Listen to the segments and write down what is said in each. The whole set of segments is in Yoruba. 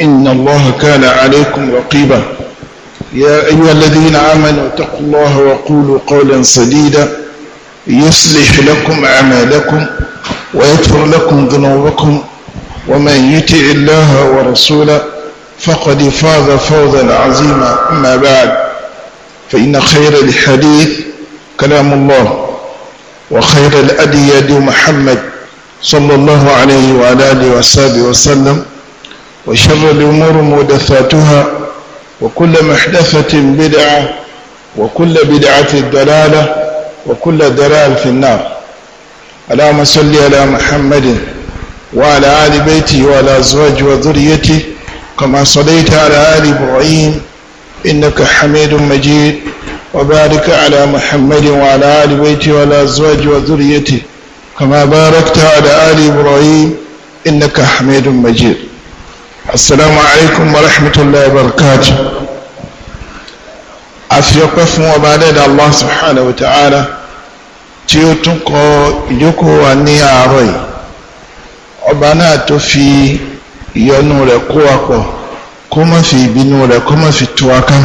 إن الله كان عليكم رقيبا يا أيها الذين آمنوا اتقوا الله وقولوا قولا سديدا يصلح لكم أعمالكم ويغفر لكم ذنوبكم ومن يطع الله ورسوله فقد فاز فوزا عظيما أما بعد فإن خير الحديث كلام الله وخير الأدي يد محمد صلى الله عليه وعلى آله وصحبه وسلم وشر الأمور مودثاتها وكل محدثة بدعة وكل بدعة الدلالة وكل دلال في النار اللهم صل على محمد وعلى آل بيته وعلى أزواجه وذريته كما صليت على آل إبراهيم إنك حميد مجيد وبارك على محمد وعلى آل بيته وعلى أزواجه وذريته كما باركت على آل إبراهيم إنك حميد مجيد السلام عليكم ورحمة الله وبركاته أفيقف وبعدد الله سبحانه وتعالى tí ó tún kọ ìjókòó wa ní àárọ̀ yìí ọba náà tó fi ìyọ́nú rẹ̀ kó wa pọ̀ kó má fi ìbínú rẹ̀ kó má fi tú wa ká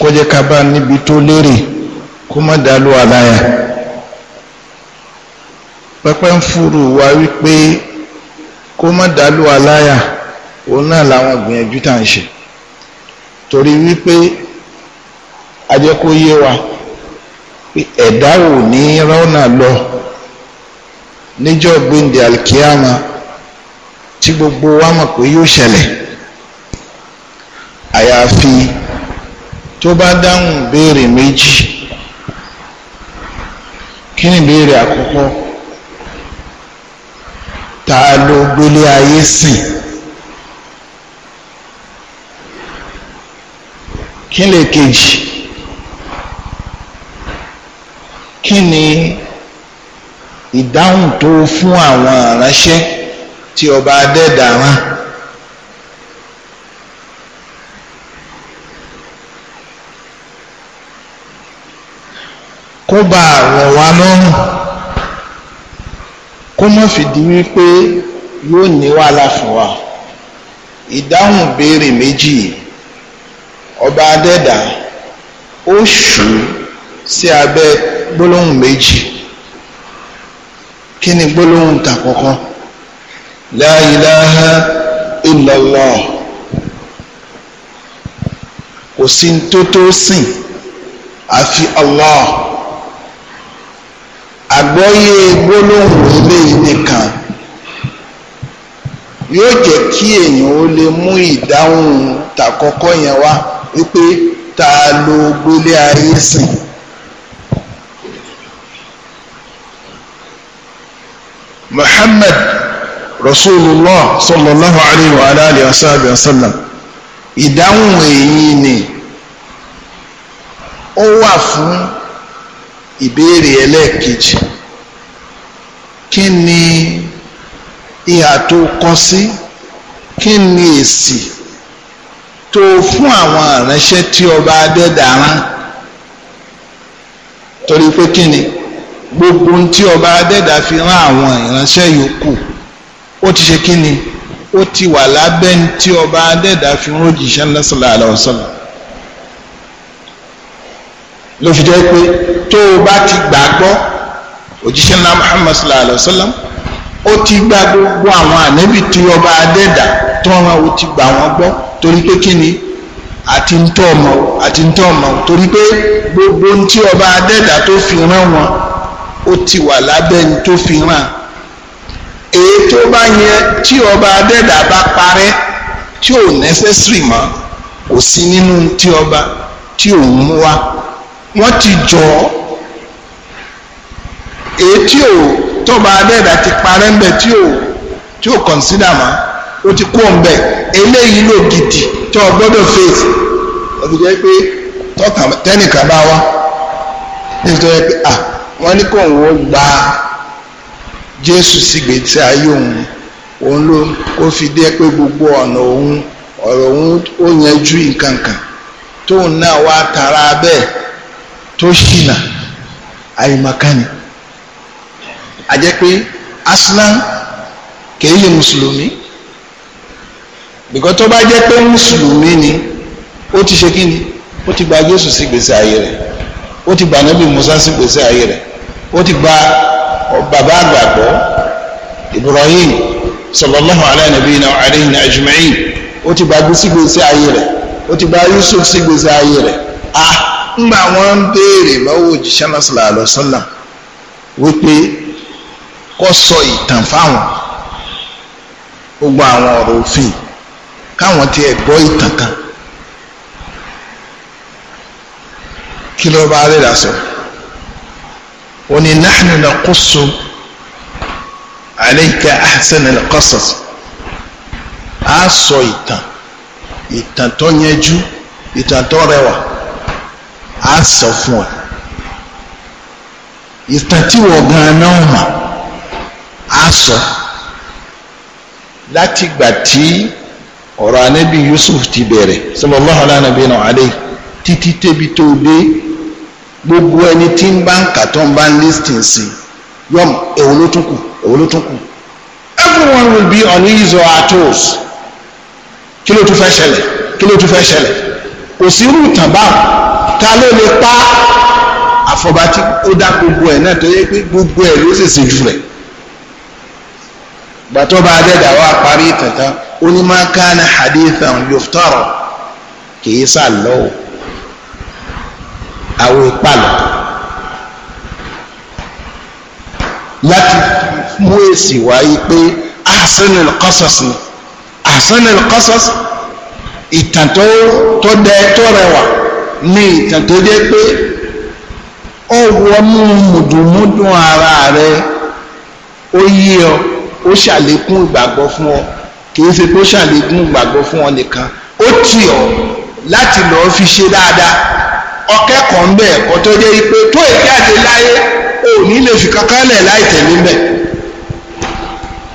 kó jẹ́ ká bá níbi tó lérè kó má dálú àláyà pẹpẹ ń fúru wa wípé kó má dálú àláyà. òun náà làwọn gbìyànjú tá à ń ṣe torí wípé ajẹ́kóyé wa ẹ̀dá ò ní rọ́nà lọ níjọ́ gbẹ̀ndẹ̀ alikiyama tí gbogbo wa mọ̀ pé yóò ṣẹlẹ̀ àyàfi tó bá dáhùn béèrè méjì kí ni béèrè àkọ́kọ́ ta ló gbélé ayé sìn. Si kí lè kejì kí ni ìdáhùn tó fún àwọn aránṣẹ́ tí ọba adẹ́dàá rán. kó bá rọ̀ wá lọ́rùn kó má fìdí wípé yóò ní wàhálà fún wa ìdáhùn béèrè méjì yìí ọba adẹ́dà ó ṣù sí abẹ́ gbólóhùn méjì kí ni gbólóhùn tàkọ́kọ́ la ilaha illallah kò sí tó tó sìn àfi Allah àgbọ́yé gbólóhùn eléyìí nìkan yóò jẹ́ kí èèyàn ó lè mú ìdáhùn tàkọ́kọ́ yẹn wá wípé ta ló gbélé ayé sìn. Muhammad Rasulullah sallallahu alayhi wa alayhi wa sallam ìdáhùn èyí ni ó wà fún ìbéèrè ẹlẹ́ẹ̀kejì kí ni ìhà tó kọ sí kí ni èsì. Si tó fún àwọn ìránṣẹ́ tí ọba adẹ́dàrán torí pé kí ni gbogbo tí ọba adẹ́dà fi rán àwọn ìránṣẹ́ yòókù ó ti ṣe kí ni ó ti wà lábẹ́ tí ọba adẹ́dà fi rán òjìṣẹ́ lọ́sọ̀lá àlọ́sọ̀lá ló fi jẹ́ pé tó o bá ti gbàgbọ́ òjíṣẹ́ ńlá muhammad sallallahu alayhi wa sallam ó ti gba gbogbo àwọn ànábì tí ọba adẹ́dà tó ń ran o ti gbà wọ́n gbọ́ torí pé kí ni àti ń tọ́ ọmọ àti ń tọ́ ọmọ torí pé gbogbo ohun tí ọba adẹ́dà tó fi rán wọn ó ti wà lábẹ́ ní tó fi rán èyí tó bá yẹ tí ọba adẹ́dà bá parẹ́ tí ò necessary mọ́ kò sí nínú tí ọba tí òun mú wá wọ́n ti jọ èyí tí ò tọ́ba adẹ́dà ti parẹ́ ń bẹ̀ tí ò tí ò consider mọ́ ó ti kú ọ̀nbẹ eléyìí ló gidi tí o gbọ́dọ̀ face òbí jẹ́ pé tẹ́nìkan bá wá nítorí pé à wọ́n ní kò wọ́n gba Jésù sígbè tí ayé òun òun ló kó fi dé pé gbogbo ọ̀nà òun ọ̀rọ̀ òun ó yanjú nǹkan tóun náà wá tara bẹ́ẹ̀ tó ṣìnà àyèmọ̀kánì àjẹ́ aslan kèéyè mùsùlùmí bìkọ́ tó bá jẹ́ pé mùsùlùmí ni ó ti ṣe kí ni ó ti gba Jésù sí gbèsè ayé rẹ̀ ó ti gba nábì Musa sí gbèsè ayé rẹ̀ ó ti gba bàbá àgbàgbọ́ Ibrahim sallallahu ala nabiyina wa alayhi ó ti gba sí ayé rẹ̀ ó ti gba Yusuf sí ayé rẹ̀ ah ńgbà wọn ń béèrè lọ́wọ́ òjíṣẹ́ náà sallallahu wípé kó sọ ìtàn fáwọn gbogbo àwọn ọ̀rọ̀ òfin káwọn tiẹ̀ gbọ́ ìtàn kan kí ló bá rẹ̀ lásọ wọn ni nahnu naqussu alayka ahsana al-qasas a sọ ìtàn ìtàn tó yẹjú ìtàn tó rẹwà a sọ fún ọ ìtàn tí wọ́n gan náà mà á sọ látìgbà tí ọ̀rọ̀ anabi yusuf ti bẹ̀rẹ̀ sallallahu ala nabiyina alayhi títí tẹ́bi tó dé gbogbo ẹni tí ń bá ń kà tó everyone will be on his or her toes kí ló tún fẹ́ ṣẹlẹ̀ kí ló tún fẹ́ ṣẹlẹ̀ kò sí irú ìtàn báwọn ta ló lè pa àfọ̀bá tí ó dá gbogbo ẹ̀ náà tó yẹ pé gbogbo ẹ̀ ló sì ṣe jù rẹ̀ gbàtọ́ bá adẹ́dàá wa parí onímọ̀kánà hadithan yuftara kìí sàlọ́wọ́ àwọn ìpalọ̀ láti mú èsì wáyé pé ahsanul qasas ni ahsanul qasas ìtàn tó tó dẹ tó rẹwà ní ìtàn tó jẹ́ pé ó wọnú mùdùmúdùn ara rẹ ó yí ọ ó ṣàlékún ìgbàgbọ́ fún ọ kìí ṣe pé ó ṣàlékún gbàgbọ́ fún wọn nìkan ó tì ọ́ láti lọ́ọ́ fi ṣe dáadáa ọkẹ́kọ̀ọ́ ń bẹ̀ ẹ̀kọ́ tó dé pé tó èké àti láyé ò ní lè fi kankan lẹ̀ láì tẹ̀lé bẹ̀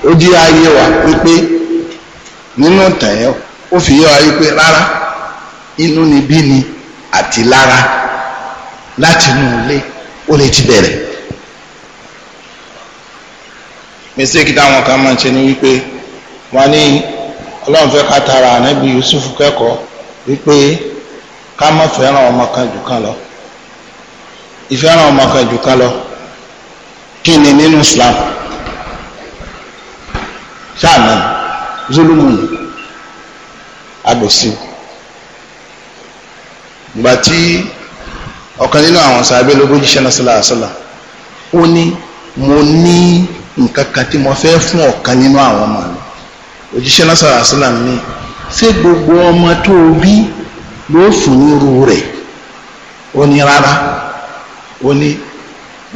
ó di ayé wa wípé nínú tẹ̀yọ́ ó fi yé wa wípé rárá inú ni bí ni àti lára láti inú ilé ó lè ti bẹ̀rẹ̀ mistake táwọn kan máa ń ṣe ni wípé wọn ní ọlọ́run fẹ́ ká tara ànábì Yusuf kẹ́kọ̀ọ́ wípé ká má fẹ́ràn ọmọ kan jù kan lọ ìfẹ́ràn ọmọ kan jù kan lọ kí ni nínú Islam sáànà zulumun agbèsè ìgbà tí ọ̀kan nínú àwọn sàbẹ̀ lógójì ṣẹlẹ̀ sọlá àṣọlá ó ní mo ní nǹkan kan tí mo fẹ́ fún ọ̀kan nínú àwọn ọmọ mi òjíṣẹ́ náà sọ̀rọ̀ àṣìlám ni ṣé gbogbo ọmọ tó o bí ló fún irú rẹ̀ ó ní rárá ó ní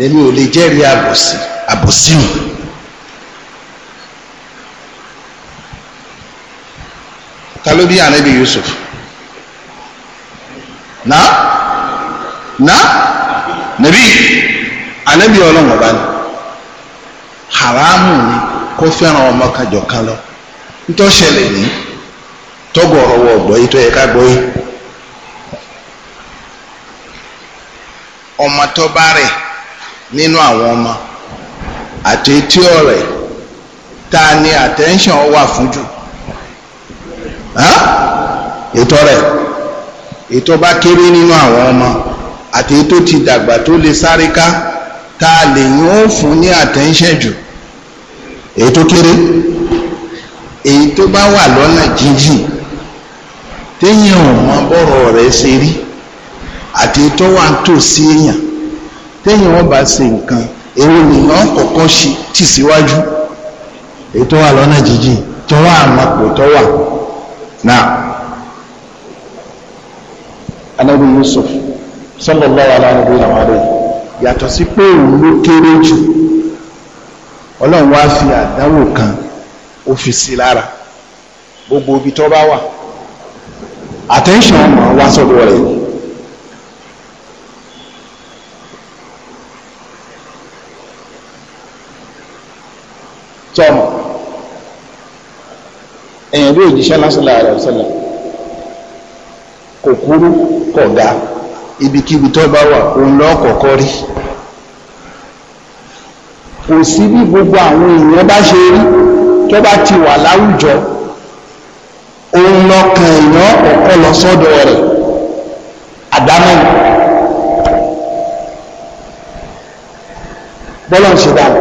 èmi ò lè jẹ́rìí àbòsí àbòsí ta ló bí anabi Yusuf na na nabi anabi ọlọ́run ọba ni haramu ni kó fẹ́ràn ọmọ kan kan lọ ntọ́ṣẹlẹ̀ ní tọ́gbọ̀ ọ̀rọ̀ wọ ọ̀gbọ́ yìí tó yẹ ká gbọ́ yìí ọmọ tó bá rẹ̀ nínú àwọn ọmọ àti etí ọ̀rẹ́ ta ni attention wà fún jù ètò rẹ̀ ètò bá kéré nínú àwọn ọmọ àti ètò ti dàgbà tó lè sáré ká ta lè yún fún ní attention jù ètò kéré èyí tó bá wà lọ́nà jíjìn téèyàn ò mọ bọ́rọ̀ rẹ̀ ṣe rí àti tó wà ń tòsí èèyàn téèyàn wọn bá ṣe nǹkan èrò nìyàn kọ̀ọ̀kan ṣe tì síwájú èyí tó wà lọ́nà jíjìn tó wà àmọ́pọ̀ tó wà náà. Ànábì Yusuf sallallahu alaihi wa sallam yàtọ̀ sí pé òun ló kéré jù ọlọ́run wá fi àdánwò kan ó fi sí lára gbogbo ibi tó bá wà attention máa wá sọ́dọ̀ rẹ̀ tọ́mọ ẹ̀yìn bí òjíṣẹ́ lásìlá rẹ̀ sẹ́lẹ̀ kò kúrú kọ̀ ga ibikíbi tó bá wà òun lọ́kọ̀ọ́kọ́ rí kò sí bí gbogbo àwọn èèyàn bá ṣe rí tó bá ti wà láwùjọ òun lọkàn èèyàn ọ̀kọ́ lọ sọ́dọ̀ rẹ̀ àdámọ́ bọ́lá ń ṣe dáa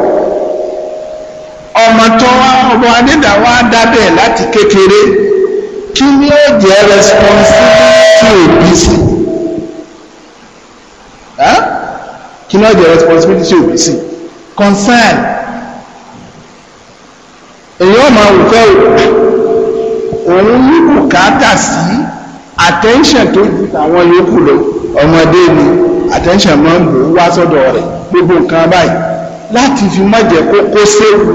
ọmọ tó wá ọmọ adédà wá dábẹ̀ láti kékeré kí ni ó jẹ́ responsibility òbí sí kí ni ó jẹ́ responsibility òbí sí concern yóò máa wù fẹ́ o òun ní bùkátà sí attention tó ju àwọn yòókù lọ ọmọdé ni attention máa ń bò ó wá sọ́dọ̀ rẹ̀ gbogbo nǹkan báyìí láti fi má jẹ́ kó kó séwu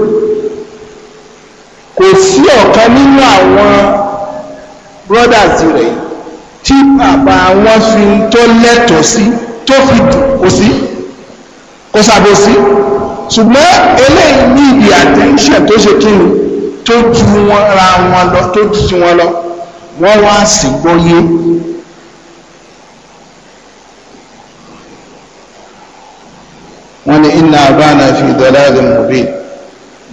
kò sí ọ̀kan nínú àwọn brothers rẹ̀ tí bàbá wọn fi tó lẹ́tọ̀ọ́ sí tó fi dùn kò sí kò sàbòsí ṣùgbọ́n eléyìí ní ìdí attention tó ṣe kí ni tó ju wọn ra wọn lọ tó ju wọn lọ wọ́n wá sí gbọ́yé wọ́n ní inna abana fi dalalin mubin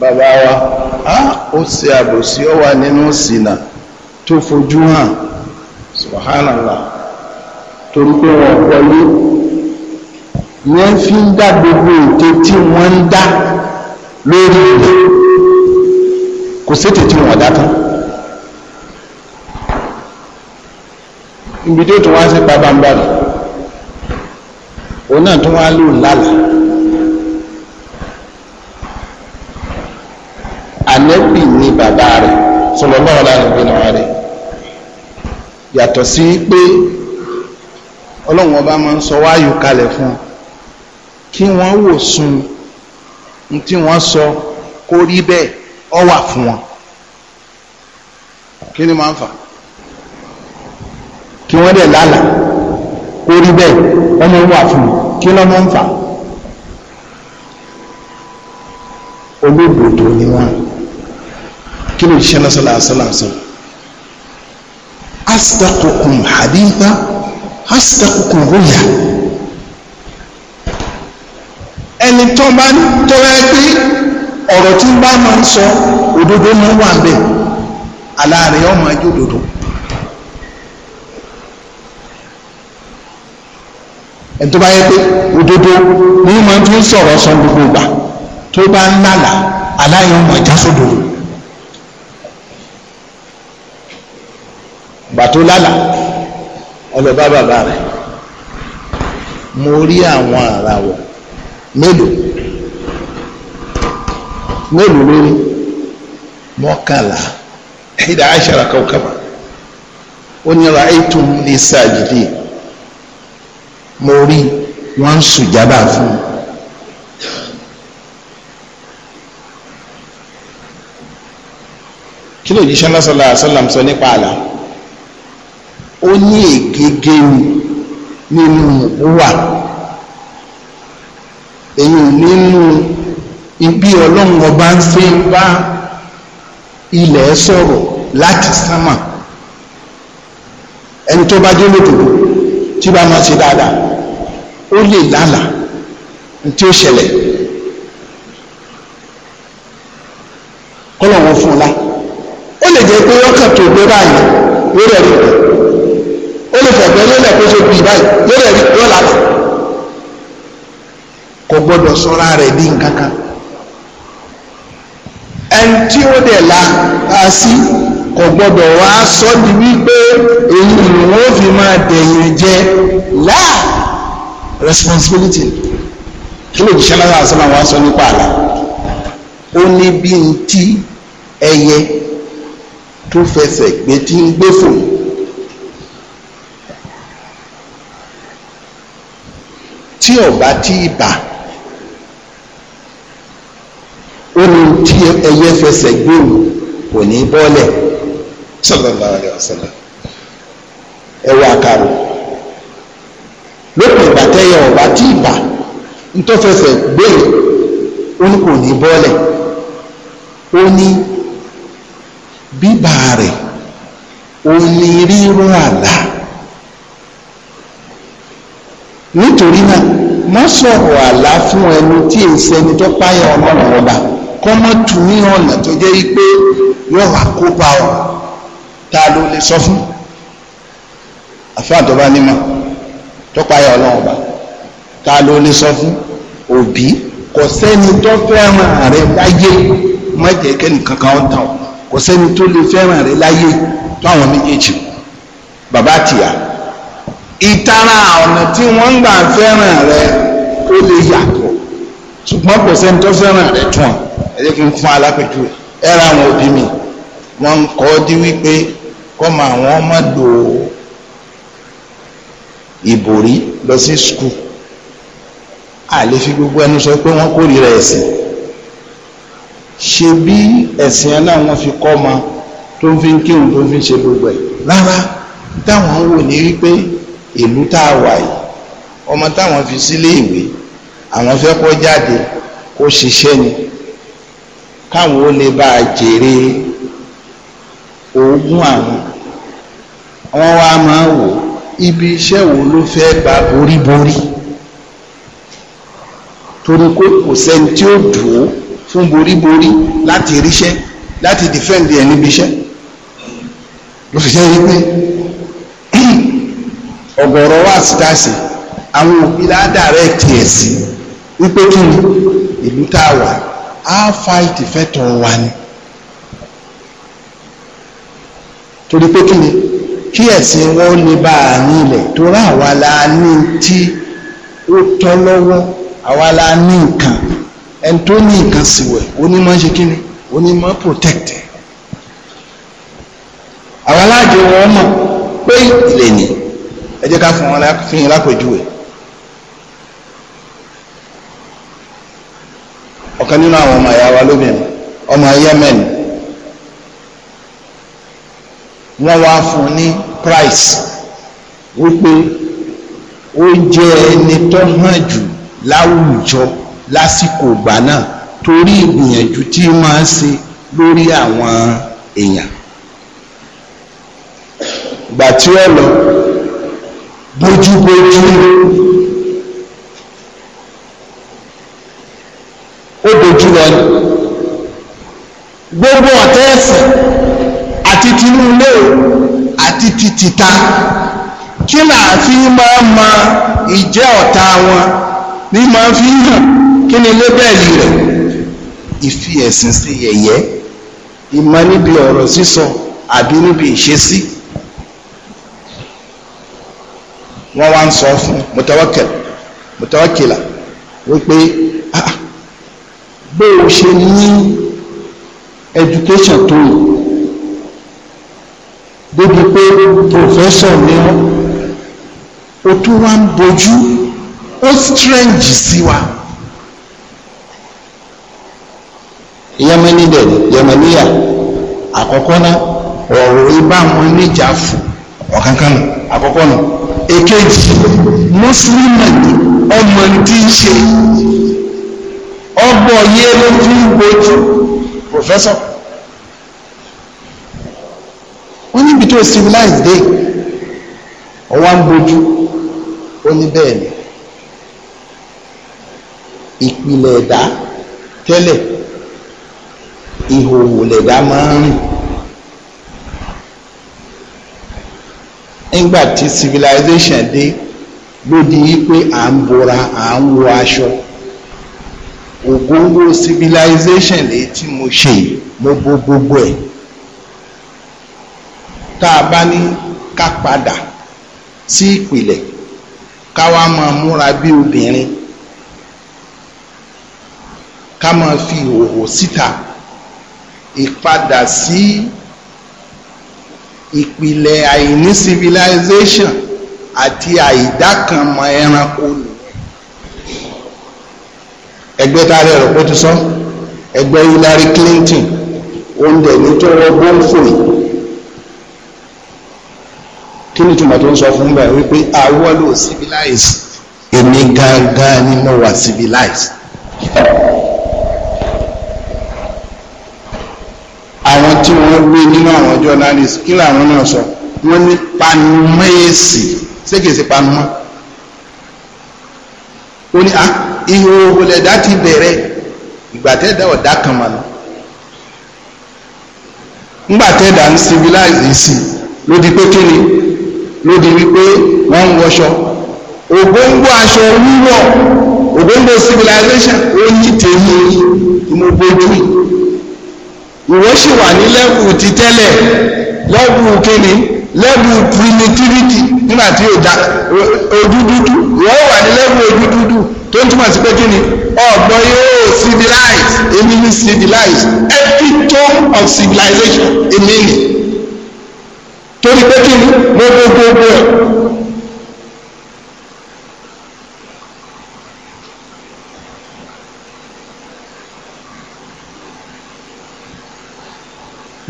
bàbá wa á ó ṣe àbòsí ó wà nínú sínà tó fojú hàn subhanallah torí pé wọn gbọ́yé yẹn fi ń dá gbogbo ète tí wọ́n ń dá lórí rẹ̀ kò sétè tí wọ́n dá tán ibi tí ó tún wá òun náà tún wá lò lálàá anẹ́bì ni bàbá rẹ̀ sallallahu alaihi wa sallam yàtọ̀ sí pé ọlọ́run ọba máa ń sọ wáyù kalẹ̀ fún kí wọ́n wò sun tí wọ́n sọ kó rí bẹ́ẹ̀ ọ wà fún wọn kí ni máa ń fà kí wọ́n dẹ̀ lálàá kó rí bẹ́ẹ̀ ọmọ wà fún wọn kí ló máa ń fà olóògbòdò ni wọn kí ló ṣiṣẹ́ lọ́sọ̀lá àṣọláṣọ asdaqukum haditha asdaqukum ruya ẹni tó bá tó yẹ ọ̀rọ̀ tí bá máa ń sọ òdodo máa wà ń bẹ̀ aláàrẹ ọmọ ajé òdodo ẹni tó bá yẹ pé òdodo ní máa fi ń sọ̀rọ̀ sọ gbogbo ìgbà tó bá ń lálà aláàrẹ ọmọ ajá sódodo ìgbà tó lálà ọlọ́ba bàbá rẹ̀ mo rí àwọn àràwọ̀ mélòó mélòó lórí mọ́kànlá ẹ̀dá àṣàrà kọ́kànlá ó ní ra ètò ní sàjìdì mo rí wọ́n ń sùjábà fún un. kí ló yìí sọ́nà sọ́lá sọ́làm sọ nípa àlà ó ní ègégé nínú wà èyí nínú ibi ọlọ́run ọba ń ṣe bá ilẹ̀ sọ̀rọ̀ láti sánmà ẹni tó bá dé lòdò tí bá máa ṣe dáadáa ó lè lálà tí ó ṣẹlẹ̀ kọ́lọ̀ wọn fún un lá ó lè jẹ́ pé ọkàn tó gbé báyìí yóò rẹ̀ rí ó lè fẹ̀gbẹ́ yóò lẹ̀ kó ṣe bì báyìí yóò rẹ̀ rí yóò lálà kò gbọ́dọ̀ sọ́ra rẹ̀ ní nǹkan kan ẹni tí ó dẹ̀ la ta sí kò gbọdọ̀ wá sọ di wípé èyí ìwọ̀n ó fi máa dẹ̀yìn jẹ láà responsibility kí ló jíṣẹ́ lára àṣọ làwọn aṣọ nípa àlà ó ní bí n tí ẹyẹ tó fẹsẹ̀ gbé tí ń gbé fòun tí ọba tí ibà ó ní tí ẹyẹ fẹsẹ̀ gbòòrò kò ní bọ́ọ̀lẹ̀ sallallahu alaihi wasallam ẹ wá àkàrò lópin ìgbà tẹ́yẹ ọ̀bá tí ìbà ntọ́fẹsẹ̀ gbòòrò ó ní kò ní bọ́ọ̀lẹ̀ ó ní bíbà rẹ̀ ó ní rírọ̀ àlá nítorí náà má sọ̀rọ̀ àlá fún ẹnu tí èsì ẹni tó páyà ọmọ rẹ̀ ọba kọ́ mọ́ tù ní ọ̀nà tó jẹ́ pé yóò wà kó pa ọ̀ ta ló lè sọ fún àfihàn tó bá nímọ̀ tó payọ̀ ọlọ́run ọba ta ló lè sọ fún òbí kò sẹ́ni tó fẹ́ràn rẹ láyé má jẹ́ kẹ́ni kankan ó tàn kò sẹ́ni tó lè fẹ́ràn rẹ láyé tó àwọn méjèèjì bàbá àtìyà ìtara ọ̀nà tí wọ́n gbà fẹ́ràn rẹ ó lè yàtọ̀ ṣùgbọ́n kò sẹ́ni tó fẹ́ràn rẹ tún ẹ̀jẹ̀ kí n fún alápẹ̀jù ẹ̀rọ àwọn òbí mi wọ́n ń kọ́ di wípé kọ́mọ àwọn ọmọ lò ìbòrí lọ sí skul àlè fi gbogbo ẹnu sọ pé wọ́n kórìíra ẹ̀sìn ṣe bí ẹ̀sìn ẹ̀ náà wọ́n fi kọ́ ma tó ń fi ń kírun tó ń fi ń ṣe gbogbo ẹ̀ rárá táwọn wò ní wípé ìlú tá a wà yìí ọmọ táwọn fi sílé ìwé àwọn fẹ́ kọ́ jáde kó ṣiṣẹ́ ni káwọn ó lè bá a jèrè oògùn àwọn wọn wá máa wò ibi iṣẹ́ wo ló fẹ́ gbà boríborí torí pé kò sẹ́ni tí ó dùn ó fún boríborí láti ríṣẹ́ láti dìfẹ́ǹdì ẹ̀ níbi iṣẹ́ ló fi jẹ́ wípé ọ̀gọ̀rọ̀ wà sítáàsì àwọn òbí ládàá rẹ̀ tiẹ̀ sí wípé kí ni ìlú tá a wà á fa ìtìfẹ́tọ̀ wa ni torí pé kí ni kí ẹ̀sìn wọn lè bá àárín ilẹ̀ torí àwa la ní tí ó tọ́ lọ́wọ́ àwa la ní nǹkan ẹni tó ní nǹkan sì wẹ̀ onímọ̀ ṣe kí ni onímọ̀ protect àwa láàjẹ wọn mọ̀ pé ilẹ̀ ni ẹ jẹ́ ká fún wọn fi ẹ̀. ọ̀kan nínú àwọn ọmọ ìyá wa lóbìnrin ọmọ Yemen wọ́n wá fún ní price wípé ó jẹ́ ẹni tó hàn jù láwùjọ lásìkò ìgbà náà torí ìgbìyànjú tí máa ń ṣe lórí àwọn èèyàn gbà tí bójúbójú wọn ni gbogbo ọ̀tẹ́ ẹ̀sìn àti tinúlé àti titita kí náà fi máa ma ìjẹ́ ọ̀tá wọn ní máa fi hàn kí ni lébẹ̀lì rẹ̀ ìfi ẹ̀sìn sí yẹ̀yẹ́ ìmọ̀ níbi ọ̀rọ̀ sísọ àbí níbi ìṣesí wọ́n wá ń sọ fún mutawakkil wípé ah bó o ṣe ní education tó yìí débi pé professor ni ọ́ o tún wá ń bojú ó strange sí wa. yamani dẹ yamaniya àkọ́kọ́ náà ọ̀rọ̀ ibà wọn níjà fún ọ̀kánkán àkọ́kọ́ náà èkejì mùsùlùmí ọmọ tí ń ṣe ọgbọ̀ yé ló fi ń gbojú professor wọ́n níbi tó civilized day ọwá ń gbojú ó ní bẹ́ẹ̀ ni ìpìlẹ̀ ẹ̀dá tẹ́lẹ̀ ìhòòhò lẹ̀dá máa ń rìn nígbà civilization dé ló di wípé à ń bora à ń wọ aṣọ ògóńgó civilization lè tí mo ṣe mo bo gbogbo ẹ̀ tá a bá ní ká padà sí ìpìlẹ̀ ká wá máa múra bí obìnrin ká máa fi ìhòòhò síta ìpadà sí ìpìlẹ̀ àìní civilization àti àìdákanmọ̀ ẹranko ẹgbẹ́ tá a rẹ̀ rọ̀ pé ti sọ ẹgbẹ́ Hillary Clinton oúnjẹ ní tó wọ gbóǹfò yìí kí ni túmọ̀ tó ń sọ fún bẹ́ẹ̀ wípé àwọn ló civilize èmi gangan ni mo wà civilize. àwọn tí wọ́n gbé nínú àwọn journalist kí làwọn náà sọ wọ́n ní panumẹ́ẹ̀sì ṣé kìí ṣe panumẹ́ẹ̀sì ó ní ìhòòhò ah, lẹ̀dá ti bẹ̀rẹ̀ ìgbà tẹ́dá ọ̀dá kan mà lọ ńgbà tẹ́dá ń civilize sí ló pé kí ni ló di wípé wọ́n ń wọṣọ ògbóngbò aṣọ wíwọ̀ ògbóngbò civilization ó ní tèmi mo bójú ìwọ sì wà ní lẹ́kùn ti tẹ́lẹ̀ lọ́gùn kí lẹ́bù primitivity nígbàtí ojú dúdú wọ́n wà ní lẹ́bù ojú dúdú tó ń túmọ̀ sí pé kí ni ọ̀gbọ́n yóò civilize èmi ni civilize epitome of civilization èmi ni torí pé kí ni mo gbogbogbò ẹ̀.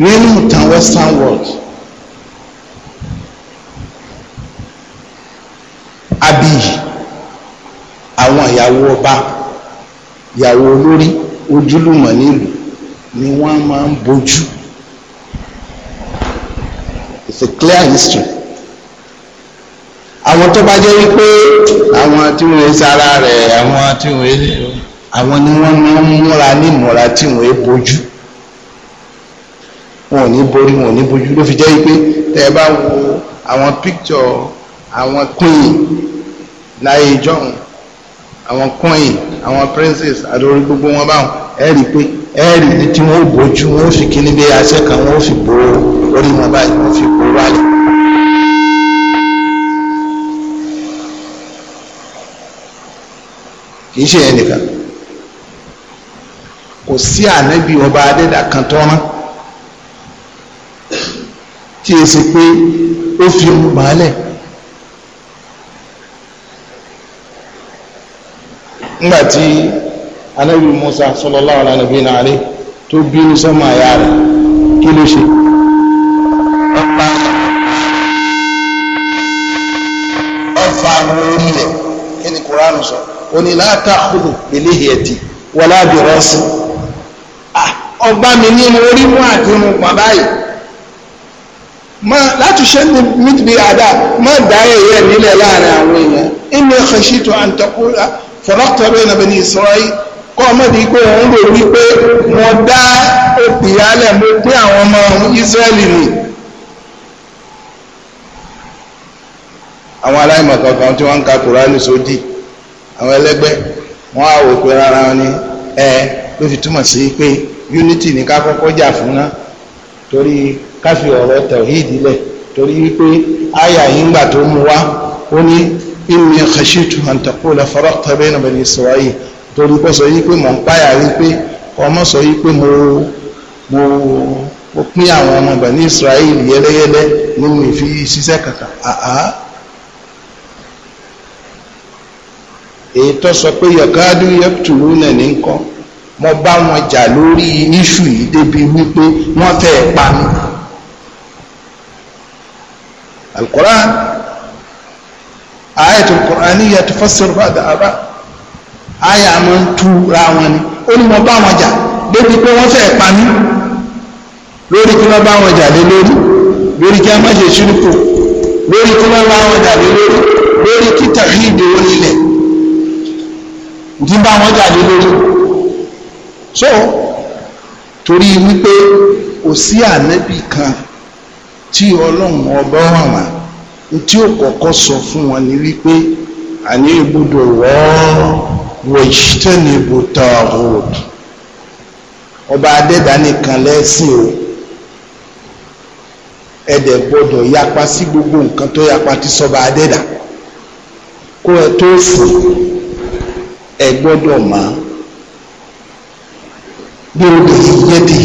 nínú ìtàn western world abiy àwọn ìyàwó ọba ìyàwó olórí ojúlùmọ̀ nílùú ni wọ́n máa ń bójú it's a clear history àwọn tó bá jẹ́ wípé àwọn tí wọ́n ń sára rẹ̀ àwọn tí wọ́n ń àwọn ni wọ́n máa ń múra ní ìmúra tí wọ́n ń bójú wọn ò ní borí wọn ò ní bójú ló fi jẹ́ wípé tẹ́ ẹ bá wo àwọn picture àwọn queen láyé ìjọhún àwọn kọ́ìn àwọn princess àdórí gbogbo wọn báwọn ẹ rí i pé ẹ rí i tí wọn ó bójú wọn ó fi kíní bí aṣẹ kan wọn ó fi bo orí wọn báyìí wọn fi bo wálé. kì í ṣe yẹn nìkan kò sí ànábì ọba adẹ́dà kan tó tí e ṣe pé ó fi ọmọ bàálẹ̀ ńgbà tí anábì Musa sallallahu ala nabina alayhi tó bínú sọ́mọ àyà rẹ̀ kí ló ṣe. ọ̀fà orí rẹ̀ kí ni Kùránù sọ ó ní la ta'khudhu bilihiyati wala birasi ah, ọba mi nínú orí mú àdínú bàbá yìí ma láti ṣe ní mítìbí àdá má dá ẹ̀yẹ nílẹ̀ láàrin àwọn èèyàn inú ẹ̀kọ́ ṣètò àǹtọ́kùnrin fọlọ́tọ̀rọ̀ ìnàbẹ ní Israel kọ́ ọmọdé pé òun rò wípé mo dá òpì alẹ̀ mo pín àwọn ọmọ Israẹli ni àwọn aláìmọ̀ kankan tí wọ́n ń ka kùránì sódì àwọn ẹlẹ́gbẹ́ wọ́n á wò pé rárá wọn ni ẹ ló fi túmọ̀ sí pé unity ní ká kọ́kọ́ jà fún náà torí ká fi ọ̀rọ̀ tẹ̀wéèdì lẹ̀ torí wípé àyà yìí ń gbà tó mú wá ó ní inni khashitu an taqula faraqta bayna bani isra'il torí pé sọ yí pé mò ń páyà yí pé ọmọ sọ yí pé mo mo mo pín àwọn ọmọ bani isra'il yẹlẹyẹlẹ ní mi fi ṣiṣẹ́ kankan àá èyí tó sọ pé yọkádù yọtùrú náà ní nǹkan mo bá wọn jà lórí iṣu yìí débi wípé wọ́n fẹ́ẹ́ pa mí. al ayatul qur'aniyya tufassiru ba'da aba aya máa ń ra wọn ni o ni mo bá jà débi pé wọ́n fẹ́ẹ̀ pa mí lori kí wọ́n bá wọn jà lé kí a má ṣe ṣírùkù lórí kí wọ́n bá wọn jà lori kí tàbí ìdèwọ́ wọn jà so tí ó kọ́kọ́ sọ fún wọn ni wípé àní ibùdó wọ́n wọ ìṣítẹ́ni ibùdó road ọba adẹ́dá nìkan lẹ́sìn o ẹ̀dẹ̀ gbọ́dọ̀ yapa sí gbogbo nǹkan tó yapa ti sọba adẹ́dá kó ẹ tó sìn ẹ gbọ́dọ̀ mọ̀ bí o lè yẹ dì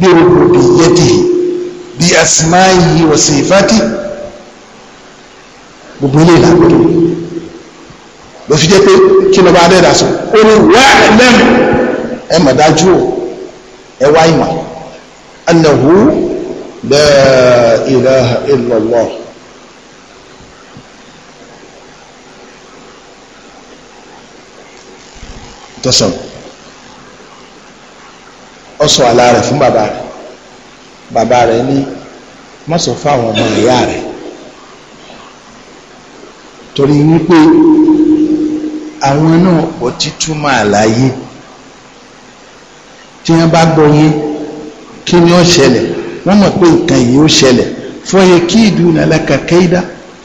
bí o lè yẹ dì bí asmáyé wọ̀sìn ìfátì gbogbo ilé ìlànà ló fi jẹ́ pé kí ló bá dẹ́ dà sọ ó ní wá lẹ́nu ẹ mọ̀ dájú o ẹ wá ìmọ̀ annahu la ilaha illallah tọ́sán ọ sọ àlá rẹ̀ fún bàbá rẹ̀ bàbá rẹ̀ ní má fáwọn ọmọ ìyá rẹ̀ torí wípé àwọn náà pọ̀ títúmọ̀ àlàyé tí wọ́n bá gbọ́ yé kí ni ó ṣẹlẹ̀ wọ́n mọ̀ pé nǹkan yìí ó ṣẹlẹ̀ fọyẹ kí ìdúnà lẹ́kàkẹ́ ìdá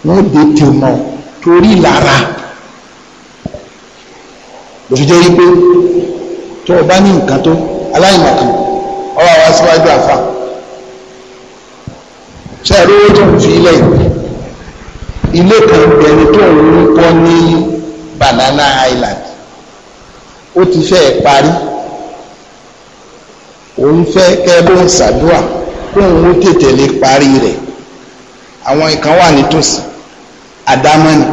wọ́n dé tè mọ́ torí lára lòfíjẹ́ wípé tó o bá ní nǹkan tó aláìmọ̀kan ọwọ́ àwa síwájú àfa ṣe àríwó tó ń fi ilẹ̀ ilé kan bẹni tó ń kọ́ ní Banana Island ó ti fẹ́ parí òun fẹ́ kẹ́bọ́n ṣàdúrà kóun ó tètè lè parí rẹ̀ àwọn ìkan wà nítòsí àdámọ́ni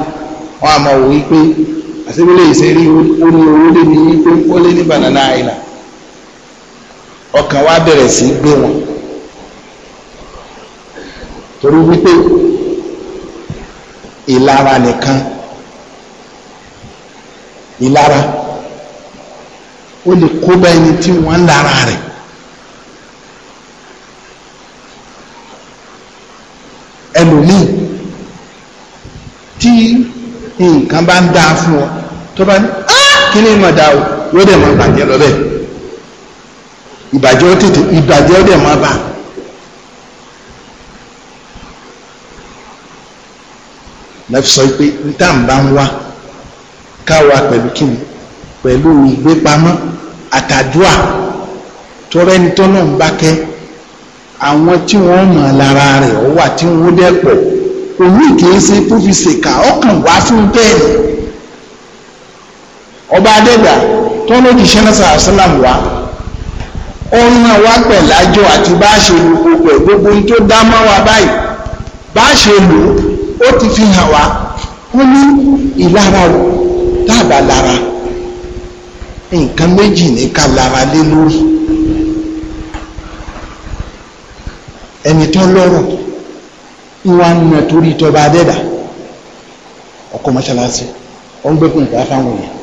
wọ́n a máa wò ìṣerí ó ní owó lé ní ní Banana Island ọkàn wa bẹ̀rẹ̀ sí gbé wọn ìlara nìkan ìlara ó lè kó bá ẹni tí wọ́n ń lára rẹ̀ ẹlòmíì tí nǹkan bá ń dáa fún ọ tó bá ní kí ni mà dáa o yóò dẹ̀ máa bàjẹ́ lọ bẹ́ẹ̀ ìbàjẹ́ ó tètè ìbàjẹ́ ó dẹ̀ máa bàa. lọ́fi sọ pé níta ń bá ń wá káwa pẹ̀lú kíni pẹ̀lú ìgbépamọ́ àtàdúà tó rẹ́ni tọ́nà ń bá kẹ́ àwọn tí wọ́n mọ̀ lára rẹ̀ ọ wà tí wọ́n dẹ̀ pọ̀ òní kìí ṣe tó fi ṣèkà ọkàn wá fún bẹ́ẹ̀ ọba adẹ́gbà tọ́nà òjìṣẹ́ náà sàrásílámù wá ọ̀run àwa pẹ̀lájọ àti bá a ṣe lu gbogbo ẹ̀ gbogbo ohun tó dá mọ́ wa báyìí bá a ṣe lò ó ó ti fi hàn wá wọ́n ní ìlara o dábàá lára nǹkan méjì ní ká lára lé lórí ẹni tó lọ́rọ̀ ìwà nà torí tọba adẹ́dà ọkọ̀ mọ́ṣáláṣí ó ń gbẹ́kùn ìgbà fáwọn èèyàn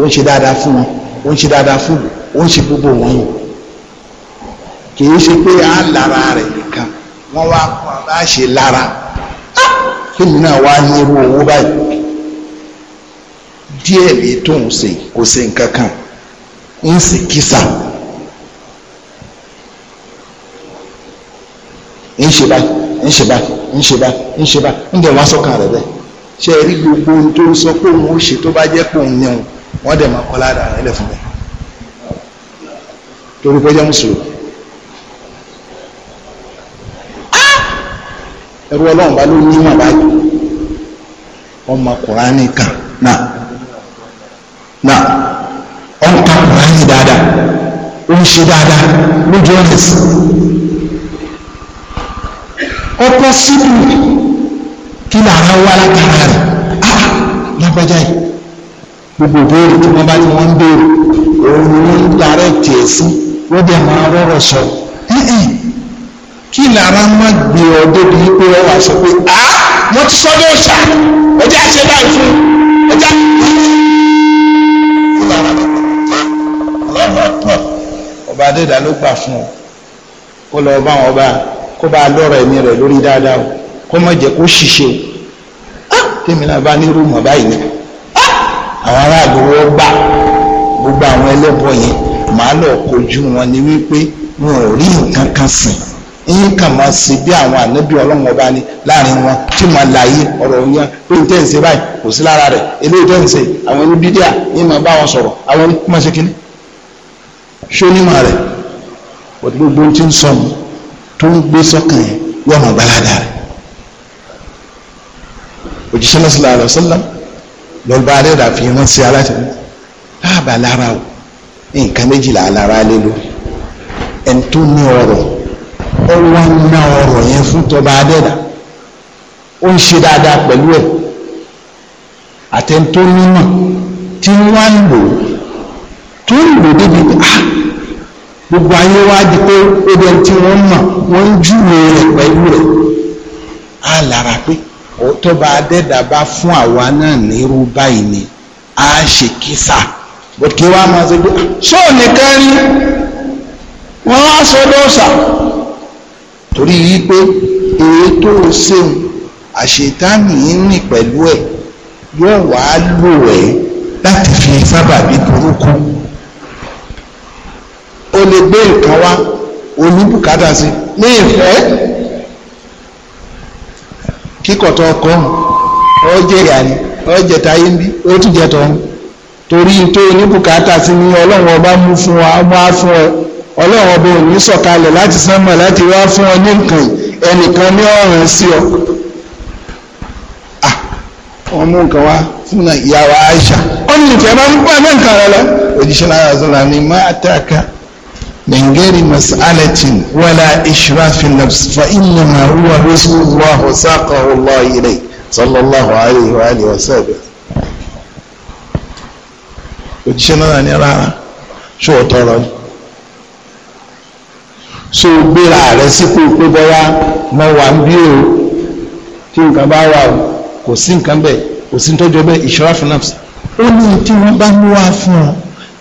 ó ń ṣe dáadáa fún wọn ó ń ṣe dáadáa fún ó ń ṣe gbogbo wọn yìí kì í ṣe pé à ń lára nìkan wọ́n wá kọ́ bá ṣe lára kémi náà wá ní irú owó báyìí díẹ̀ rí tóun ṣe kò ṣe nǹkan kan ń sì kísà ń ṣe báyìí ń ṣe báyìí ń ṣe báyìí ń ṣe báyìí ń dẹ̀ wá sọ́kàn rẹ̀ bẹ́ẹ̀ ṣe rí gbogbo ohun tó ń sọ pé òun ó ṣe tó bá jẹ́ pé òun ní wọ́n dẹ̀ máa kọ́ ládàá rẹ̀ bẹ́ẹ̀ torí pé jẹ́ mùsùlùmí. ẹrú ọlọ́run bá ló ní mà báyìí ọmọ kùránì kan náà náà ọ̀n ka kùránì dáadáa ó ń ṣe dáadáa lójú ọ̀nà sí ọkọ̀ síbù kí làrá wà látara rẹ̀ áà ah, ah. lágbájá yìí gbogbo ìbéèrè tí wọ́n bá ní wọ́n ń béèrè òun ni wọ́n ń darẹ̀ tiẹ̀ sí wọ́n dẹ̀ máa rọ̀rọ̀ sọ eh, eh kí lára má gbé ọ débi pé ọ wà sọ pé a mo ti sọ lóò ṣá ó jẹ́ àṣẹ báyìí fún ó jẹ́ ọba adéda ló gbà fún ọ kó lọ bá wọn bá kó bá lọ́rọ̀ ẹ̀mí rẹ̀ lórí dáadáa o kó má jẹ́ kó ṣiṣẹ́ o tèmi náà bá ní rúùmù báyìí ni àwọn aráàlú wọ́n gbà gbogbo àwọn ẹlẹ́bọ̀ yẹn màá lọ kojú wọn ni wípé wọn ò rí nǹkan kan sìn yín kàn máa ṣe bí àwọn ànábì ọlọ́run ọba ni láàrin wọn tí mo láàyè ọ̀rọ̀ yẹn pé n tẹ́ǹsì báyìí kò sí lára rẹ̀ eléyìí tẹ́ǹsì àwọn ẹni bídíà yín máa bá wọn sọ̀rọ̀ àwọn ẹni kúmọ̀ ṣe kínní. ṣé onímọ̀ rẹ̀ gbogbo tí ń sọnù tó ń gbé sọ́kàn yẹn yóò máa gbalada rẹ̀. òjíṣẹ́ náà sallallahu alaihi lọ́ba rẹ̀ rà fi wọ́n ní ọrọ̀ ó wá ń ná ọrọ̀ yẹn fún tọba adẹ́dà ó ń ṣe dáadáa pẹ̀lú ẹ̀ àtẹ̀ntó nímọ̀ tí wọ́n ń lò tó ń lò débi ah gbogbo ayé wá di pé ó bẹ tí wọ́n mọ̀ wọ́n ń júwe rẹ̀ pẹ̀lú rẹ̀ á lára pé tọba adẹ́dà bá fún àwa náà nírú báyìí ni a ṣe kísà bọ̀dùkẹ́ wa máa ṣe pé ah, ṣóò nìkan rí wọ́n á sọ dọ́sà. torí wípé èyí tó o ṣeun àṣetánì ń rìn pẹ̀lú ẹ̀ yóò wá lò ẹ́ láti fi sábàbí burúkú o lè gbé nǹkan wá olùbùkátà sí ní ìfẹ́ kíkọ̀tọ̀ ọkọ ọ jẹ̀yà ni ọ jẹ̀ta yín bí ó tún jẹ̀ tọ̀hún torí tó oníbùkátà sí ni ọlọ́run ọba mú fún wa mú á fún ọ. ọlọ́run ọba ò ní sọ̀kalẹ̀ láti sánmọ̀ láti wá fún ọ ní nǹkan ẹnìkan ní ọ̀ràn sí ọ ah, wọn mú nǹkan wá fún ìyàwó Aisha ọmọ ìfẹ́ máa ń gbọ́ ẹgbẹ́ nǹkan rẹ lọ òjíṣẹ́ náà sọ̀rọ̀ ni máa tàkà nìgẹ́rì masalatin wàlá ishrafin nafs fa inna ma huwa rasulullah saqahu allah ilay sallallahu alayhi wa alihi wa sallam òjíṣẹ́ náà ni rárá ṣó o so gbéra rẹ sípò pé bọ́yá mọ wà ń bí o tí nǹkan bá wà o kò sí nǹkan bẹ́ẹ̀ kò sí tọ́jú bẹ́ẹ̀ ìṣọ́ra fún náà. ó ní tí wọ́n bá mú wá fún ọ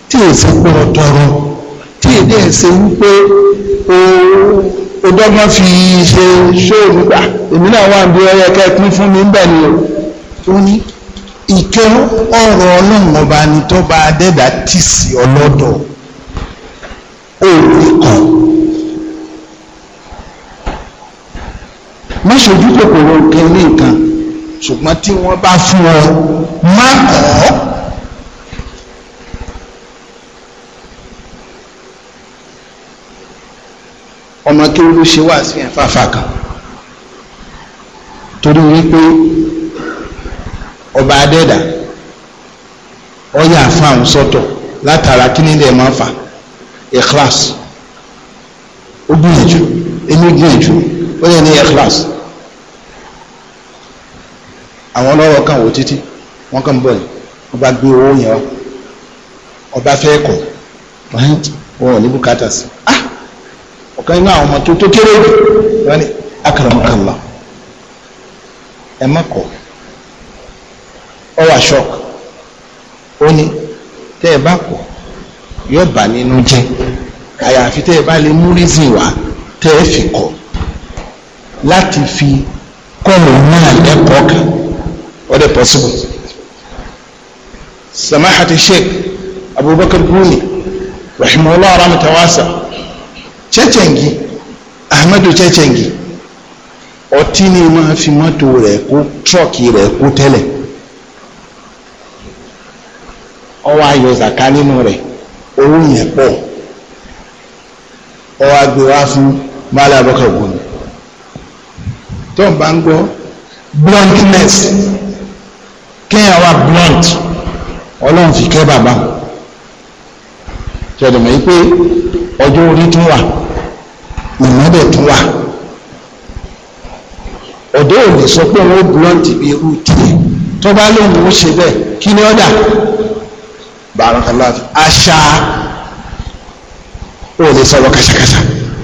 tí èsì pọ̀ tọrọ tí èdè ẹ̀sẹ̀ wípé o o dọ́gbọ́n fi ṣe ṣóò nígbà èmi náà wà ń bí ọyẹ ká fún mi ń bẹ̀ ni o. ó ní ìkẹ́ ọ̀rọ̀ ọlọ́run ọba ni tó bá dẹ́dà ọlọ́dọ̀ òòrùn kan. má ṣojú kòkòrò nǹkan ní nǹkan ṣùgbọ́n tí wọ́n bá fún ọ má kọ́ ọ́. ọmọ kí ló ṣe wá sí ẹ̀fà fàkà torí wípé ọba adẹ́dà ọyà fáwọn sọ́tọ̀ látara kí ní dẹ̀ máa fà ẹ̀kíláàsì ó gbìyànjú èmi gbìyànjú ó lè ní ikhlas àwọn ọlọ́wọ́ kan wò títí wọ́n kàn bọ̀ ní wọ́n gbé owó yẹn wá ọba fẹ́ kọ̀ wọn ní bùkátà sí ah ọ̀kan nínú àwọn ọmọ tó tó kéré jù wọ́n ní akaramakallah ẹ má kọ̀ ọ wà ṣọ́ọ̀kì ó ní tẹ́ ẹ bá kọ̀ yóò bà nínú jẹ́ àyàfi tẹ́ ẹ bá lè mú rízìn wá tẹ́ ẹ fi kọ̀ láti fi kọ́lù náà lẹ́kọ̀ọ́ kan wọ́n dẹ̀ possible samahati sheikh abubakar gumi rahimahullah rahmatan wasa chechengi ahmadu chechengi ọtí ni máa fi mọ́tò rẹ̀ kó tírọ̀kì rẹ̀ kó tẹ́lẹ̀ ọwọ́ ayọ̀ zaka nínú rẹ̀ owó yẹn pọ̀ ọwọ́ agbèwá fún bala abubakar gumi tó ń bá ń gbọ́ bluntness kéèyàn wà blunt ọlọ́run fi kẹ́ bàbá ṣẹlẹ̀mọ̀ yìí pé ọjọ́ orí tún wà ìmọ̀lẹ̀ tún wà ọ̀dọ́ ò lè sọ pé wọ́n blunt bí irú tiẹ̀ tó bá lóun ó ṣe bẹ́ẹ̀ kí ni ọ̀dà bàrọ̀kàláàfin àṣà ò lè sọ̀rọ̀ kàṣàkàṣà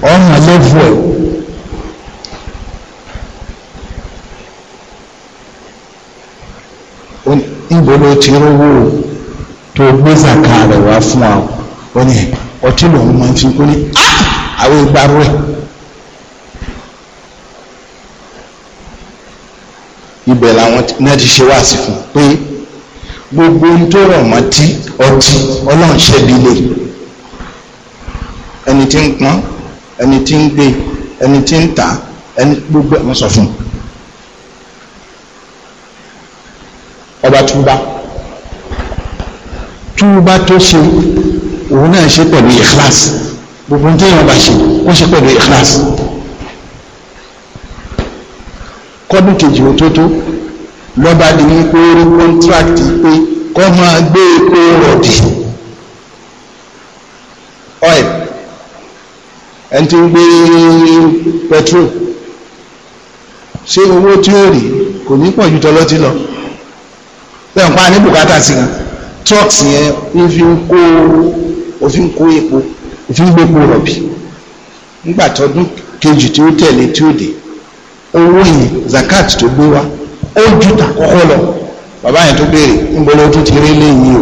ọ̀hún lẹ́fù ẹ̀ níbo ló ti rówó tó gbé zaka rẹ̀ wá fún wa ó ní ọtí lòun máa fi kó ní ah! àwọn ìgbàrú rẹ̀. ibẹ̀ làwọn náà ti ṣe wá sí fún pé gbogbo ń tó rọ̀ mọ́ tí ọtí ọlọ́run ṣẹ́bi lè ẹni tí ń pọ́n ẹni tí ń gbé ẹni tí ń tà ẹni gbogbo ẹ̀ wọ́n sọ fún un. ọba túbá túbá tó ṣe òun náà ṣe pẹ̀lú ikhlas gbogbo ní téèyàn bá ṣe ó ṣe pẹ̀lú ikhlas kọ́dún kejì ó tó tó lọ́ba di ní pé ó rí kọ́ńtrákìtì pé kọ́ máa gbé epo rọ̀bì oil ẹni tí ń gbé petrol ṣé owó tí ó rí kò ní pọ̀ ju tọ́lọ́tí lọ bẹ́ẹ̀ nǹkan ní bùkátà sí gan trucks yẹn ń fi ń kó ó fi ń kó epo ó fi ń gbé epo rọ̀bì nígbà tọdún kejì tí ó tẹ̀lé tí ó dé owó yìí zakat tó gbé wá ó ju tàkọ́kọ́ lọ bàbá yẹn tó béèrè ń bọ́ lọ́dún ti rí léyìn o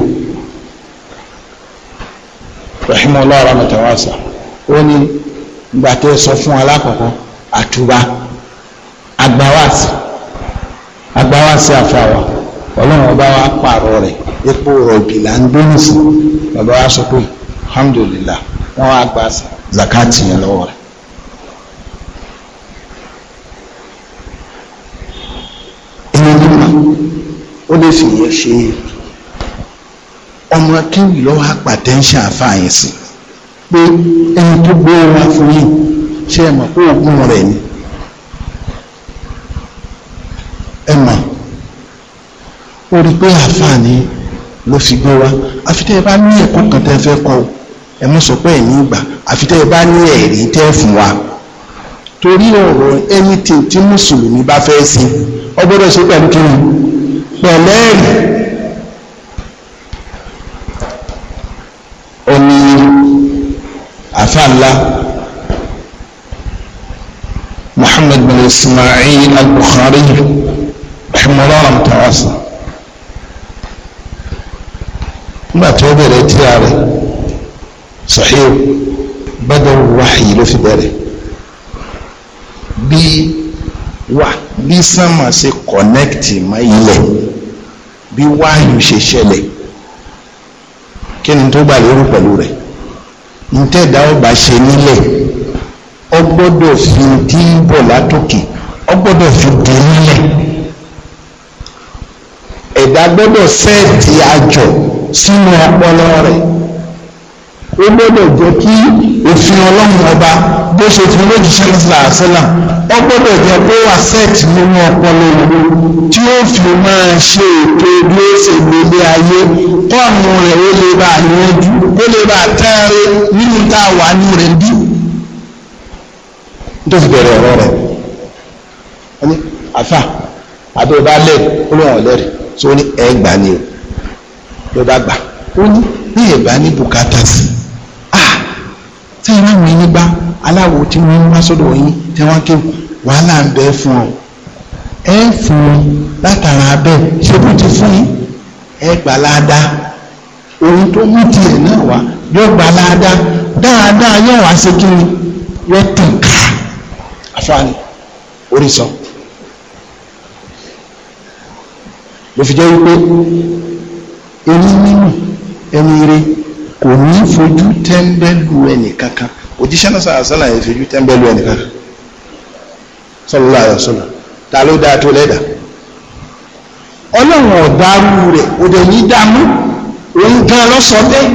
rahimahullah rahmatan wasa ó ní ìgbà tó sọ fún alákọ̀ọ́kọ́ àtúbà agbáwáàsì agbáwáàsì àfàwà. ọlọ́run ọba wa pààrọ̀ rẹ̀ epo rọ̀bì là ń gbóhùn sí bàbá wa sọ pé gba zakati yẹn lọ́wọ́ rẹ̀. ó lè fi yẹn ṣe ọmọ akéwì lọ́wọ́ àpàtẹ́ńṣà fààyàn sí pé ẹni tó gbé e wa fún yìí ṣe é mọ̀ pé òògùn rẹ̀ ni ẹ mọ̀. ó rí pé àǹfààní ló fi gbé wa àfi tẹ́ ẹ bá ní ẹ̀kọ́ kan tẹ́ ẹ fẹ́ kọ́ ẹ mú sọ pé ẹ̀ ní ìgbà àfi tẹ́ ẹ bá ní ẹ̀rí tẹ́ ẹ fún wa torí ọ̀rọ̀ anything tí mùsùlùmí bá fẹ́ ṣe ọ ṣe pẹ̀lú kí ni pẹ̀lẹ́rì ó ní àfàlà Muhammad bin Ismail al-Bukhari rahimahullah ta'ala. nígbà tó bẹ̀rẹ̀ tíra rẹ̀ sahih badr wahyi ló fi bẹ̀rẹ̀ bí wà bí sánmà ṣe kọ̀nẹ́kìtì mọ́ ilẹ̀ bí wáyù ṣe ṣẹlẹ̀ kí ni tó gbà lérò pẹ̀lú rẹ̀ ntẹ́ẹ̀dá ọba ṣe nílẹ̀ fi dí bọ̀ látòkè ọ fi nílẹ̀ ẹ̀dá gbọ́dọ̀ sẹ́ẹ̀tì àjọ sínú ọpọlọ rẹ̀ ó gbọ́dọ̀ jẹ́ kí òfin ọlọ́run ọba bó ṣe fún lójúṣẹ́ nígbà àṣẹlà ó gbọ́dọ̀ jẹ́ pé wà sẹ́ẹ̀tì nínú ọpọlọ ìlú tí ó fi máa ṣe ètò bí ó ṣe gbélé ayé tọ́ọ̀nù rẹ̀ ó lè bá yanjú ó lè bá tẹ́ẹ̀rẹ́ nínú tá a wà ní rẹ̀ bí. tó fi bẹ̀rẹ̀ ọ̀rọ̀ rẹ̀ wọ́n àfà àbẹ̀wò bá lẹ́rìí ó lóun ọ̀lẹ́rìí tó ní ẹgbàá ni o ló bá gbà ó ní bí ìbá ní bùkátà sí ah sẹ́yìn láwọn ẹni gbá aláwo tí wọ́n ń wá sọ́dọ̀ yín tí wọ́n ké wàhálà ń bẹ fún ọ ẹ fún un látara abẹ ṣé kò ti fún yín ẹ gbà láadáa ohun tó mú tiẹ̀ náà wá yóò gbà láadáa dáadáa yóò wá sí kí ni yóò tàn ká àfààní orí sọ ló jẹ́ wípé. ẹni mímì ẹni rẹ kò ní fojú tẹ́ńbẹ́lú ẹnì kankan òjíṣẹ́ náà sàásánà yẹn fojú tẹ́ńbẹ́lú ẹnì kankan sọlọ́lá àyọ̀sọ́lá ta ló dáa tó lẹ́dà ọlọ́run ọ̀darú rẹ̀ òdè ní dààmú òun gan lọ́sọ̀ bẹ́ẹ̀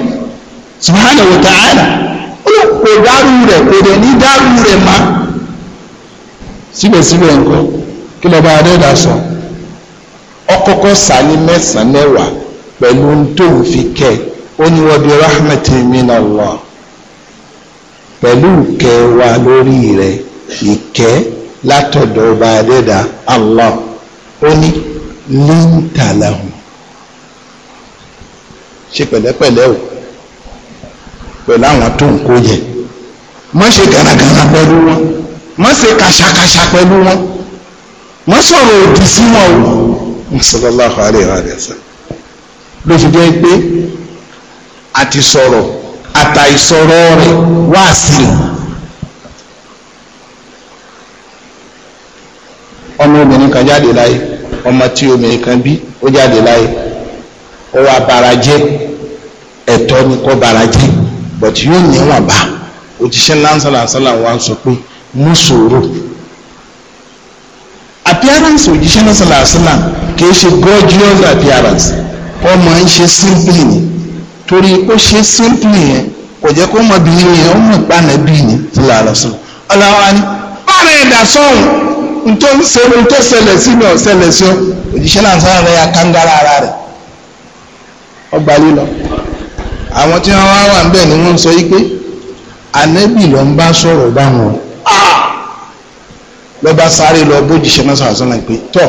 subhanahu wa ta'ala kò rẹ̀ kò dẹ̀ ní rẹ̀ má síbẹ̀síbẹ̀ nǹkan kí lọ́ba adẹ́dà sọ ọkọ̀kọ̀ sá mẹ́sàn pẹ̀lú tó ń fi kẹ́ ó ní wọ́n bí rahmatu min Allah pẹ̀lú ìkẹ́ wa lórí rẹ̀ ìkẹ́ látọ̀dọ̀ ọba adẹ́dà Allah ó ní lintalahum ṣe pẹ̀lẹ́pẹ̀lẹ́ o pẹ̀lú àwọn tó ń kó jẹ má ṣe gàràgàrà pẹ̀lú wọn má ṣe kàṣàkàṣà pẹ̀lú wọn má sọ̀rọ̀ òdì sí wọn o. sallallahu wa sallam ló fi jẹ́ pé àti sọ̀rọ̀ àtàìsọ̀rọ̀ rẹ̀ wá sí i. ọmọ obìnrin kan jáde láyé ọmọ tí obìnrin kan bí ó jáde láyé ó wá bara jẹ́ ẹ̀tọ́ ni kó bara jẹ́ but yóò níwọ̀n bá òjíṣẹ́ lánṣàlánṣàlá wa sọ pé mú sòrò appearance òjíṣẹ́ lánṣàlánṣàlá kì í ṣe gorgeous appearance. ọ máa ń ṣe simply ni torí ó ṣe simply yẹn kò jẹ́ kó ọmọbìnrin yẹn ó ni sílẹ̀ àlọ́sùn ọlọ́wà ni ẹ̀dà sọ́hùn sí mi ọ náà sọ́hùn ya ara rẹ̀ ọgbà lílọ àwọn tí wọ́n wá wà ni wọ́n sọ yí pé ànábì ló ń bá sọ̀rọ̀ báwọn ah! lọ́ba sáré lọ bójìṣẹ́ náà pé tọ́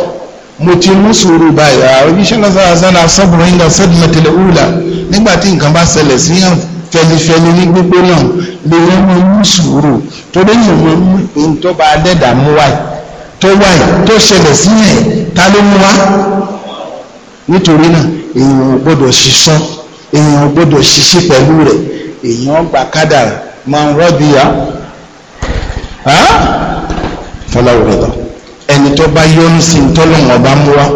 mo ti mú sùúrù báyìí àròjíṣẹ́ ah, lọ́sàrà sára sọ́bùnrin lọ sẹ́dùmẹ̀tẹ̀lẹ̀ òwúlà nígbàtí nǹkan bá ṣẹlẹ̀ sí yàn fẹlifẹli ní gbogbo náà lè yẹn mọ mú sùúrù torí yìí mo mú ohun tó bá dẹ́dà mú wáyé tó wáyé tó ṣẹlẹ̀ sílẹ̀ ta ló mú wá nítorí náà èèyàn ò gbọ́dọ̀ ṣiṣọ́ èèyàn ò gbọ́dọ̀ ṣiṣẹ́ pẹ̀lú rẹ̀ èèyàn gbà kádà máa ń rọ́bìyà fọláwùrẹ́dọ̀ ẹni tó bá yọnu sí ntọ́lọ́wọ́n ọba mú wa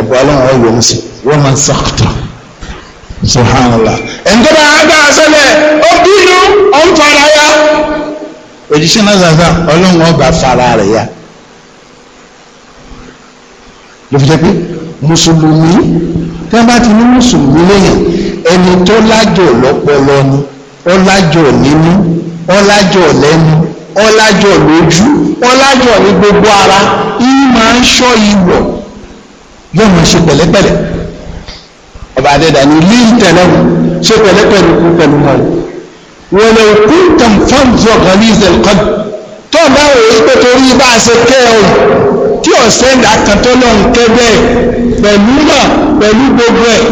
ọba ọlọ́wọ́n ọba yọnu sí wọ́n máa ń sàkótọ́ subhanallah ẹni tó bá agbá àṣẹlẹ̀ ó bínú ó ń fara ya òjíṣẹ́ náà sàṣà ọlọ́wọ́n ọba fara rẹ̀ ya ló fi jẹ́ pé mùsùlùmí tí bá ti ní mùsùlùmí lẹ́yìn ẹni tó lájò lọ́pọlọ ni ó nínú ó lẹ́nu ọlájọ lójú ọlájọ ní gbogbo ara yìí máa ń ṣọ́ ìwọ̀ yóò máa ṣe pẹ̀lẹ́pẹ̀lẹ́ ọba adẹ́dà ní ilé ìtẹ̀lẹ́wò ṣe pẹ̀lẹ́pẹ̀lẹ́ kú pẹ̀lú wọn wọn lè kú tàn fọ́ǹtì ọ̀kan ní ìzẹ̀lẹ̀ kan tó bá wò pé torí bá a ṣe kẹ́ ọ tí ọ̀sẹ́ńdà kan tó lọ́n kẹ́ bẹ́ẹ̀ pẹ̀lú náà pẹ̀lú gbogbo ẹ̀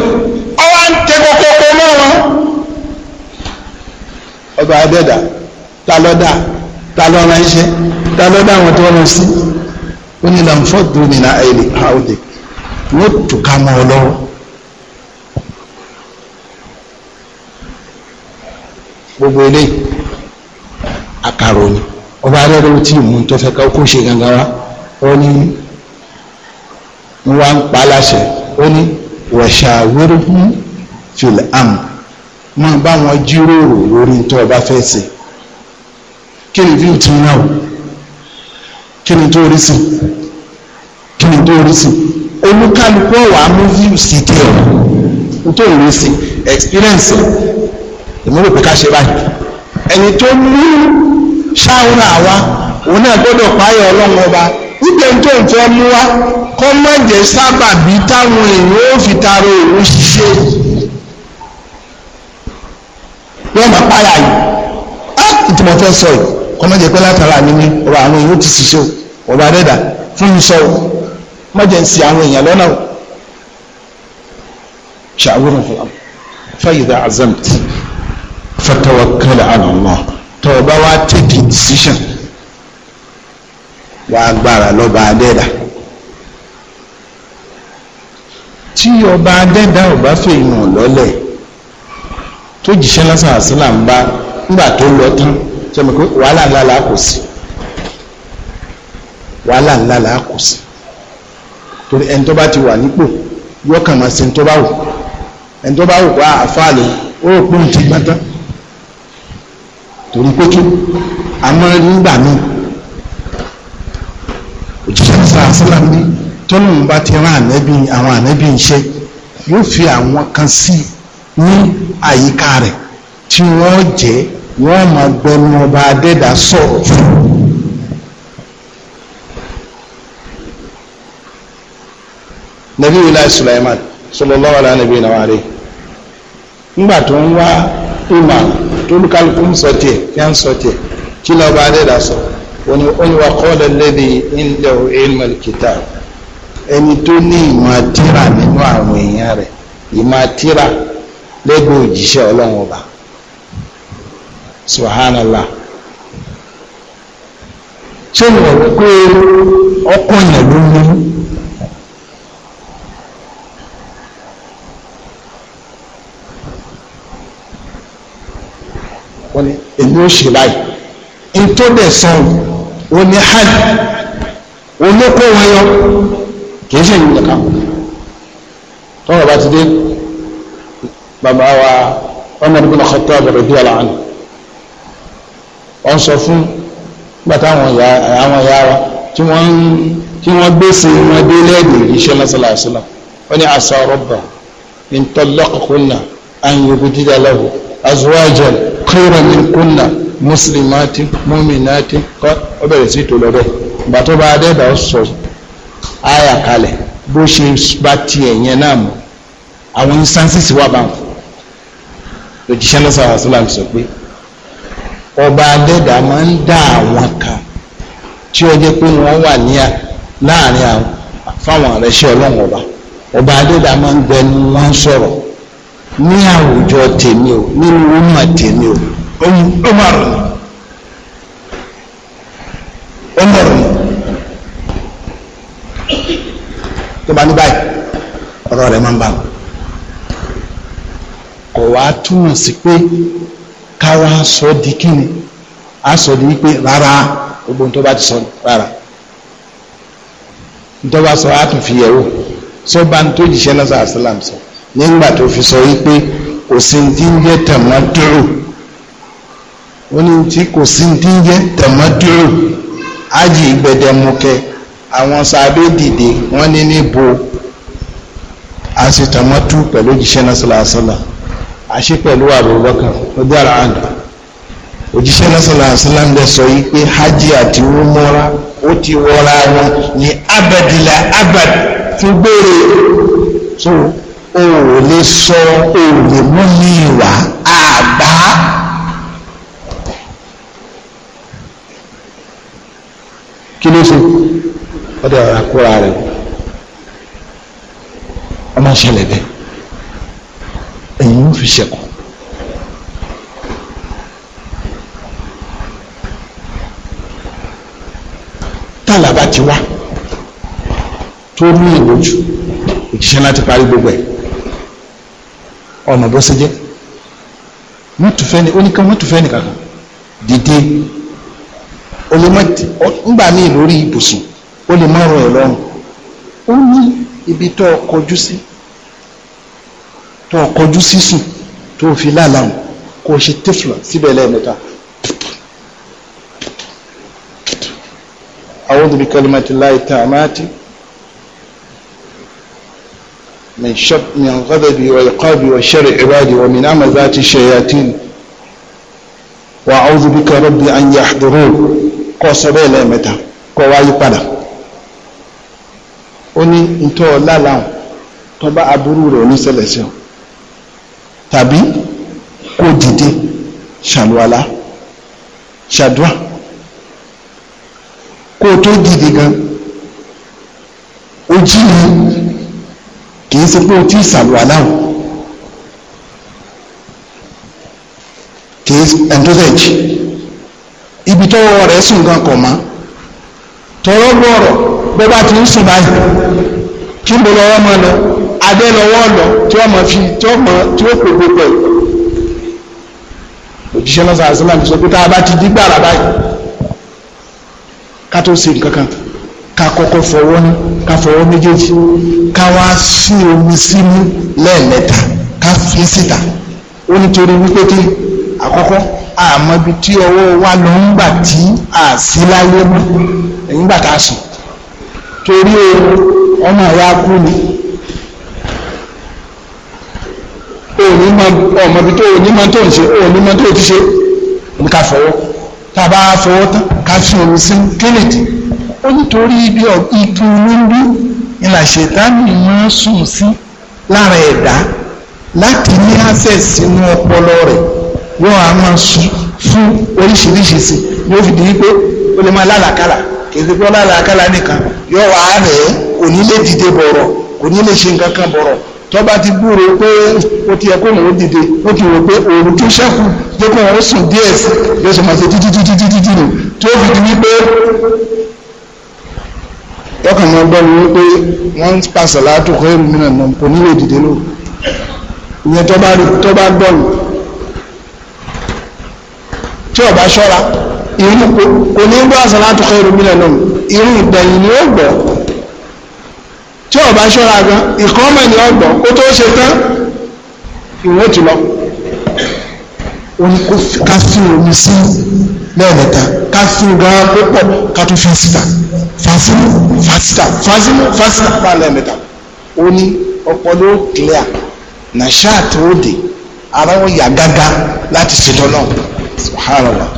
ọ wá ń tẹ kókó mọ́ wọn ọba adẹ́dà ta ta ló ránṣẹ́ ta ló dá àwọn tó rán sí ó ní làm fọ́ọ̀dù mi náà ẹ̀lẹ́ àwòdè wọ́n tù ká mọ́ ọ lọ́wọ́. gbogbo eléyìí àkàròyìn ọba arẹ́rẹ́ tí mò ń tọ́fẹ́ ká kó ṣe gangan wa ó ní wá ń pa láṣẹ ó ní wàṣàwérúhùn fìlà àmù máa bá wọn jíròrò lórí tó o fẹ́ ṣe kí ni o tí wọn náà kí ni tó rí sí kí ni tó rí sí olúkálukú ọ̀wà mú fíìmù sí tí ọ̀ tó rí sí experience ìmúlò pé ká ṣe báyìí ẹni tó mú ṣáwúrà wa òun náà gbọ́dọ̀ páyọ̀ ọlọ́run ọba wípé tó ń fẹ́ mú wa kọ́ má jẹ́ sábàbí táwọn èèyàn ó fi taro òun ṣiṣẹ́ wọ́n máa páyà yìí á ah! ìtumọ̀ fẹ́ sọ yìí ọmọ jẹ́ pé látara mi ní ọba àwọn èèyàn ti ṣiṣẹ́ o ọba dẹ́dà fún mi sọ ọmọ jẹ́ ń ṣì àwọn èèyàn lọ́nà o ṣàwòrán fún wa fàyídà azamt fatawakkal ala Allah tó o bá wá take a decision gbára lọ́ba dẹ́dà tí ọba dẹ́dà ọba fèèyàn lọ́lẹ̀ tó jìṣẹ́ lásán àṣìlá ń bá nígbà tó lọ tán ṣe mọ̀ pé wàhálà ńlá là á kò sí wàhálà ńlá là á kò sí torí ẹni tó bá ti wà nípò yóò kàn máa ṣe ẹni tó bá wù ẹni tó bá wù wá ah, àfáàlè ó pé ní ti gbọ́ntán torí pé kí àmọ́ nígbà míì òjíṣẹ́ sáà sílá ní tọ́nù bá ti rán ànẹ́bí àwọn ànẹ́bí iṣẹ́ yóò fi àwọn kan sí ní àyíká rẹ̀ tí wọ́n jẹ́ wọ́n máa gbẹnu ọba adẹ́dà sọ̀rọ̀ jù. nàbí wíláì Sulaiman sallallahu alaihi nàbí ìnáwó àrẹ ńgbà tó ń wá ìmọ̀ tó ń kálukú ń sọ tiẹ̀ kí á ń sọ tiẹ̀ kí lọ́ba adẹ́dà sọ wọ́n ni wọ́n ni wà qala alladhi indahu ilmal ẹni tó ní ìmọ̀ àtìrà nínú àwọn èèyàn rẹ̀ ìmọ̀ àtìrà lẹ́gbẹ̀ẹ́ òjíṣẹ́ ọlọ́run ọba subhanallah ṣé ìwọ pé ọkọ yẹn ló ní. wọ́n ní èmi ò ṣe báyìí ntọ́dẹ̀ sàn ò ní hajj olóko wọn yọ kì í ṣe ìlú nìkan tọ́wọ́ bá ti dé bàbá wa Umar bin Khattab radiyallahu anhu ọ sọ fún gbàtà àwọn ìyá wa tí wọ́n tí wọ́n gbèsè wọn dé lẹ́ẹ̀dẹ̀ iṣẹ́ lásìlàsílà wọ́n ní àṣà rọ́bà in talaqkunna an yubdila lahu azwajan khayran minkunna muslimatin mu'minatin kọ́ ọ bẹ̀rẹ̀ sí tó lọ́dọ̀ ìgbà tó bá adẹ́dà ọ sọ àyà kalẹ̀ bó ṣe bá tiẹ̀ yẹn náà mọ̀ àwọn instances wà báwọn lòjíṣẹ́ lásìlàsílà sọ pé ọba adẹ́dà máa ń dá àwọn kan tí ó jẹ́ pé wọ́n wà ní láàrin fáwọn àrẹsẹ́ ọlọ́run ọba ọba adẹ́dà máa ń gbẹnu wọn sọ̀rọ̀ ní àwùjọ tèmi o nínú ọmọ tèmi o umm, tó bá ní báyìí káwa sọ di kíni a sọ di wípé rárá gbogbo tó bá ti sọ rárá tó bá sọ á tún fi yẹ̀ wò sọ bá ń tó jìṣẹ́ náà sàásìlám sọ nígbà tó fi sọ wípé kò sí ti ń jẹ́ tẹ̀mọ́tòrò ó ní tí kò sí ti ń jẹ́ tẹ̀mọ́tòrò ájì gbẹdẹmukẹ àwọn sàbẹ dìde wọn ní níbo a sì tẹ̀mọ́tò pẹ̀lú jìṣẹ́ náà sàásìlám àṣẹ pẹ̀lú Abubakar ọdí ara àná òjíṣẹ́ lọ́sọ̀lá àṣìláńdẹ̀ sọ yìí pé hajj àti umura ó ti wọra wọn ní abadìlà abad fún gbére so o ò lè sọ o ò lè mú ní ìwà àbá. kí ló ṣe ọdẹ ọ̀rọ̀ àkúrà rẹ̀ ọmọ ṣẹlẹ̀ bẹ́ẹ̀ ẹ̀yin ó fi ṣẹ̀kù. tààlà bá ti wá tó ní ìwòjú òjíṣẹ́ láti parí gbogbo ẹ̀ ọ̀nà bó ṣe jẹ́ mọ́tòfẹ́ni oníkan mọ́tòfẹ́ni kankan dìde o lè má ti ńgbà míì lórí ibùsùn o lè má rọ ẹ̀ lọ́rùn ó ní ibi tó kọjú sí. Si tó kọjú sísùn tó fi lálàmù kò ṣe tẹ́sùlà síbẹ̀ lẹ́ẹ̀mẹ́ta. أعوذ بكلمة الله التامات من شر من غضبي وعقابي وشر عبادي ومن همزات الشياطين وأعوذ بك ربي أن يحضرون kọ sọ bẹ́ẹ̀ lẹ́ẹ̀mẹ́ta kọ wáyé padà ó ní ntọ́ lálàá tó bá rẹ̀ oníṣẹ́lẹ̀ tàbí kó dìde ṣàlùwàlá ṣàdúrà kó o tó dìde gan ojú ni kì í ṣe pé o ti ṣàlùwàlá o kì í ẹ̀ńtọ́sẹ̀jì ibi tọ́wọ́ rẹ̀ sùn gan kọ̀ mọ́ tọ́wọ́ gbọ́rọ̀ bó bá ti ń sùn báyìí kí n bọ̀ lọ́wọ́ máa lọ adé lọ́wọ́ ọ̀lọ́ tí wọ́n mọ̀ fi tí wọ́n mọ̀ tí ó pèpè pẹ̀lú òjíṣẹ́ náà sàrẹ̀ sílẹ̀ sọ pé tá a bá ti dígbà rà báyìí ká tó ṣe nǹkan ká kọ́kọ́ fọwọ́ ní ká fọwọ́ méjèèjì ká wá sí omi sínú lẹ́ẹ̀mẹ́ta ká fi síta ó nítorí wípé kí àkọ́kọ́ àmọ́bi tí ọwọ́ wa lọ ń gbà tí a sí láyé mọ́ ẹ̀yìn gbà tá sùn torí ọmọ ìyá kú ni òní ọmọbi tó òní máa tó ń ṣe òní máa tó ti ṣe ká fọwọ́ tá a bá fọwọ́ tán ká fi òun sí kílìtì ó nítorí ibi igi olóńgbò ìlà ṣètánì máa sùn sí lára ẹ̀dá láti ní access sínú ọpọlọ rẹ̀ wọ́n á máa sùn fún oríṣiríṣi sí ni ó fi di wípé ó lè máa lálàkàlà kìí pé lálàkàlà nìkan yóò wá rẹ̀ kò ní lè dìde bọ̀rọ̀ kò ní lè ṣe nǹkan kan bọ̀rọ̀ tọ́ba ti gbúre pé ó ti yẹ kó òun dìde ó ti rò pé òun tó ṣẹ́kù jẹ́ kó òun sùn díẹ̀ sí yóò sọ ma ṣe títí títí títí títí nù tí ó fi di wípé lọ́kàn máa gbọ́ mi wípé wọ́n ń pàṣẹ látò kọ́ èrò mìíràn náà kò nílò ìdìde lò ìyẹn tọ́ba gbọ́ mi tí ọba ṣọ́ra irú kò ní gbọ́ àṣà látò èrò mìíràn náà irú ìgbẹ̀yìn ni ó gbọ́ tí ọba ṣọ́ra gan ìkọ́mọ̀ ni ọgbọ̀ ó tó ṣe tán ìwọ́n ti lọ ká fi omi sí lẹ́ẹ̀mẹ́ta ká fi gan púpọ̀ ká tún fi síta fásitì fásitì fásitì fásitì pa lẹ́ẹ̀mẹ́ta ó ní ọpọlọ clear na ṣáàtì ó ara wọn yà gágá láti ṣètò náà subhanallah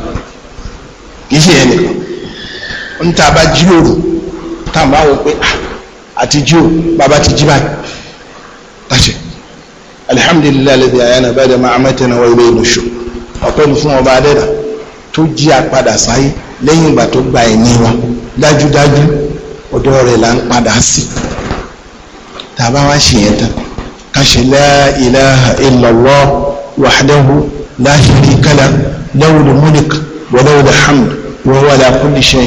kì í ṣe yẹn nìkan ń ta bá jíròrò tá a bá wọ pé ah àti jí o bàbá ti jí báyìí láṣẹ alihamdulilayi alẹ́ bí ayana bẹ́ẹ̀ máa amẹ́tẹ̀ náà wọ́n ilé ìlúṣọ ọ̀pẹ́ ni fún ọba adẹ́dà tó jí apadà sáyé lẹ́yìn ìgbà tó gba ẹ̀mí wa dájúdájú ọ̀dọ̀ rẹ̀ là ń padà sí tàbá wá ṣe yẹn tán ká ṣe la ilaha illallah wahdahu la sharika lahu lahul mulk wa lahul hamd wa huwa ala kulli ṣe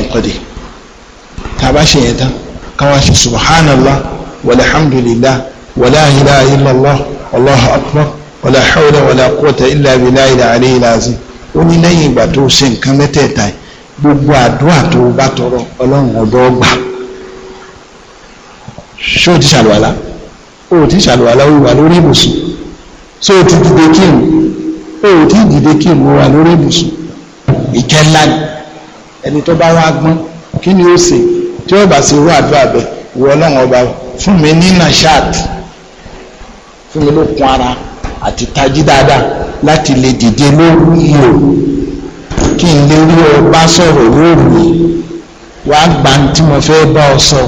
yẹn tán káwá ṣe subhanallah walhamdulillah wala ilaha illallah allahu akbar wala hawla wala quwwata illa billahi al-aliyyil azim ó ní lẹ́yìn ìgbà tó ṣe nǹkan mẹ́tẹ̀ẹ̀ta yìí gbogbo àdúrà tó bá tọrọ ọlọ́run ọ̀dọ́ gbà ṣé o ti ṣàlùwàlá o ti ṣàlùwàlá o wà lórí ibùsùn ṣé o ti dìde kírun o ti dìde kírun o wà lórí ibùsùn ìkẹ́ ẹni tó bá wá gbọ́n kí ni ó ṣe tí ó bá sí irú àdúrà bẹ wọ ọlọ́run ọba fún mi ní nashat fún mi ló kún ara àti tají dáadáa láti lè dìde lórí ihò kí n lè rí ọ bá sọ̀rọ̀ lórí wàá gbà tí mo fẹ́ bá ọ sọ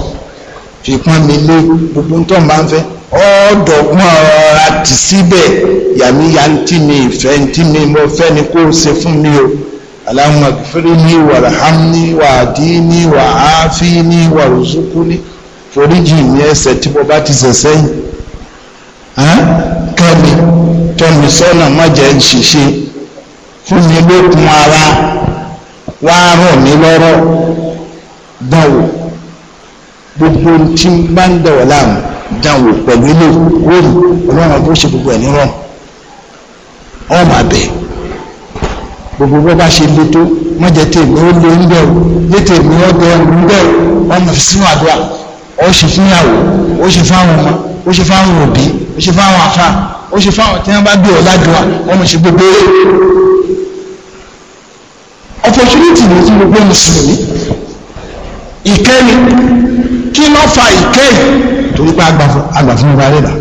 fi mi lé gbogbo tó ń bá ń fẹ́ ọ̀ọ́dọ̀gbọ́n ọ̀ra tì síbẹ̀ yàmíyá ń ìfẹ́ ń tì mo fẹ́ ni kó o ṣe fún mi o. اللهم اغفرني وارحمني واهديني وعافيني وارزقني foríjì mi ẹ̀ṣẹ̀ tí mo bá ti ṣẹ̀ṣẹ̀ yìí kẹ́mi tọ́mi sọ́nà má jẹ́ ń ṣiṣẹ́ fún mi lókun ara wá rọ̀ mí lọ́rọ̀ dánwò gbogbo tí bá ń dọ̀wọ̀ láàmú dánwò pẹ̀lú ilé wọ́n ọlọ́run tó ṣe gbogbo ẹ̀ nírọ̀ ọmọ abẹ́ẹ̀ gbogbo bó bá ṣe le tó mọ̀jẹ̀ tèmi ó lé ń bẹ̀ o lé tèmi ó gẹ ń bẹ̀ o ọmọ sínú àdúrà ó ṣe fún ìyàwó ó ṣe fún àwọn ọmọ ó ṣe fún àwọn òbí ó ṣe fún àwọn afá ó ṣe fún àwọn tí wọ́n bá gbé ọ ládùúgbà ọmọ ṣe gbogbo opportunity ni fún gbogbo mùsùlùmí ìkẹ́ni kí ló fa ìkẹ́yì torí pé àgbà fún ọba rẹ̀ là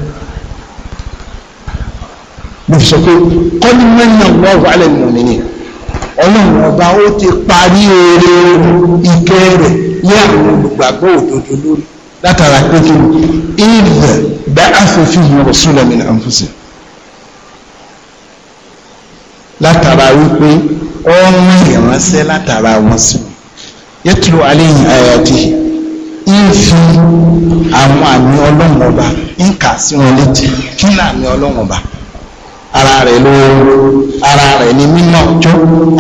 mo fi sọ pé kọ́ni mẹ́rin náà wọ́n wà lẹ́nu ọ̀nìyàn ọlọ́run ọba ó ti parí oore ìkẹ́ rẹ̀ ní àwọn olùgbàgbọ́ òdodo lórí látara pé kí ni ìbẹ̀ bá a fi fi hàn rasulan min anfusih látara wípé ọ̀run ìránṣẹ́ látara wọn sí yatlu alayhim ayatihi ń àwọn àmì ọlọ́run ọba ń kà sí wọn létí kí ni àmì ọlọ́run ọba ara rẹ̀ ló ara rẹ̀ ní mímọ́ ọjọ́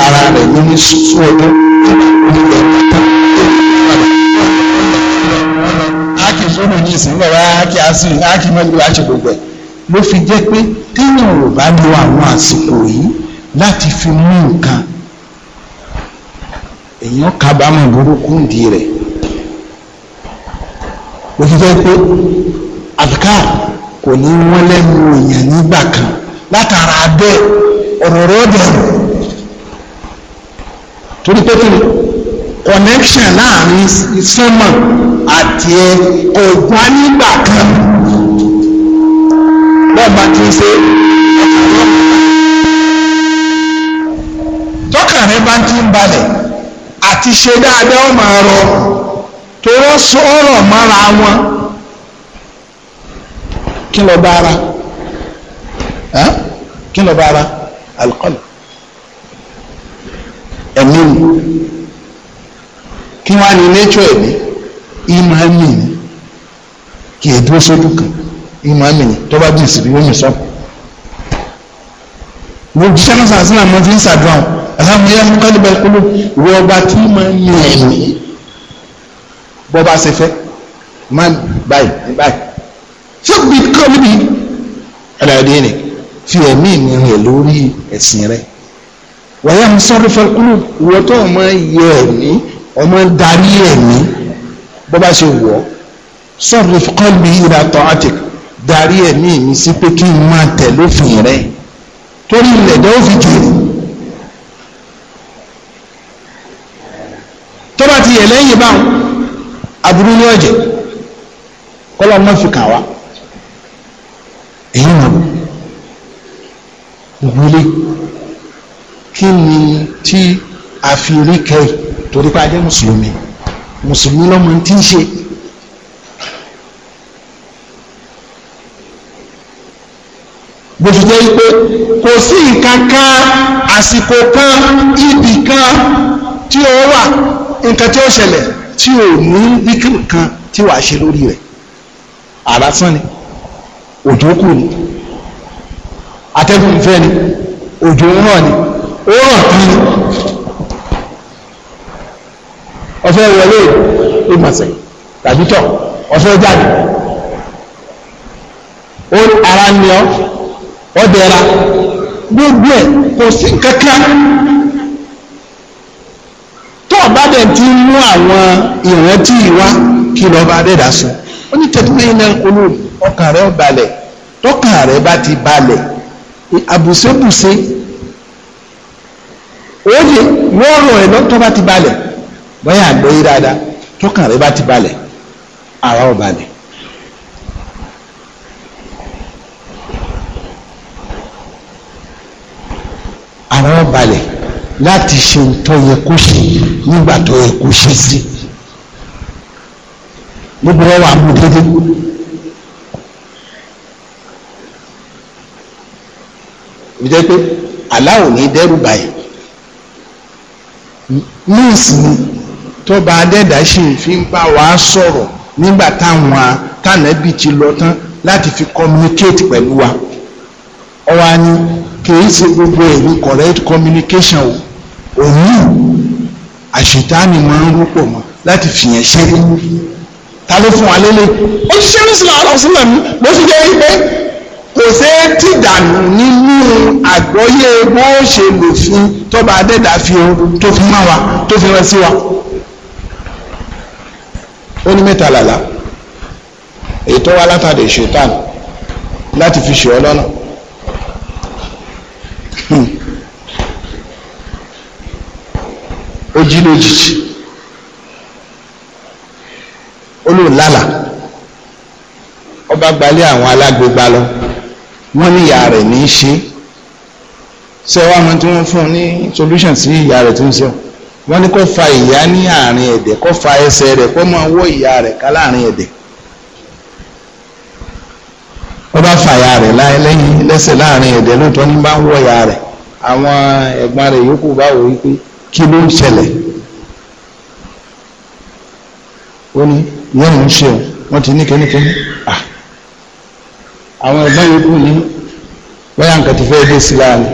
ara rẹ̀ ló ní sùúrù ọjọ́ ní ẹ̀ka tó ákì fóònù ní ìsìn bàbá ákì àsìn ákì mọ́lẹ́wọ́ àti gbogbo ẹ̀ ló fi jẹ́ pé téèyàn ò bá lo àwọn àsìkò yìí láti fi mú nǹkan èèyàn kábàámọ̀ burúkú ndí rẹ̀ ó fi jẹ́ pé àbíká kò ní wọ́n lẹ́nu èèyàn nígbà kan látara abẹ́ ọ̀rọ̀rọ̀ dẹ̀rù torí pé kí ni connection láàrin sánmọ̀ àti ẹ kò gbá nígbà kan bọ́ọ̀ bá ti ṣe tọ́kàn rẹ bá ti ń balẹ̀ àti ṣe dáadáa ó máa tó wọ́n sọ mọ́ra wọn kí lọ bá kí ló bá ara alukọ́lù ẹ̀mí ni kí wọ́n á ní nature ẹ̀mí ìmọ̀ ẹ̀mí ni kì í dúró sójú kan ìmọ̀ ẹ̀mí ni tó bá dìísì rí omi sọ́kù wọ́n jíṣẹ́ náà sàn sínú àmọ́ fi ń sàdúrà wọn aláwọ̀ yẹn kúló wọ́n ọba tí mo ń ẹ̀mí bọ́ bá ṣe fẹ́ máa báyìí báyìí ṣé kò bí kọ́ níbi ẹ̀dá ẹ̀dá yẹn nìkan fi ẹ̀mí mi rìn lórí ẹ̀sìn rẹ wàyà ń sáré fẹkúrú ìwọ tó ọmọ yẹ ẹ̀mí ọmọ darí ẹ̀mí bó bá ṣe wọ sọ̀rọ̀ kọlbi ìlà tọ àti darí ẹ̀mí mi sí pé kí n máa tẹ̀ lófin rẹ torí ilẹ̀ dẹ́ ó fi jèrè. tó bá ti yẹ lẹ́yìn báwọn aburú ní ọ̀jẹ̀ kọ́lọ́ mọ́ fi kàn wá èyí mọ̀ ìgbélé kí ni tí a fi rí kẹ́ẹ̀ torí pé a jẹ́ mùsùlùmí mùsùlùmí lọ́mọ tí ń ṣe bó ṣe jẹ́ pé kò sí nǹkan kan àsìkò kan ibì kan tí ó wà nǹkan tí ó ṣẹlẹ̀ tí ò ní bíkìrì kan tí wàá ṣe lórí rẹ̀ àrásán ni òjò kù ni atẹ́gùn ń ni òjò ń ràn ni ó ràn kí ni ọfẹ́ wọlé ìgbọ̀nsẹ̀ tàbí tọ̀ ọfẹ́ jáde ó ara ni ọ ọ dẹra gbogbo ẹ kò sí kankan tó ọba dẹ̀ ti mú àwọn ìrántí wa kí lọ́ba adẹ́dà sùn ó ní tẹ́tí mẹ́rin náà kúrò ọkàn rẹ̀ balẹ̀ tọ́kàn rẹ̀ bá ti balẹ̀ àbùsébùsé òye wọ́n rọ̀ ẹ̀ lọ́tọ́ bá ti balẹ̀ bọ́yá àgbọ̀yé dáadáa tọ́kàn rẹ̀ bá ti balẹ̀ ara ọ̀ balẹ̀. ara ọ̀ balẹ̀ láti ṣe ntọ́ yẹ kó ṣe nígbà tó yẹ kó ṣe sí gbogbo ọwọ́ àmúdédé. ibi jẹ́ pé aláwọ̀ ní dẹ́rù báyìí news ni tọ́ba adẹ́dá ṣì fi ń bá wa sọ̀rọ̀ nígbà táwọn tànàbì ti lọ tán láti fi communicate pẹ̀lú wa ọwa ni kìí ṣe gbogbo ẹ̀rí correct communication o òun àṣetánì máa ń rúpọ̀ mọ́ láti fìyàn ṣe é ta ló fún wa lélẹ̀ ó ti ṣe ní sinmi àwọn ọ̀sán náà ló fi jẹ́ pé kò ṣeé tì dànù nínú àgbọ́yé bó ṣe lòfin tọ́ba adẹ́dà fi o tó fi mọ́ wa tó fi rán sí wa ó ní mẹ́ta làlá ètò wa látàdé ṣètàn láti fi ṣe ọ lọ́nà hmm. ó jí lójijì ó lò lálà ọba gbalẹ̀ àwọn alágbègbà lọ wọ́n ní ìyá rẹ̀ ní í ṣe ṣé wàá mọ tí wọ́n fún un ní solution sí ìyá rẹ̀ tó ń ṣe wọ́n ní kó fa ìyá ní àárín ẹ̀dẹ̀ kó fa ẹsẹ̀ rẹ̀ kó máa wọ́ ìyá rẹ̀ ká láàrin ẹ̀dẹ̀ wọ́n bá fa ìyá rẹ̀ lẹ́yìn lẹ́sẹ̀ láàrin ẹ̀dẹ̀ lóòótọ́ ní bá wọ́ ìyá rẹ̀ àwọn ẹ̀gbọ́n rẹ̀ yòókù bá wò wípé kí ló ń ṣẹlẹ̀ ó ní yẹ́n ń ṣe wọ́n ti ní kẹ́nikẹ́ni ah àwọn ẹ̀gbọ́n yòókù ní bóyá nǹkan ti fẹ́ dé sí láàrin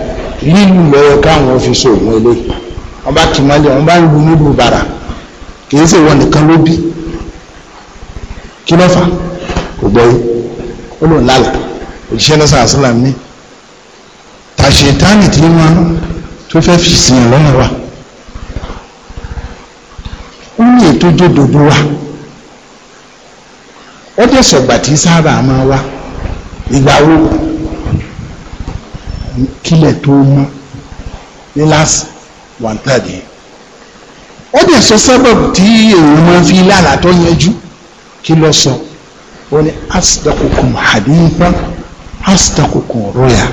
lílù lọ́wọ́ káwọn fi ṣòwò ilé wọn bá tì mọ́lẹ̀ wọn bá ń lu nílùú bàrà kì í ṣe wọn nìkan ló bí kí ló fà kò gbọ́ yìí ó lòun lálẹ́ òjíṣẹ́ náà sàn sílám ní tàṣetánì tí wọn tó fẹ́ fi sìn lọ́nà wa ó ní ètò jódodo wa ó dẹ̀ sọ̀gbà tí sábà máa wá ìgbà wo kílẹ̀ tó mọ́ ní last one third yẹn ó dẹ̀ sọ sábàbù tí èèyàn máa fi lálà tó yanjú kí lọ sọ ó ní asdaqukum haditha asdaqukum ruya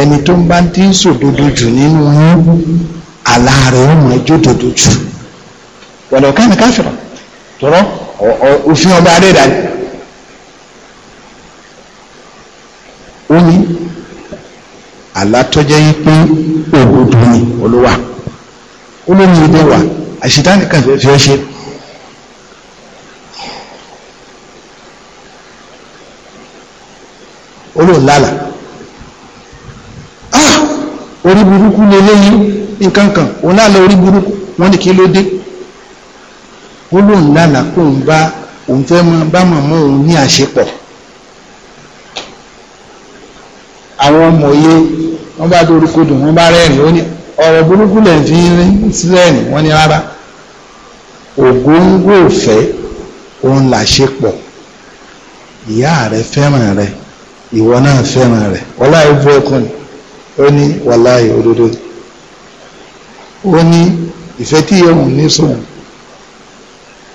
ẹni tó ń bá ti ń sòdodo jù nínú yín àlá rẹ̀ ó mọ̀ ẹjọ́ dodo jù wọ̀lọ̀ kánìkáfìrà tọ̀rọ̀ òfin ọba adédàá ó ní àlátọ́jẹ́ yí pé òdodo ni olówà olórí ilé wa àṣìdá kankan fẹ́ fẹ́ ṣe. ah orí burúkú ni eléyìí nǹkan kan òun náà lọ orí burúkú wọn ni kí ló dé olóòlàlà kò ń bá òun fẹ́ máa bá màmá òun ní àṣepọ̀. àwọn mòye wọ́n bá dorí kodò wọ́n bá rẹ́rìn ó ní ọ̀rọ̀ burúkú lẹ̀ fi rìn sílẹ̀ ní wọ́n ní rárá ògóńgó òfẹ́ òun là ṣe pọ̀ ìyá rẹ fẹ́ràn rẹ ìwọ náà fẹ́ràn rẹ wàláhì bú ẹkún ni ó ní wàláhì òdodo ó ní ìfẹ́ tí òun ní sóun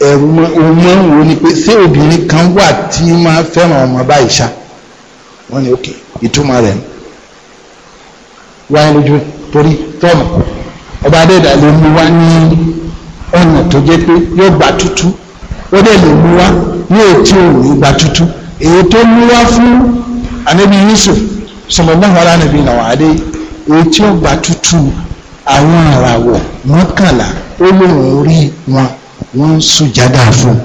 ẹ̀rù ọmọ òun ni pé ṣé obìnrin kan wà tí máa fẹ́ràn ọmọ báyìí ṣáà wọ́n ní òkè ìtumọ̀ rẹ̀ wáyé lójú torí tọ́ọ̀mù ọba adéèdà ló mú wá ní ọ̀nà tó jẹ́ pé yóò gbà tútú ó dẹ̀ lè mú wá ní ètí òní gbà tútú èyí tó mú wá fún anabi Yusuf sallallahu alaihi nàbí nàwọ̀ adé èyí tí ó gbà tútú àwọn àràwọ̀ mọ́kànlá ó lóun rí wọn wọ́n ń sùjádà fún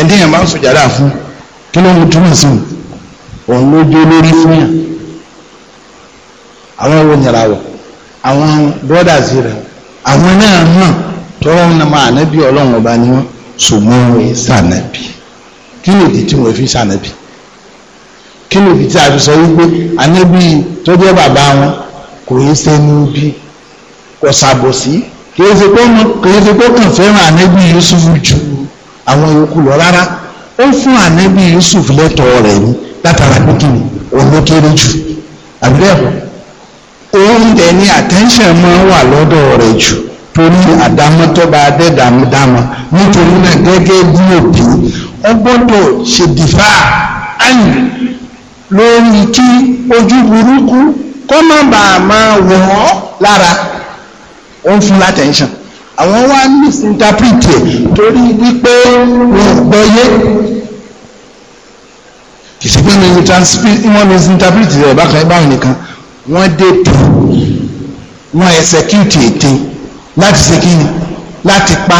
ẹ̀dínyàn máa ń sùjádà fún kí ló ń túmọ̀ sí òun ló jó lórí fún yàn àwọn wo nyara wọ àwọn brothers rẹ àwọn náà náà tọrọ ń nàmọ ànábì ọlọ́run ọba ni wọn ṣùgbọ́n wọn sànàbì kí ló dé tí wọn fi sànàbì kí ló fi tí a fi sọ wípé ànábì tó bàbá wọn kò yé sẹ́ni bí kò ṣàbòsí kì í ṣe pé kàn fẹ́ràn ànábì Yusuf ju àwọn yòókù lọ rárá ó fún ànábì yusuf lẹ́tọ̀ọ́ rẹ̀ ní látara pínpín olókéré jù àbúrẹ́bọ̀ òun dẹ̀ ní attention máa wà lọ́dọ̀ rẹ̀ jù torí àdámọ́tọ́ba adẹ́dàmọ́dámọ́ nítorí náà gẹ́gẹ́ bí òbí ó gbọ́dọ̀ ṣe dìfà lórí kí ojú burúkú kó má bàa máa wọ̀ ọ́ lára ó ń fún attention àwọn wá misinterpret ẹ̀ torí wípé wọn gbọ́ yé kì í ṣe pé wọ́n misinterpret ẹ̀ bákan ẹ̀ báwọn nìkan wọ́n dé tù wọ́n execute ète láti ṣe ni láti pa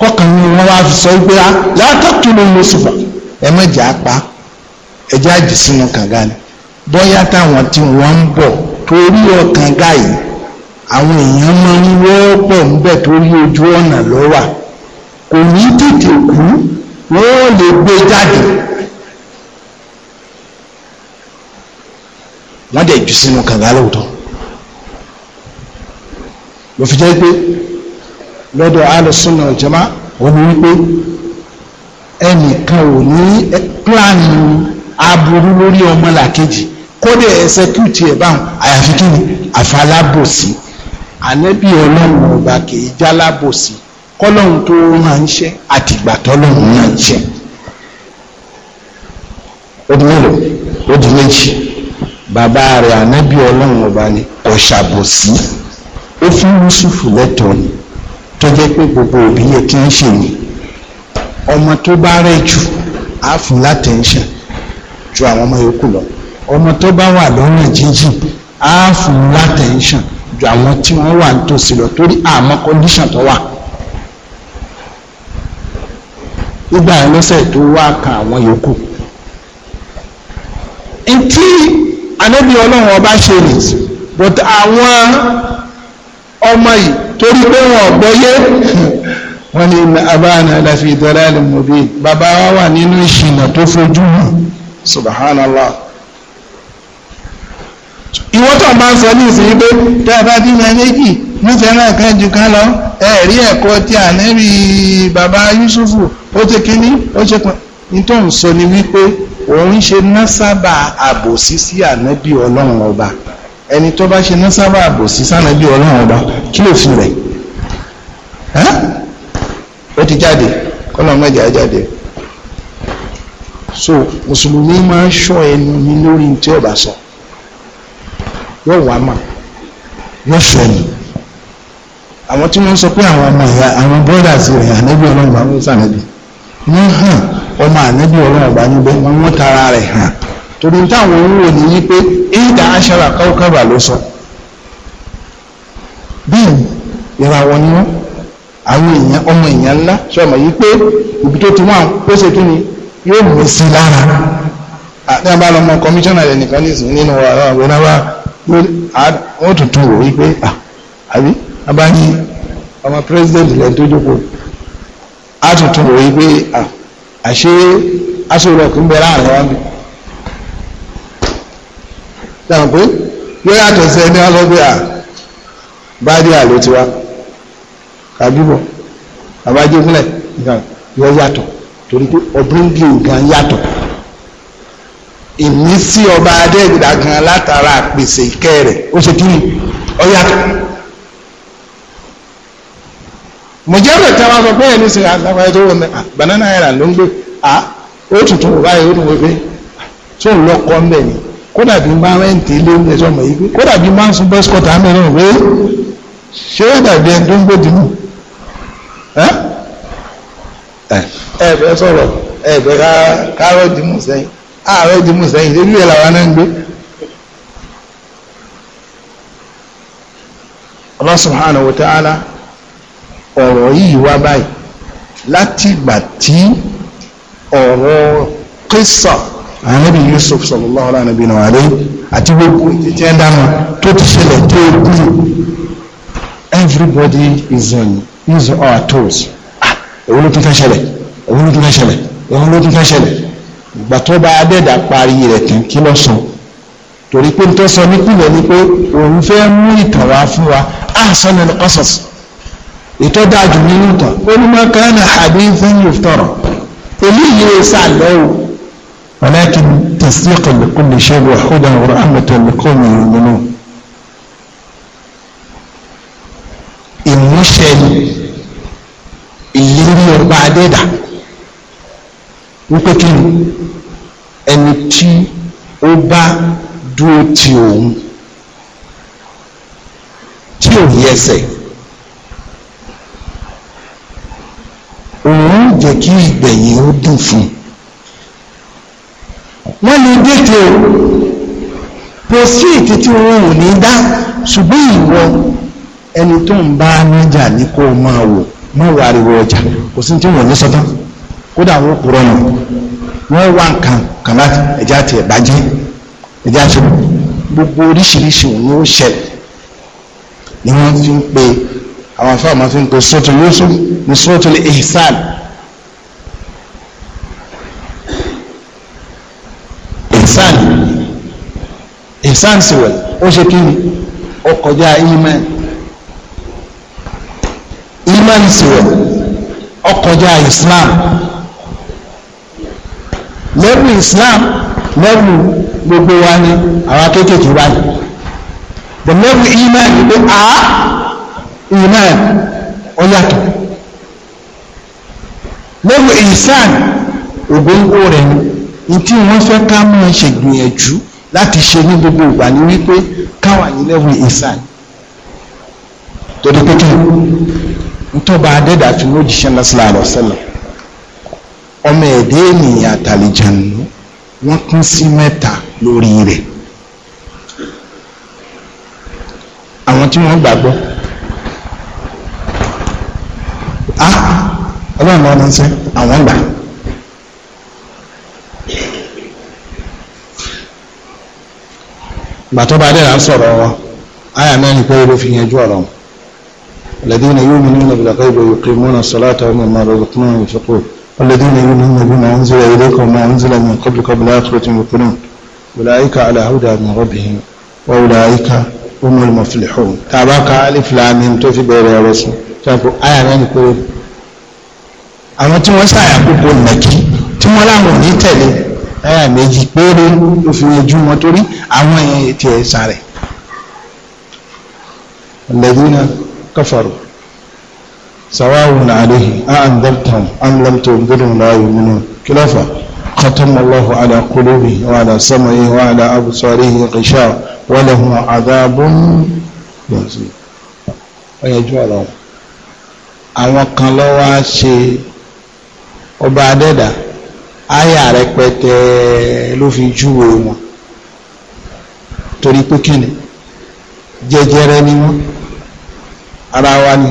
kọkàn ní wọ́n wá fi sọ wípé látọ́kùnrin ah, lóṣùfà ẹ mọ̀jà pa ẹjẹ́ àjẹsínú kànga ni bóyá táwọn tí wọ́n ń bọ̀ torí ọ̀kànga yìí àwọn èèyàn máa ń wọ́pọ̀ ńbẹ̀ torí ojú ọ̀nà lọ́wà kò ní tètè kú wọ́n lè gbé jáde wọ́n dẹ̀ jù sínú kànga lóòótọ́ ló fi jẹ́ pé lọ́dọ̀ alùsùnà ìjọba wọ́n ní wípé ẹnìkan ò ní pílánì aburú lórí ọmọlàkejì kódé ẹsẹ kí ò báwọn àyàfi kí ni Si ànábì ọlọ́run ọba kìí jálábòsí kọ́lọ́run tó máa ń ṣe àtìgbà tọ́lọ́run máa ń ṣe. ó di mélòó ó di méjì bàbá rẹ̀ ànábì ọlọ́run ọba ni kò ṣàbòsí ó fún Yúsùfù lẹ́tọ̀ọ́ ni tó jẹ́ pé gbogbo òbí yẹ kí ń ṣe ni ọmọ tó bá rẹ̀ jù á fún látẹ̀ńṣẹ̀ ju àwọn ọmọ yòókù lọ ọmọ tó bá wà lọ́rùn jíjìn á fún látẹ̀ńṣẹ̀ ju àwọn tí wọ́n wà nítòsí lọ torí àmọ́ condition tó wà nígbà yẹn lọ́sẹ̀ tó wá kan àwọn yòókù ntí anábì ọlọ́run ọba ṣe nì but àwọn ọmọ yìí torí pé wọn gbọ́yé wọn ni abáàna láfi ìdọ́lá ẹ̀lẹ́mọ̀bí bàbá wa wà nínú ìṣìnà tó fojú hàn subhanallah ìwọ́n tó máa ń sọ ní ìsìn pé tẹ́ ẹ bá bímọ méjì nífẹ̀ẹ́ náà kan jù kan lọ ẹ̀rí ẹ̀kọ́ tí ànẹ́rí bàbá Yusufu ó ti kíní ó ṣe pọ̀ ní tó ń sọ ni wípé òun ṣe násábà àbòsí sí ànẹ́bí ọlọ́run ọba ẹni tó bá ṣe násábà àbòsí sànẹ́bí ọlọ́run ọba kí ló fi rẹ̀ ó ti jáde kọ́nà mẹ́jà jáde so mùsùlùmí máa ń ṣọ́ ẹnu mi lórí tí ọba sọ. So. wọ́n wà mà yóò ṣẹlẹ̀ àwọn tí wọ́n sọ pé àwọn ọmọ ìyá àwọn brothers rẹ̀ ànẹ́bí ọlọ́run bá wọ́n sànẹ́bí wọ́n hàn ọmọ ànẹ́bí ọlọ́run bá níbẹ̀ wọ́n tara rẹ̀ hàn torí táwọn owó ni yí pé ìdá aṣara káwọ́káwà ló sọ ni àwọn èèyàn ọmọ èèyàn ńlá sọmọ yìí pé ibi tó ti wọn kí ni yóò mú sí lára àti wọ́n tuntun wò wípé àbí abáyé ọmọ pírẹsidẹ́ntì lẹ́yìn tó jókòó á tuntun wò wípé àṣé aṣọ́rọ̀ kì í láàrin wa bí dáhùn yóò yàtọ̀ sí ẹni wọn à bá báyìí àlè tiwa kàdúbọ̀ àbájẹ́ fúnlẹ̀ ìyọ̀ yàtọ̀ torí pé ọ̀bùrúndì yàtọ̀. ìmísí ọba adẹ́gbẹ̀dá gan látara àpèsè ìkẹ́ rẹ̀ ó ṣe kí ni ọ̀yà. mọ̀jẹ́rẹ̀ tí a máa sọ pé ẹni sin àtàkùnrin tó wọ mi banana náírà ló ń gbé a ah, ó tutù báyìí ó tún wọ pé tó ah, ń lọ kọ́ ń bẹ̀ ni kódà bí máa rẹ́ǹtì ilé oúnjẹ tó mọ̀ yìí pé kódà bí máa ń sun bọ́sikọ́tà ń bẹ̀ náà pé ṣé ó dàbí ẹni tó ń gbé dìmú ẹ ẹ fẹ́ sọ̀rọ̀ ẹ fẹ́ ká kárọ̀ dìmú sẹ́yìn ààrẹ ìdìmú sẹ́yìn lórí ẹ̀ làwọn náà ń gbé. Allah subhanahu wa ta'ala ọ̀rọ̀ yìí wá báyìí látìgbà tí ọ̀rọ̀ qissa ànábì Yusuf sallallahu alaihi wa sallam àti gbogbo títí ẹ̀ dáná tó ti ṣẹlẹ̀ tó kú everybody is on is our toes ah èwo ló tún fẹ́ ṣẹlẹ̀ èwo ló tún fẹ́ ṣẹlẹ̀ èwo ló tún fẹ́ ṣẹlẹ̀ ìgbà tó bá adẹ́dà parí rẹ̀ tán kí ló sọ torí pé tó sọ nípìnlẹ̀ ni pé òun fẹ́ mú ìtàn wá fún wa ahsana al-qasas ètò dájú nínú ìtàn ó ní ma kana hadithan yuftara eléyìí ló sà lọ́wọ́ walakin tasdiqa li kulli shay' wa hudan wa rahmatan li qawmin yu'minun. ìmúṣẹ ìlérí ọba adẹ́dà wípé kí ẹni tí ó bá dúró ti òun tí ò yí ẹsẹ̀ òun jẹ́ kí ìgbẹ̀yìn ó dùn fún wọ́n lè dètè o kò sí ètè tí òun ò ní dá ṣùgbọ́n ìwọ ẹni tó ń bá nájà ní kó máa wò má wàá ríro ọjà kò sí ní tí wọ́n ní sọ́tàn kódà wọ́n kúrọ̀ nù wọ́n wá nǹkan kan láti ẹ̀já ti ẹ̀ bàjẹ́ ẹ̀já ti gbogbo oríṣiríṣi òun ó ṣẹlẹ̀ ni wọ́n fi ń pe àwọn afẹ́ àwọn fi ń pe sọ́tún Yusuf ní sọ́tún ihsan ihsan ihsan sì wẹ̀ ó ṣe kí ni ó kọjá iman iman sì wẹ̀ ó kọjá Islam lẹ́bù islam lẹ́bù gbogbo wa ni àwọn akékèké wa ni the lẹ́bù iman ni pé a iman ó yàtọ̀ lẹ́bù isan ògbóngbò rẹ̀ ni tí wọ́n fẹ́ ká mọ́ ṣègbìyànjú láti ṣe ní gbogbo ìgbà ní wípé káwà ní lẹ́bù isan torí pé kí n tó bá adẹ́dàtún lójíṣẹ́ lọ́sílẹ̀ àlọ́sẹ́lẹ̀ ọmọ ẹ̀dẹ́ ènìyàn àtàlìjànú wọ́n kún sí mẹ́ta lórí rẹ̀ àwọn tí wọ́n gbàgbọ́ á ọlọ́run lọ́nà ṣe àwọn gbà gbàtọ́ bá dẹ̀ sọ̀rọ̀ wọn àyà mẹ́rin pé ló fi yanjú ọ̀rọ̀ wọn. الذين يؤمنون بالغيب ويقيمون الصلاة ومما رزقناهم ينفقون والذين يؤمنون بما أنزل إليكم وما أنزل من قبلكم بالآخرة يوقنون أولئك على هدى من ربهم وأولئك هم المفلحون تابعك ألف لامين توفي بير يا رسول تابعك آية من كل àwọn tí wọ́n ṣàyàkókò nàkí tí wọ́n láwọn ní tẹ̀lé ẹ̀yà méjì péré ló fi الذين كفروا sawawun alayhi a an dartan an lam tunzirhum la yu'minun kilafa ختم الله على قلوبه وعلى سمعه وعلى أبصاره غشاء ولهم عذاب يزيد ọ̀yẹ̀jú ọ̀rọ̀ àwọn kan lọ wá ṣe ọba adẹ́dà àyà rẹpẹtẹ ló fi júwe wọn torí pé kíni jẹjẹrẹ ni wọn ara wa ni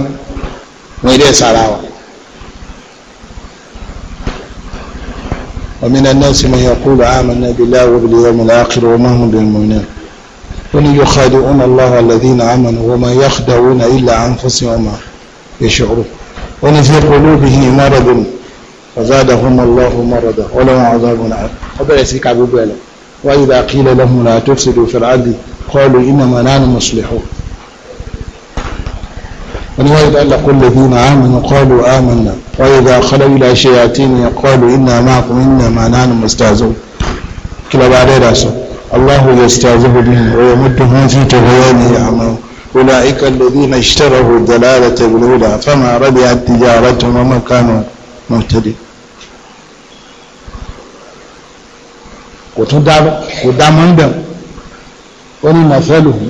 ومن الناس من يقول آمنا بالله وباليوم الآخر وما هم بالمؤمنين وإن يخادعون الله الذين آمنوا وما يخدعون إلا أنفسهم وما يشعرون وإن في قلوبهم مرض فزادهم الله مرضا ولهم عذاب عظيم وإذا قيل لهم لا تفسدوا في الأرض قالوا إنما نحن مصلحون وإذا لقوا الذين آمنوا قالوا آمنا وإذا خلوا إلى شياطين قالوا إنا معكم إنما نحن مستهزئون كلا بعد رأسه الله يستهزئ بهم ويمدهم في طغيانهم يعمهون أولئك الذين اشتروا الضلالة بالهدى فما ربحت تجارتهم وما كانوا مهتدين kò tún dá mọ́ ń bẹ̀rù ó ní màfẹ́lùhùn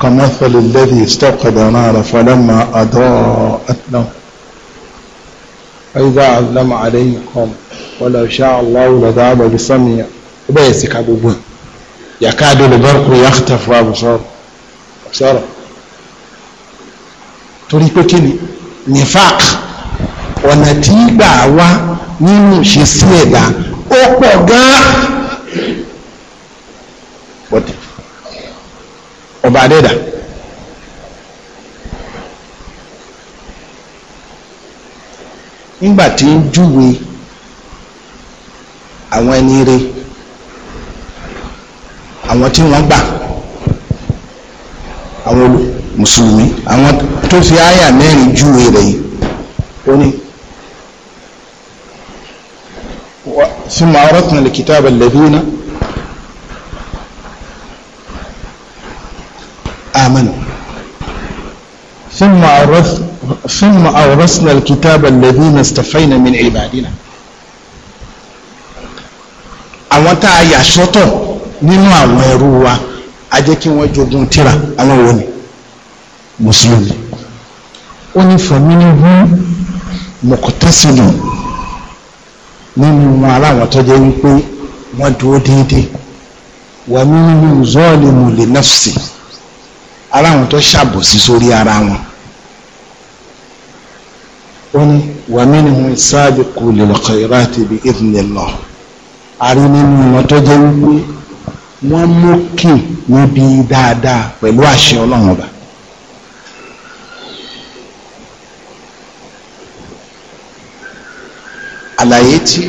كمثل الذي استوقد نارا فلما أضاءت له فإذا أظلم عليه ولو شاء الله لذهب بيسك أبو أبوه يكاد البرق يختف أبصاره أبصاره torí pé kí ni nifaq ọ̀nà ọba adẹ́dà nígbà tí ń júwe àwọn ẹni re àwọn tí wọ́n gbà àwọn mùsùlùmí àwọn tó fi àyà mẹ́rin júwe rẹ̀ yìí ó ní. ثم عرضنا الكتاب الذين ثم أورث ثم أورثنا الكتاب الذين استفينا من عبادنا àwọn tá a yà sọ́tọ̀ nínú àwọn ẹrú wa a jẹ́ kí wọ́n jogun tírà àwọn wo ni mùsùlùmí ó ní fọmínú mọ̀kọ́tẹ́sílù nínú wọn aláwọ̀ tó jẹ́ wípé wọ́n dúró déédéé wà nínú zọ́ọ̀lì mùlẹ̀ nafsi aláwọ̀ tó ṣàbòsí sórí ara wọn ó ní wa minhum as-sabiqu lil khayrati bi idhnillah àrí nínú wọn tó jẹ́ wípé wọ́n mókè níbi dáadáa pẹ̀lú àṣẹ ọlọ́run ọba. àlàyé tí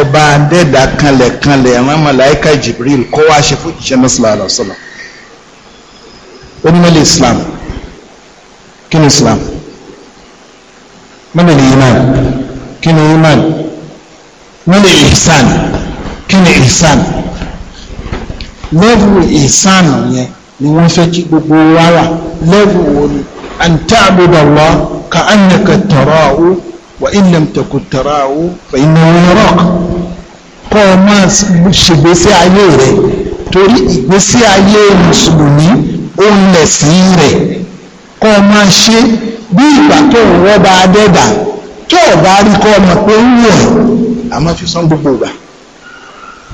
ọba adẹ́dà kanlẹ̀ kanlẹ̀ ẹ̀ràn màláíkà Jibril kọ́ wá ṣe fún ìṣẹ́ mọ́sálà àlọ́sọ̀lá onímọ̀lẹ́ Islam kí ni Islam? من الإيمان كن إيمان من الإحسان كن إحسان kí ni ihsan lẹ́bù ihsan yẹn ni wọ́n fẹ́ kí gbogbo wa wà lẹ́bù wo ni an ta'budu Allah ka annaka tarahu wa in lam takun tarahu fa innahu yarak kọ́ ọ máa ṣègbésí ayé rẹ̀ torí ìgbésí ayé mùsùlùmí ó ń lẹ̀ sí rẹ̀ kọ́ ọ máa ṣe bí ìgbà tó bá rọ́bà adẹ́dà tó ọ̀bá rí kọ́ ọmọ pé ń wù ẹ̀ àmọ́ fi gbogbo ìgbà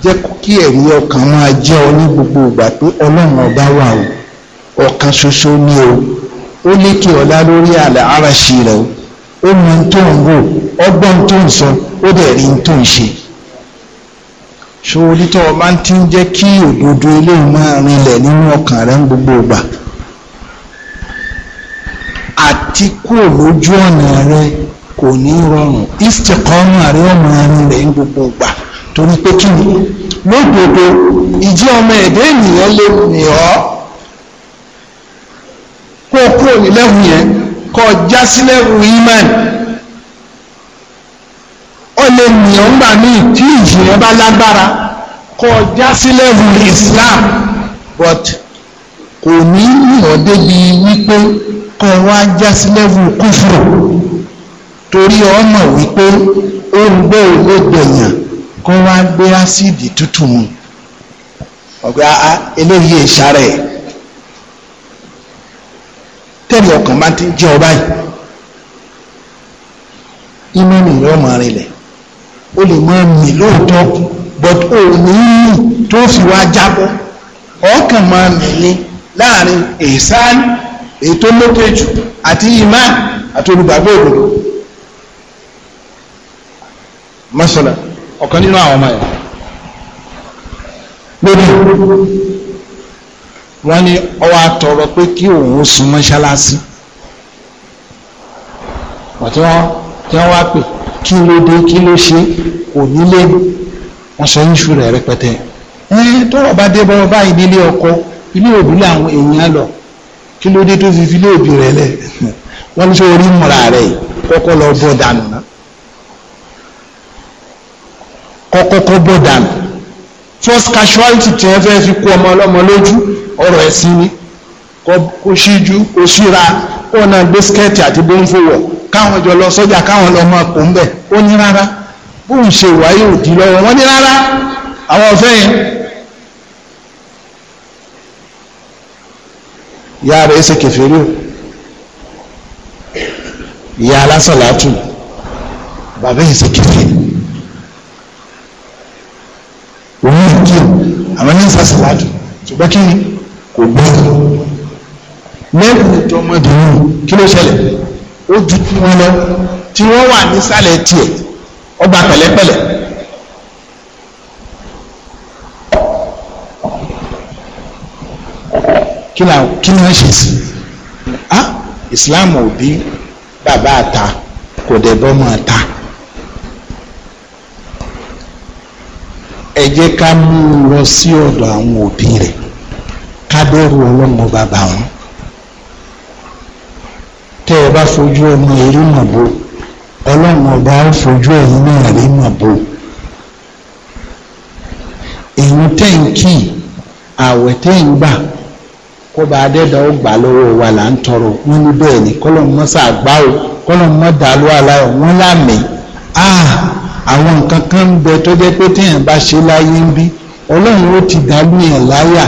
jẹ́ kí ẹ̀rí ọkàn máa jẹ́ ọ ní gbogbo ìgbà pé ọlọ́run ọba wà o ọ̀kan ṣoṣo ni o ó lékè lórí àlẹ́ rẹ̀ o ó mọ tó ń wò ọgbọ́n tó ń sọ ó dẹ̀ rí tó ń ṣe kí òdodo eléyìí àti kúrò lójú ọ̀nà rẹ kò ní rọrùn istiqama rẹ ọmọ ẹni rẹ ń gbogbo gbà torí pé kí ni lódodo ìjẹ́ ọmọ ẹ̀dẹ́ ènìyàn lè rìn ọ́ kó o kúrò ní lẹ́wù yẹn kó o já sí lẹ́wù imán ó lè rìn ọ́ ńgbà míì tí ìjìyàn bá lágbára kó o já sí lẹ́wù Islam but kò ní rìn débi wípé. kọ́ ẹ wá já kúfùrù torí ọmọ wípé olùgbé òwe gbẹ̀yàn kọ́ wá gbé ásìdì tútù mu ọ̀gá ah, ah, eléyìí ìṣàrẹ̀ tẹ́lẹ̀ ọkàn bá ti jẹ́ ọba yìí ìmọ̀nì yóò máa rinlẹ̀ o lè máa mì lóòótọ́ but tó fi wá jábọ́ ọkàn máa láàrin èyí tó lókè jù àti imán àti olùgbàgbọ́ òdodo mọ́sọ̀lá ọ̀kan nínú àwọn ọmọ yẹn lórí wọ́n ní ọwọ́ àtọ̀rọ̀ pé kí òun sùn mọ́ṣáláṣí wọ́n tí wọ́n wá pè kí ló dé kí ló ṣe kò nílé wọ́n sọ yíṣu rẹ̀ rẹpẹtẹ ẹ tọrọ bá dé bọ́rọ̀ báyìí nílé ọkọ ilé òbí làwọn èèyàn lọ kí ló dé tó fi fi lé òbí rẹ lẹ wọn ní sọ orí múra rẹ kọ́kọ́ lọ bọ dànù náà kọ́kọ́ kọ bọ dànù first casualty tí wọn fẹẹ fi kó ọmọ ọlọ́mọ lójú ọ̀rọ̀ ẹ̀sìn ni kó ṣíjú kó ṣíra kó náà gbé skẹẹtì àti bóńfò káwọn jọ lọ sọ́jà káwọn lọ máa kó ń ó ní rárá bóun ṣe wáyé òdì lọ́wọ́ wọn ní rárá àwọn ọfẹ yẹn. ìyá rẹ̀ ṣe kẹfẹ́rí o ìyá alásàn látù bàbá yìí ṣe kẹfẹ́rí òun yìí kí o àmọ́ ní sàṣà látù ṣùgbọ́n kí ni kò gbé o lẹ́yìn ètò ọmọbìnrin kí ló ṣẹlẹ̀ ó ju tí wọ́n lọ tí wọ́n wà nísàlẹ̀ tiẹ̀ ọgbà pẹ̀lẹ́pẹ̀lẹ́. kí ni kí ni wọ́n ṣe sí i ah islam ò bí bàbá àta kò dẹ̀ bọ́mọ àta ẹ jẹ́ ká mú un lọ sí ọ̀dọ̀ àwọn òbí rẹ̀ ká bẹ̀rù ọlọ́mọ bàbá wọn tẹ́ ẹ bá fojú ọmọ eré màbo ọlọ́run ọba ó fojú ẹ̀yìn náà rí màbo èyí tẹ́ ń kí àwẹ̀ tẹ́ ń gbà kó bá adẹ́dà ó gbà lọ́wọ́ wa là ń tọrọ wọn ní bẹ́ẹ̀ ni kọ́lọ̀ mọ́ sàgbá o kọ́lọ̀ mọ́ dàlú àlá o lámì á ah, àwọn nǹkan kan ń bẹ tó jẹ́ pé téèyàn bá ṣe láyé ń bí ọlọ́run ó ti dàlú yẹn láyà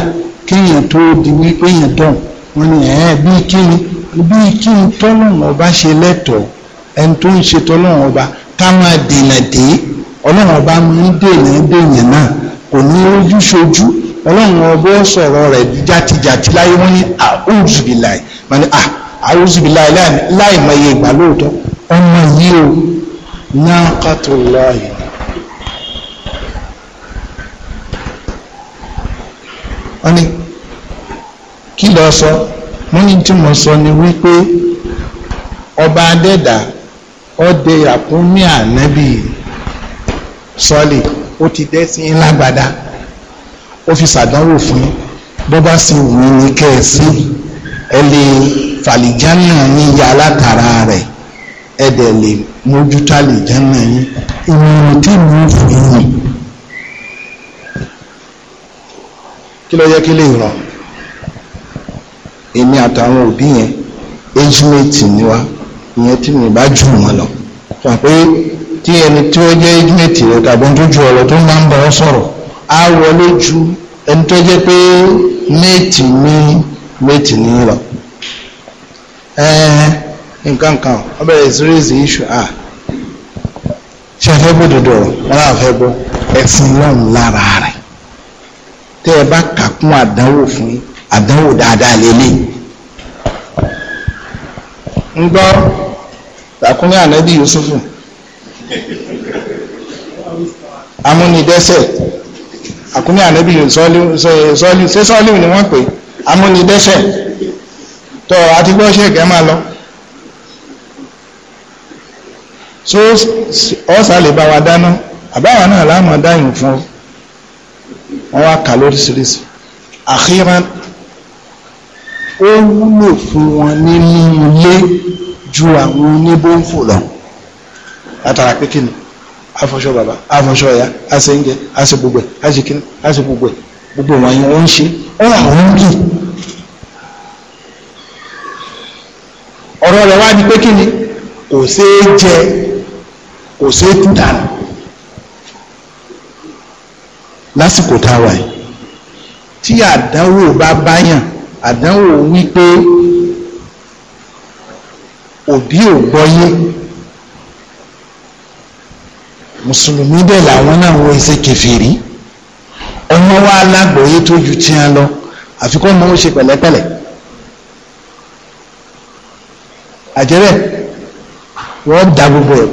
kéèyàn tó di wípé yẹn tán wọn ni ẹ̀ẹ́ bíi kíni bíi kíni tọ́lọ́run ọba ṣe lẹ́tọ̀ọ́ ẹni tó ń ṣe tọ́lọ́run ọba ká máa dènà dé ọlọ́run ọba máa ń dènà dènà náà kò ní ojú ṣojú ọlọ́run ọbọ̀ sọ̀rọ̀ rẹ̀ jatijati láyé wọ́n ní àhúzùbìláì wọ́n ní àhúzùbìláì láì mọye ìgbà lóòótọ́ ọmọ yìí o náà kàtó láàyè. wọ́n ní kí lọ sọ wọ́n ní tí mo sọ ni wípé ọba adẹ́dà ọdẹ àkúnmí ànábì sọ́ọ̀lì ó ti dẹ́sìn lágbádá ó fi ṣàdánwò fún yín bó bá sì wù yín ní kẹ́ẹ̀sì ẹ lè fàlìjánà yín ya látara rẹ̀ ẹ dẹ̀ lè mójútó àlìjánà yín ìmọ̀ràn tí mo ń fún yín. kí ló yẹ kí lè ràn èmi àtàwọn òbí yẹn age ni wá ìyẹn tí mi bá jù wọn lọ sọ pé tí ẹni tí ó jẹ́ age rẹ̀ tàbí ojú ọ̀rọ̀ tó máa ń bá ọ sọ̀rọ̀ á wọlé ju ẹni tó jẹ́ pé ní ní lọ nǹkan kan wọ́n bẹ̀rẹ̀ sí à ṣe fẹ́ bó dodo wọn náà fẹ́ bó ẹ̀sìn lọ́n lára rẹ̀ tẹ́ ẹ bá kàkún àdánwò fún yín àdánwò dáadáa lélẹ̀ ń gbọ́ Yusufu amúnidẹ́sẹ̀ àkúnmí ànábì sọ́ọ́lì ṣé sọ́ọ́lì ni wọ́n pè amúnidẹ́sẹ̀ tó àti gbọ́ ṣèkẹ́ máa lọ. so ọ̀sà lè bá wa dáná àbáwa náà láàmú dáyìn fún wọn wá kà lóríṣiríṣi àkíran ó wúlò fún wọn nínú ilé ju àwọn oníbóńfò lọ látara pé kí ni afọṣọ bàbá afọṣọ ya, aṣẹ́ńjẹ aṣẹ gbogbo ẹ̀ aṣẹ kìnnì aṣẹ gbogbo ẹ̀ gbogbo wọn yìí wọ́n ṣe wọ́n àwọn ń kì ọ̀rọ̀ rẹ̀ wá di pé kí ni kò ṣeé jẹ kò ṣeé tú dànù lásìkò tá a wà yìí tí àdánwò bá báyàn àdánwò wípé òbí ò gbọ́yé mùsùlùmí dẹ̀ làwọn náà wọ iṣẹ́ kẹfìrí ọmọ wa alágbòye tó ju tí a lọ àfikún ọmọ ó ṣe pẹ̀lẹ́pẹ̀lẹ́ àjẹrẹ́ wọ́n da gbogbo ẹ̀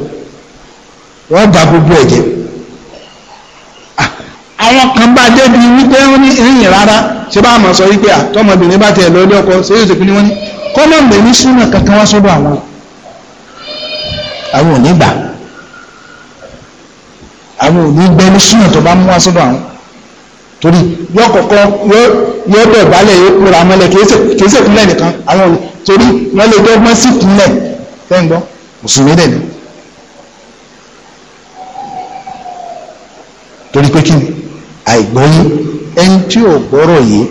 wọ́n da gbogbo ẹ̀ jẹ́ ah, àwọn kan bá débi wípé ó ní ẹ̀yìn rárá ṣé bá máa sọ wípé àtọmọbìnrin bá tẹ̀ lọ́dẹ ọkọ ṣé yóò tẹ̀kú ni wọ́n ní kọ́nà mẹ́rin súnà kankan wá sọ́dọ̀ àwọn àwọn ò ní gbà àwọn òní gbẹ́ni súnà tó bá mú wá sọ́dọ̀ àwọn torí yóò kọ̀kọ́ yóò bẹ̀ balẹ̀ yóò kúra mọ́lẹ̀ kìí ṣe kúnlẹ̀ nìkan àwọn òní torí wọ́n lè dọ́gbọ́n sí kúnlẹ̀ tẹ́ǹgbọ́ mùsùlùmí dẹ̀ ni. torí pé kí ni àìgbọ́yé ẹni tí ò gbọ́rọ̀ yìí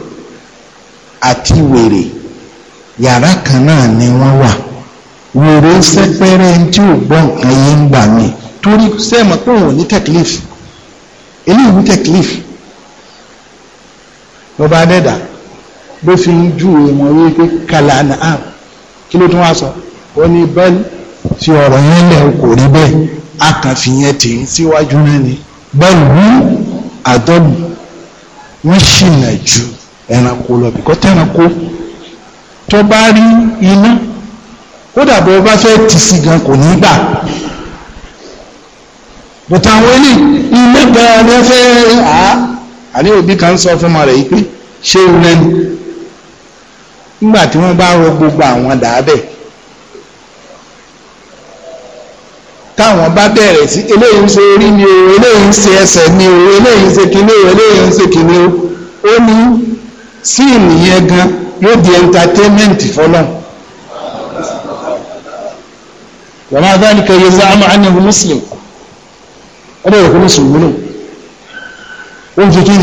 àti wèrè yàrá kan náà ni wọ́n wà wèrè sẹ́pẹ́rẹ́ ẹni tí ò gbọ́ nǹkan yìí ń gbà mí torí sẹ́ẹ̀mọ̀ pé òun ò ní tẹ̀klif eléyìí ní tẹ̀klif lọ́ba adẹ́dà ló fi ń ju ìmọ̀ wípé kàlà náà kí ló tún wá sọ ó ní bẹ́ẹ̀ fi ọ̀rọ̀ yẹn lẹ̀ kò rí bẹ́ẹ̀ a kàn fi yẹn tì í síwájú náà ni bẹ́ẹ̀ wú àdọ́lù wọ́n ṣìnà ju ẹranko lọ bìkọ́ tẹ́ranko tó bá rí iná kódà bó bá fẹ́ tì sí gan kò ní gbà bùtà àwọn ilé ilé gan ni ẹ fẹ́ à àní òbí kan sọ fún ọmọ rẹ̀ yìí pé ṣé o lẹ́nu nígbà tí wọ́n bá rọ gbogbo àwọn dàábẹ̀ táwọn bá bẹ̀rẹ̀ sí eléyìí ń ṣe orí ni o eléyìí ń ṣe ẹsẹ̀ ni o eléyìí ń ṣe kíní o eléyìí ń ṣe kíní o ó ní síìmù yẹn gan yóò di entertainment fọlọ́n. wàmà dáníkà yẹ zàmù ànàhùn muslim ọdọ́ ìrọ̀kú mùsùlùmí náà ó ń fi kí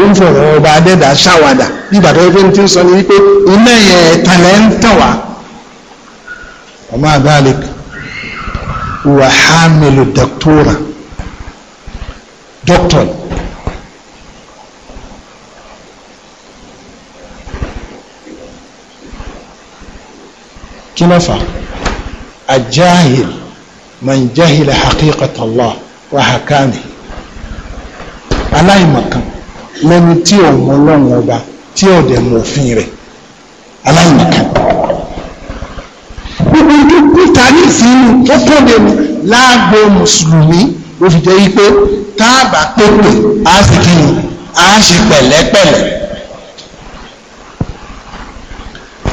ó ń fọ̀rọ̀ ọba adẹ́dà ṣàwàdà nígbà tó yẹ ti ń sọ ní wípé iná yẹn tàlẹ́ ń tàn wá ọmọ àgbàlẹ̀ wà hàmìlù dọ́kítọ́rà dọ́kítọ̀ kí ló fà ajáhìl man jahila haqiqat Allah wàhákàmì aláìmọ̀kan lẹ́ni tí ò mọ ọlọ́run ọba tí ò dẹ̀ mọ òfin rẹ̀ aláìmọ̀kan. gbogbo ibi peter ní ìsinmi tó tóde mu láàgbo mùsùlùmí ló fi jẹ́ wípé táàbà pépè á sì kí ni á ṣe pẹ̀lẹ́pẹ̀lẹ́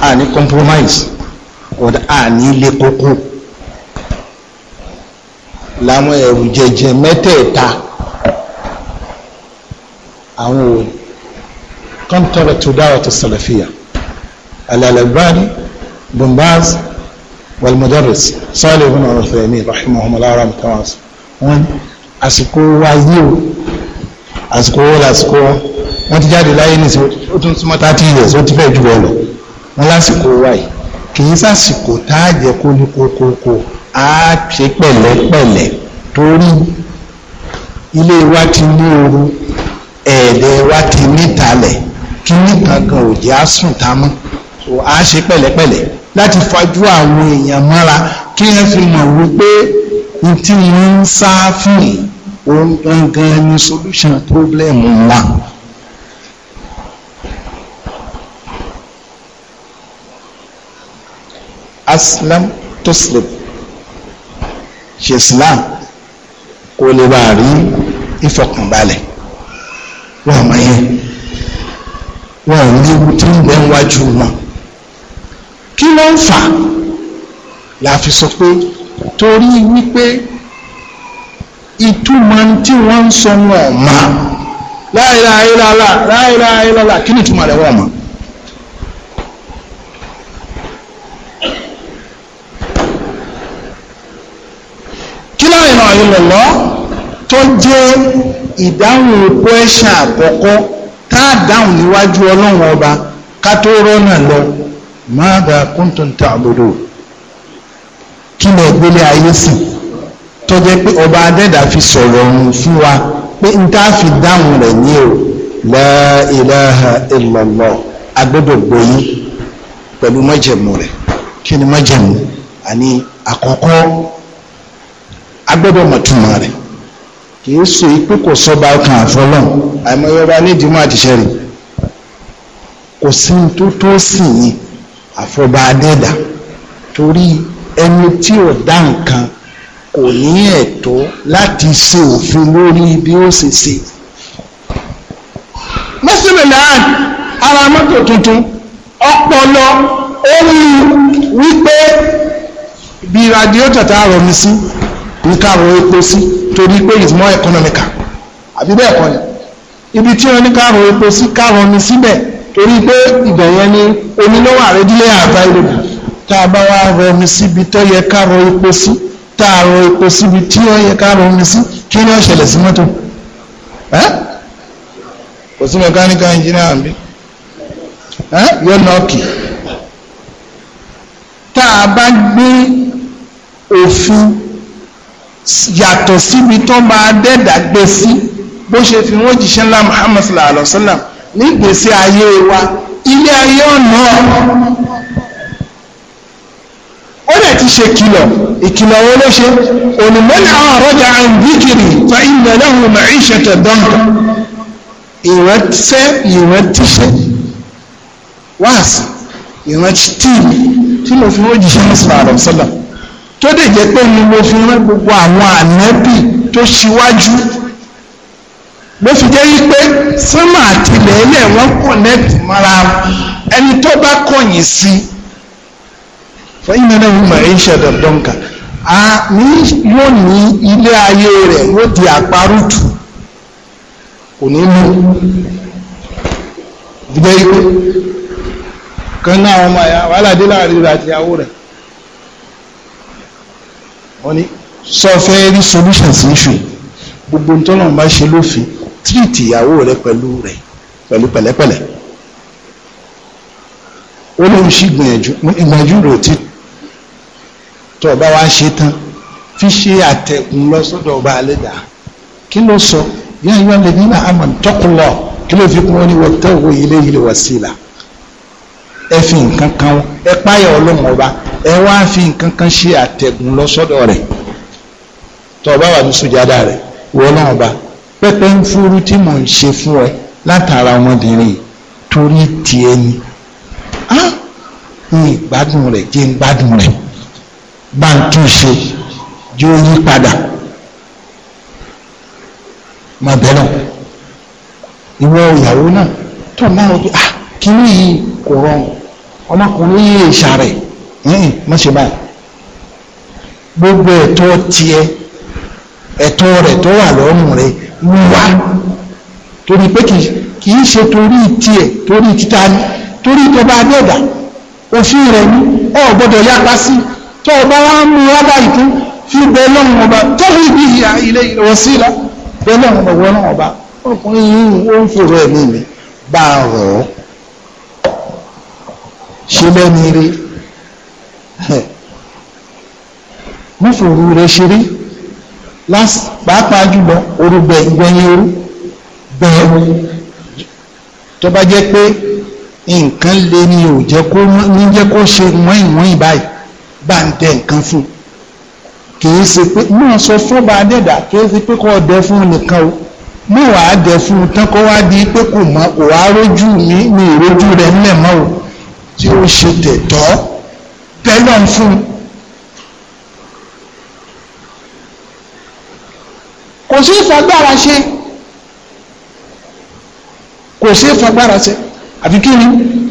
àní compromise kódà àní lé kókó làwọn ẹ̀rù jẹjẹ mẹ́tẹ̀ẹ̀ta àwọn òwe kọ́ńtọ́rọ̀ tó dáwà tó sàlàfíà Al-Albani Bin Baz wal-Mudarris Salih ibn Al-Uthaymin rahimahumullah rahmatan wasi'a wọn àsìkò wa yìí o àsìkò wo làsìkò wa wọn ti jáde láyé nìsí ó tún súnmọ́ thirty years ó ti fẹ́ jù bẹ́ẹ̀ lọ wọn lásìkò wa yìí kì í sàsìkò tá a jẹ kó á ṣe pẹ̀lẹ́pẹ̀lẹ́ torí ilé wa ti ní ooru ẹ̀ẹ̀dẹ̀ wa ti nítalẹ̀ kí nìkankan ò jẹ́ àsùn tá mọ́ so á ṣe pẹ̀lẹ́pẹ̀lẹ́ láti fajú àwọn èèyàn mọ́ra kí wọ́n fi mọ̀ wípé ní tí wọ́n ń sá fún yìí òun gangan ni solution problem wọn. aslam tuslib ṣe islam kó lè bá a rí ìfọkànbalẹ̀ wọn àmọ́ yẹn wọn ò ní ewu tí ń bẹ níwájú wọn kí ló ń fà la fi sọ pé torí wípé ìtumọ̀ tí wọ́n ń sọ wọn ọ̀ ma láìláìláìlá ilaha illallah tó jẹ́ ìdáhùn pẹ́ṣà àkọ́kọ́ tá dáhùn níwájú ọlọ́run ọba ká tó rọ́nà lọ madha kuntum ta'budu kí lè gbélé ayé sí tó jẹ́ pé ọba adẹ́dà fi sọ̀rọ̀ ọ̀hún fún wa pé n tá fi dáhùn rẹ̀ ní o la ilaha illallah gbòyìn pẹ̀lú májẹ̀mú rẹ̀ kí ni àní àkọ́kọ́ agbọ́dọ̀ mọ̀túnmọ̀ rẹ̀ kìí ṣe pé kò sọba kan àfọlọ́n àìmọye ọba nídìí mọ́ àtìṣe rẹ̀ kò sí tó tó sì ní àfọba adẹ́dà torí ẹni tí ò dá nǹkan kò ní ẹ̀tọ́ láti ṣe òfin lórí bí ó ṣe ṣe. mọ́sílẹ̀lá ara mọ́tò tuntun ọpọlọ ó rí wípé bí radiátọ̀ tá a rọ̀ mí sí ní káàrọ̀ epo sí torí pé it's more economical àbí bẹ́ẹ̀ kọ́ ni ibi tí wọ́n ní káàrọ̀ epo sí káàrọ̀ mi síbẹ̀ torí pé ibẹ̀ yẹn ni onílọ́wọ́ àrédílé àbáyébù tá a bá wá rọ mi síbi tó yẹ káàrọ̀ epo sí tá a rọ epo síbi tí wọ́n yẹ káàrọ̀ mi sí kí ni ó ṣẹlẹ̀ sí mọ́tò kò sí mẹkáníkà ẹnjìnìá mi yóò nọ́ọ̀kì tá a bá gbé òfin yàtọ̀ síbi tó máa dẹ́dà gbé sí bó ṣe fi wọ́n jíṣẹ́ ńlá Muhammad sallallahu alaihi wa sallam nígbèsí ayé wa ilé ayé ọ̀nà ó lè ti ṣe kìlọ̀ ìkìlọ̀ wo ló ṣe onímọ̀lẹ̀ àwọn àrọ́jà àn dhikri fa inna lahu ma'ishatan danka ìrántí ìrántíṣẹ́ wáàsì ìrántí tí mo fi wọ́n jíṣẹ́ ńlá sallallahu alaihi wa sallam tó dè jẹ́ pé ni mo fi rán gbogbo àwọn ànábì tó ṣíwájú ló fi jẹ́ wípé sánmà àtìlẹ̀ ilẹ̀ wọn connect mara ẹni tó bá kọ̀yìn sí fẹ́yìn náà wọ́n mọ̀ ẹ́ṣẹ̀ dọ̀dọ̀nkà a ní yóò ní ilé ayé rẹ̀ yóò di àparùtù kò ní mú jẹ́ kan náà ọmọ àyà wàhálà dé láàrin rẹ̀ àti rẹ̀ wọ́n ní sọ fẹ́ rí solution sí issue gbogbo ohun tọ́lọ́run bá ṣe lófin treat ìyàwó rẹ pẹ̀lú rẹ pẹ̀lú pẹ̀lẹ́pẹ̀lẹ́ ó lóun ṣì gbìyànjú ìgbìyànjú rẹ ò ti tọ́ ọba wa ṣe tán fi ṣe àtẹ̀kùn lọ sọ́dọ̀ ọba àlẹ́dà kí ló sọ yáyọ́ lè nílà àmọ̀ tọ́kùlọ̀ kí ló fi kún wọn ní wọ́n tẹ́wọ́ ilé ilé wọ́n sí la ẹ fi nǹkan kan ẹ páyà ọlọ́run ọba ẹ wá fi nǹkan kan ṣe àtẹ̀gùn lọ sọ́dọ̀ rẹ̀ tó o bá wà ní sùjádà rẹ̀ wọ ọlọ́run ọba pẹ́pẹ́ ń fúru tí mò ń ṣe fún ẹ látara ọmọbìnrin torí tiẹ̀ ni á ní ìgbádùn rẹ̀ jẹ́ ń gbádùn bá ń tún ṣe jó yí padà má bẹ́ẹ̀ ìwọ ìyàwó náà tó máa ń bí ah kí ni yìí kò rọrùn ọmọkùnrin yìí ṣàrẹ̀ yìí má ṣe báyìí gbogbo ẹ̀tọ́ tiẹ̀ ẹ̀tọ́ rẹ̀ tó wà lọ́rùn rẹ̀ wíwá torí pé kì í ṣe torí tiẹ̀ torí títa ni torí ìjọba adẹ́ẹ̀dá òfin rẹ̀ ni o gbọ́dọ̀ yápa sí tó o bá wá mú rábà ìtún fi bẹ lọ́rùn ọba tó fi bí ilé ìwọ̀síla bẹ lọ́rùn ọba ọkùnrin yìí ó ń fòrò ẹ̀mí mi bá a rọ̀ ọ́ ṣe lẹ́ni rí nífòrú rẹ̀ ṣe rí pàápàá jùlọ orú gbẹ̀yìn orú bẹ̀rù tó bá jẹ́ pé nǹkan lè ní ò jẹ́ kó ní jẹ́ kó ṣe wọ́n ìwọ́n ìbáyìí bá ń tẹ nǹkan fún kìí ṣe pé náà sọ fún bá dẹ́dà kìí ṣe pé kọ́ ọdẹ fún nìkan o mọ̀ wàá dẹ fún un tán kó wá di pé kò mọ̀ kò rójú mi ní ìrójú rẹ̀ ńlẹ̀ mọ́ o tí ó ṣe tẹ̀tọ́ bẹ́ẹ̀ fún kò sí fagbára ṣe kò sí fagbára ṣe àfi kí ni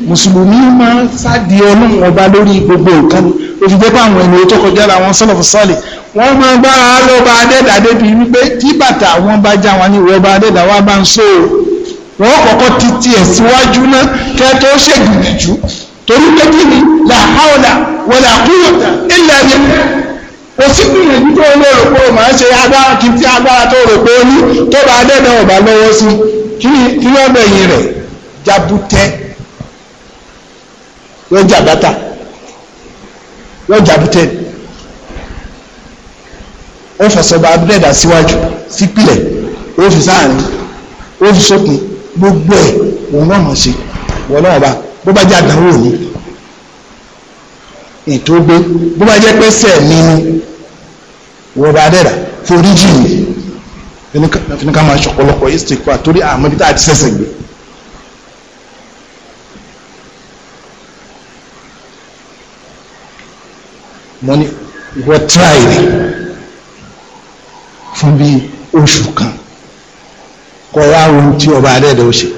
mùsùlùmí máa sáàdì ọlọ́run ọba lórí gbogbo nǹkan ó fi jẹ́ pé àwọn ènìyàn tó kọjá ra wọn sọ́lọ̀fù sọ́ọ̀lì wọ́n máa gbára lọ́ba adẹ́dà débi wípé tí bàtà wọn bá já wọn ní ọba adẹ́dà wa bá ń sóò wọ́n kọ́kọ́ títí ẹ̀ síwájú náà kẹ́ tó ṣègbìyànjú torí pé kí ni la hawla wala quwwata illa billah kò sí gbìyànjú tó ń lòrò pé o máa ń ṣe agbára kí tí agbára tó rò pé o ní tó bá dẹ́dẹ́ ọ̀bà lọ́wọ́ sí kí ló bẹ̀yìn rẹ̀ jabutẹ́ yóò jàbátà yóò jabutẹ́ ó fẹsọ̀ba síwájú sípìlẹ̀ ó fi sáàrin ó fi sópin gbogbo ẹ̀ òun náà mọ̀ sí wọ́n náà bá bó bá jẹ́ àdánwò ni ìtógbé bó bá jẹ́ pẹ́sẹ̀ mi ni wọ́n bá dẹ̀rà forí jì ní ká máa ṣọ̀pọ̀lọpọ̀ istikwa torí àmọ́ ibi tá a ti ṣẹ̀ṣẹ̀ gbé. mo ní wọ́n tíráì rẹ̀ fún bí oṣù kan kọ́ wá ohun tí ọba adẹ́dẹ́ ó ṣe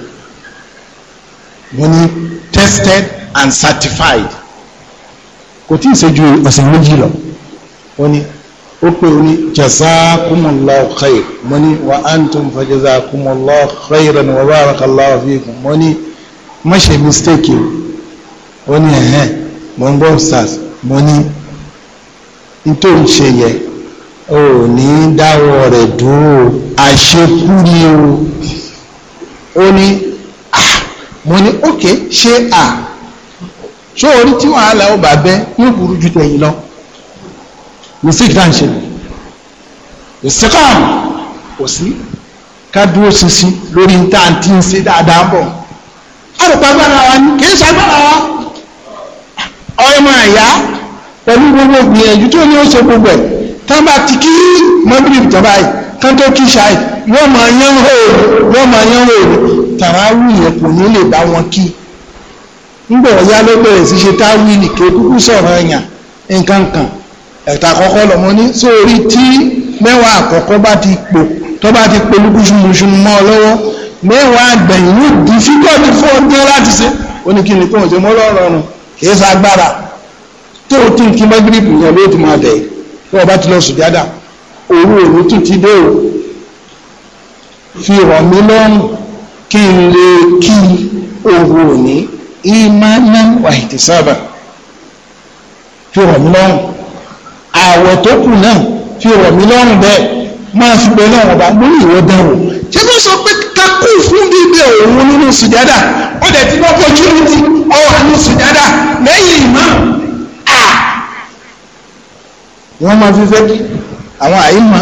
mo ní tested and certified kò tí ì ṣe ju ọ̀sẹ̀ méjì lọ ó ní ó pé ó ní jazakumullahu khair mo ní wa antum fa jazakumullahu khairan wa barakallahu fikum mo ní má ṣe mistake o ó ní ẹ̀hẹ́n mo ń gbọ́ stars mo ní nítorí ṣe yẹ o ní dáwọ́ rẹ̀ dúró àṣekú ni o ó ní mo ní òkè ṣé à ṣó orí tí wàhálà ó bà bẹ́ yóò burú ju tẹ̀yìn lọ mistake náà ń ṣe ìsìkọ́ọ̀mù kò sí ká dúró ṣinṣin lórí níta àti ń ṣe dáadáa bọ̀ àrùpàgbára wa ni kìí ṣàgbára wa ọmọ àyà pẹ̀lú gbogbo gbìyànjú tó ní ó ṣe gbogbo ẹ̀ tán bá ti kí mọ́bìlì ìjọba yìí tán tó kí ṣáì yóò máa yán hòòrò yóò tàràwì kò ní lè bá wọn kí nígbà ọ̀yá ló bẹ̀rẹ̀ sí ṣe táwílì tó kúkú sọ̀rọ̀ ẹ̀yàn nǹkan ẹ̀ta àkọ́kọ́ lọ́mọ ní sórí tí mẹ́wàá àkọ́kọ́ bá ti pò tó bá ti polúkú ṣumuṣu mọ́ ọ lọ́wọ́ mẹ́wàá àgbẹ̀yìn ló di fíkọ́ọ̀tì fún ọdún láti ṣe oníkìní kò jẹ́ mọ́ lọ́rọ̀ọ̀rùn kìí sa agbára tó o tún kí mẹ́gírìpù yẹn ló ti máa fi rọ̀ mí lọ́rùn kí n lè kí òru òní ìmánà wàhìtìsábà fi rọ̀ mí lọ́rùn àwọ̀ tó kù náà fi rọ̀ mí lọ́rùn bẹ́ẹ̀ máa fi bẹ́ẹ̀ náà wọ̀bá lórí ìwọ dẹ̀wò ṣé bó sọ pé kakú fún bíbẹ̀ òun nínú sùjádà ó dẹ̀ ti bọ́ fojú ní ti ọwọ́ àánú sùjádà lẹ́yìn ìmọ̀ à wọ́n máa fi fẹ́ kí àwọn àyíma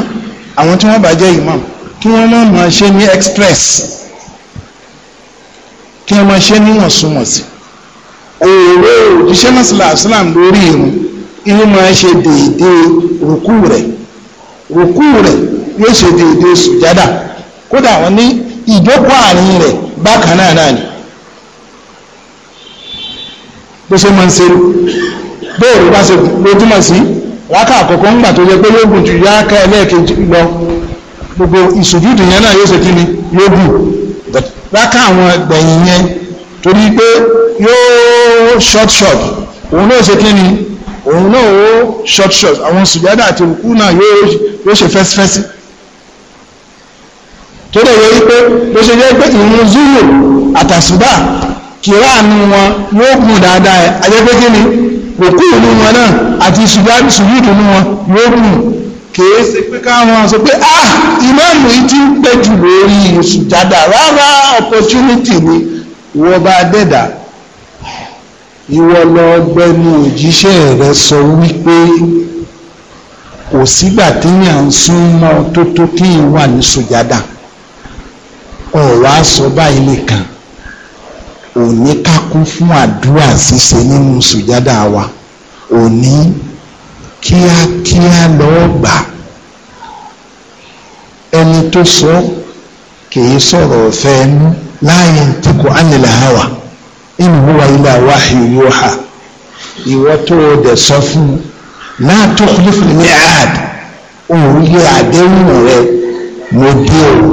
àwọn tí wọ́n bá jẹ́ ìmọ̀ kí wọ́n náà máa ṣe ní express kí ẹ máa ṣe níwọ̀ntúnwọ̀nsì òwe òjíṣẹ́ náà sílá sílám lórí irun irú máa ṣe déédéé rùkú rẹ̀ rùkú rẹ̀ yóò ṣe déédéé sùjádà kódà wọn ní ìjókòó àárín rẹ̀ bákan náà náà ni bó ṣe máa ń ṣe bá ṣe lójúmọ̀ sí àkọ́kọ́ tó yẹ pé yóò gùn ju ẹlẹ́ẹ̀kejì rákà àwọn ẹgbẹ̀yìn yẹn torí pé yóò short short òun náà ṣe kí ni òun náà ó short short àwọn sùgbọ́dà àti òkú náà yóò ṣe fẹ́sífẹ́sí tó lè yẹ wípé ló ṣe jẹ́ pé ìrun zulu àtàsùbà kìrá àánú wọn yóò gùn dáadáa ẹ̀ ajẹ́ pé kí ni òkú ìlú wọn náà àti sùgbọ́dà sùgbọ́dà ìlú wọn yóò gùn kìí ṣe pé káwọn sọ pé ah ìmáàmù yìí ti ń pẹ́ jù lórí ìṣùjádà rárá opportunity ni ìwọ bá dẹ́dà ìwọ lọ gbẹnu òjíṣẹ́ rẹ sọ wípé kò sígbà téèyàn ń sún mọ́ tó tó téèyàn wà ní ṣùjádà ọ̀wá sọ báyìí nìkan òní ká fún àdúrà ṣíṣe nínú ṣùjádà wa òní kíákíá lọ́ọ́ gbà ẹni tó sọ kìí sọ̀rọ̀ ọ̀fẹ́ ẹnu láàyè ntìkọ̀ ánìlà hàwà in huwa illa wahyu yuha ìwọ tó o dẹ̀ sọ fún la tukhlifu al-mi'ad òun yẹ àdéhùn rẹ mo dé o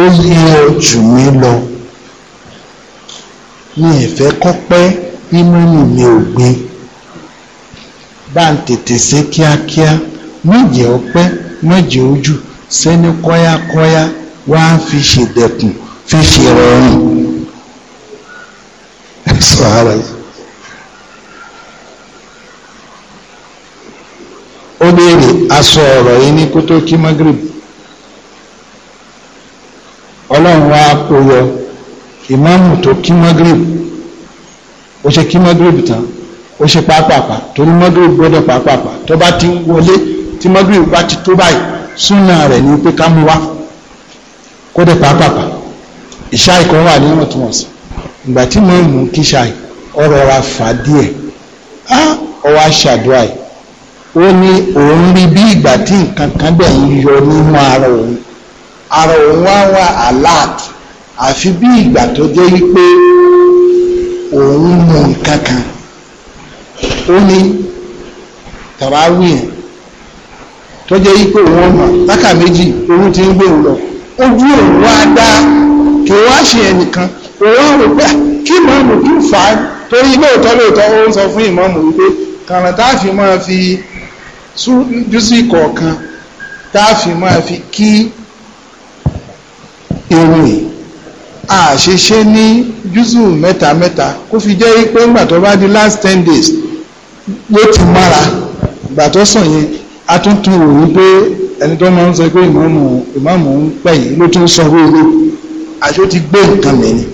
ó yẹ ọ jù mí lọ ní ìfẹ́ kọ́pẹ́ nínú mi ò gbin bá ń tètè ṣe kíákíá méje ọpẹ́ méje ojú sẹ́ni kọ́yákọ́yá wá ń fi ṣèdẹ̀kùn fi ṣe rọrùn sọ ara yìí. ó béèrè aṣọ ọ̀rọ̀ yìí ní kótó kí magrib ọlọ́run wá kó yọ ìmáàmù tó kí magrib ó ṣe kí magrib tán. ó ṣe pápápá torí mọ́gírì gbọ́dọ̀ pápápá tó bá ti ń wọlé tí mọ́gírì bá ti tó báyìí súnà rẹ̀ ní pé ká mú wá kó dẹ̀ pápápá ìṣá wà ní ìwọ̀ntúnwọ̀nsì ìgbà tí mo mú kí ṣáì ọ̀rọ̀ ra fà díẹ̀ á ọwọ́ aṣàdúrà yìí ó ní òun rí bí ìgbà tí yọ nínú ara òun ara òun wá wà alert àfi bí ìgbà tó jẹ́ ó ní tàbáwí yẹn tó jẹ́ ipò wọn mà láka méjì òun ti ń gbé òun lọ ojú òun wá dá kí wọ́n á ṣe ẹnìkan òun á rò pé ah, kí mọ́mù kí fà á torí lóòótọ́ lóòótọ́ ó ń sọ fún ìmọ̀mù wípé kàràn tá a fi máa fi júsí kọ̀ọ̀kan tá a fi máa fi kí irun yìí àṣeṣe ní júsù mẹ́ta mẹ́ta kó fi jẹ́ pé ńgbà tó bá di last ten days yóò ti mára ìgbà tó sàn yẹn a tún tún wò wípé ẹni tó máa ń sọ pé ìmáàmù ìmáàmù ń pẹ̀ yìí ló tún sọ wí ilé àṣó ti gbé nǹkan mẹ́ni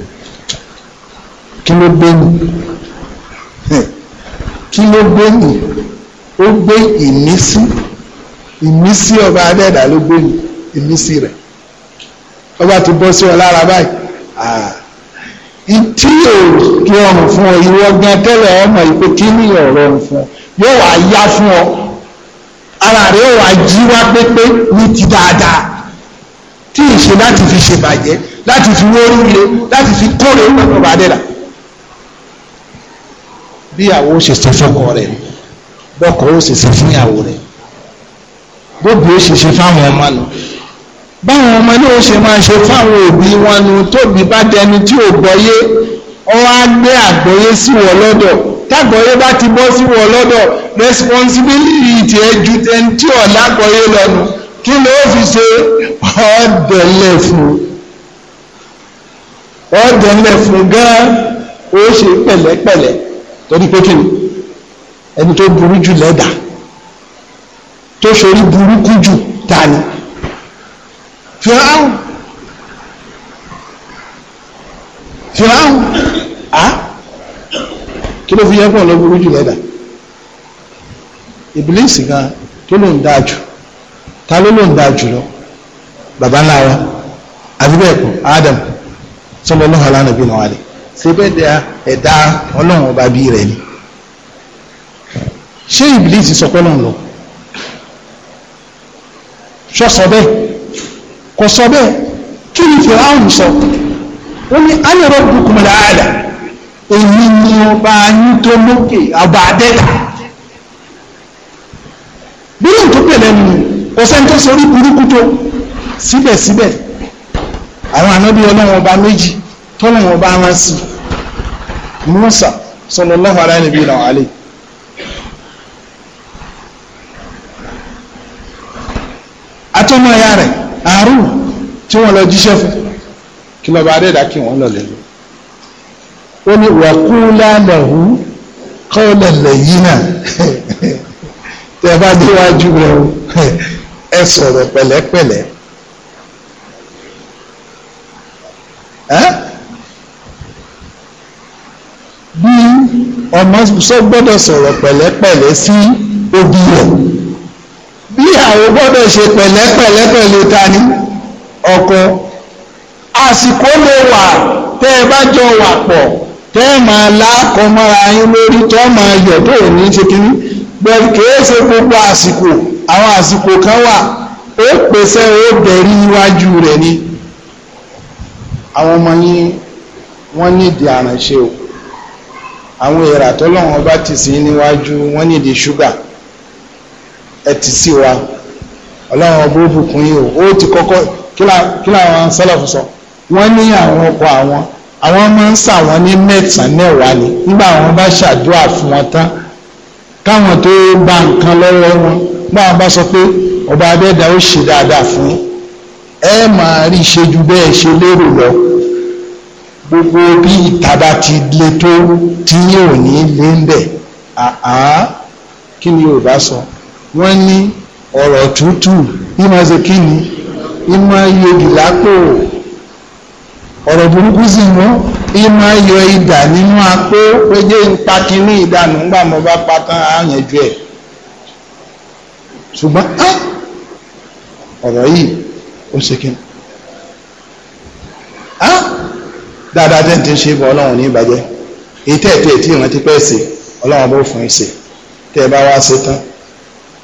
kí ló gbé ni kí ló gbé ni ó gbé ìmísí ìmísí ọba adẹ́ẹ̀dá ló gbé ni ìmísí rẹ̀ ọba ti bọ́ sí ọ lára báyìí tí o rọrùn fún ọ ìwọ gan tẹ́lẹ̀ ọmọ ìpè kí ni ò rọrùn fún ọ yóò wá yá fún ọ ara rẹ yóò wá jí wá pépé ní ti dáadáa tí ì ṣe láti fi ṣe bàjẹ́ láti fi wórí re láti fi kóre pẹ̀lú bàdẹ́rà bí ìyàwó ṣe ṣe fọkọ rẹ bọ́kọ ó ṣe ṣe fún ìyàwó rẹ bóbi ó ṣe ṣe fáwọn ọmọ náà báwọn ọmọ ilé ó ṣe máa ṣe fáwọn òbí wọn nu tóbi bá dẹni tí ò gbọ́yé ọwọ́ á àgbọ́yé sí wọ lọ́dọ̀ tágbọ́yé bá ti bọ́ sí wọ lọ́dọ̀ responsibility ẹ ju tẹni tí ò lágbọ́yé lọ́nu kí ló fi ṣe ọ̀dẹ̀lẹ̀ fún ọ̀dẹ̀lẹ̀ fún gan ó ṣe pẹ̀lẹ́pẹ̀lẹ́ torí pé kí ẹni tó burú jù lẹ́dà tó ṣorí burúkú jù ta fìràhùn fìràhùn á kí ló fi yẹ pọ̀ lọ́gbọ́rú jù lẹ́dà ìbílísì gan tó ló ń dáa jù ta ló ló ń dáa jù lọ bàbá ńlá wa àbí bẹ́ẹ̀ kọ́ Adam sallallahu alaihi wa sallam ṣe bẹ́ẹ̀ dẹ́ ẹ̀dá ọlọ́run ọba bí rẹ̀ ni ṣé ìbílísì sọ pé lọ́n lọ ṣọ́sọ bẹ́ẹ̀ kò sọ bẹ́ẹ̀ kí ni fìràhùn sọ ó ní ayọ̀rọ̀ bukumọ̀lá àlà èmi ni ọba yín tó lókè ọba adẹ́ta bí lóun tó pè lẹ́nu kò sẹ́ni tó sorí burúkú tó síbẹ̀síbẹ̀ àwọn ànábí ọlọ́wọ́n ọba méjì tọ́lọ́wọ́n ọba wọn sí Musa sallallahu alaihi wa alihi atọ́mọ̀ ya rẹ̀ àrùn tí wọ́n lọ jíṣẹ́ fún kí lọ́ba adẹ́dà kí wọ́n lọ lẹ́nu ó ní wàkúlá lẹ̀hú kọ́ọ̀lẹ̀ lẹ́yìn náà tẹ bá déwájú rẹ o ẹ sọ̀rọ̀ pẹ̀lẹ́pẹ̀lẹ́ bí ọmọ sọ gbọ́dọ̀ sọ̀rọ̀ pẹ̀lẹ́pẹ̀lẹ́ sí òbí rẹ̀ bí àwọn gbọ́dọ̀ ṣe pẹ̀lẹ́pẹ̀lẹ́ pẹ̀lú tani ọkọ àsìkò lè wà tẹ́ ẹ bá jọ wà pọ̀ tẹ́ ẹ máa láàkọ́ mọ́ra yín lórí tọ́ máa yọ̀ tó ò ní ṣe kiri bẹ́ẹ̀ kìí ṣe gbogbo àsìkò àwọn àsìkò kan wà ó pèsè ó bẹ̀rí iwájú rẹ̀ ni àwọn ọmọ yín wọ́n nídìí àránṣe o àwọn èrà tọ́lọ́wọ́n bá ti sí níwájú wọ́n nídìí ṣúgà ẹ ti sí wa ọlọ́run ọbọ̀ òbùkún yìí o ó ti kọ́kọ́ Kila làwọn sọlọ́fù sọ wọ́n ní àwọn ọkọ̀ àwọn àwọn máa ń ṣàwọn ní mẹ́sàn-án mẹ́wàá ni nígbà àwọn bá ṣàdúrà fún wọn tán káwọn tó gba nǹkan lọ́wọ́ wọn báwọn bá sọ pé ọba abẹ́dà ó ṣe dáadáa fún ẹ máa rí ṣe ju bẹ́ẹ̀ ṣe lérò lọ gbogbo bí ìtàbá ti le tó tí yóò ní lé ń bẹ̀ àá kí ni Yorùbá sọ wọ́n ní ọ̀rọ̀ tútù bí wọ́n ṣe kí ni ìmọ̀ ayò ìlàpò ọ̀rọ̀ burúkú sì mú ìmọ̀ ayò ìdà nínú apó péjé ń pa kínní ìdànù ńgbà mo bá pa tán àyànjú ẹ̀ ṣùgbọ́n á ọ̀rọ̀ yìí ó ṣe kí á dáadáa tẹ́ ń ti ṣe bọ́ ọlọ́run ní ìbàjẹ́ èyí tẹ́ ẹ̀ tẹ́ ẹ̀ tí ìrántí pẹ́ sí ọlọ́run bó fún ẹ̀ sí tẹ́ ẹ bá wá ṣe tán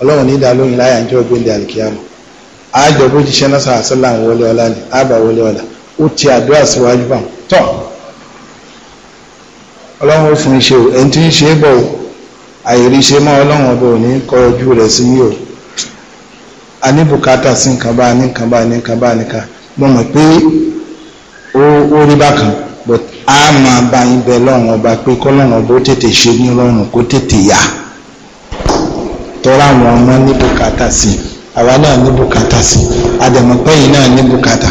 ọlọ́run ní ìdálóyìn láyà ń jẹ́ ọgbẹ́ndẹ̀ àlìkíyàmù àjọ bó jíṣẹ́ náà sàn àṣẹ wọlé ọlá ni àbá wọlé ọlá ó ti àdúrà síwájú bá tọ́ ọlọ́run ó fún iṣẹ́ o ẹni tí ń ṣe é bọ̀ o àìrí ṣe mọ́ ọlọ́run ọba ò ní kọ ojú rẹ̀ sí yìí o a ní bùkátà sí nǹkan bá ní nǹkan bá ní nǹkan bá nìkan mo mọ̀ pé ó rí bákan but a máa bá yín bẹ lọ́run ọba pé kọ́lọ́run ọba ó tètè ṣe ní ọlọ́run kó tètè yá tọ́ra àwọn ọmọ ní bùkátà sí i. àwa náà ní bùkátà sí àdèmọ̀pẹ́yìn náà ní bùkátà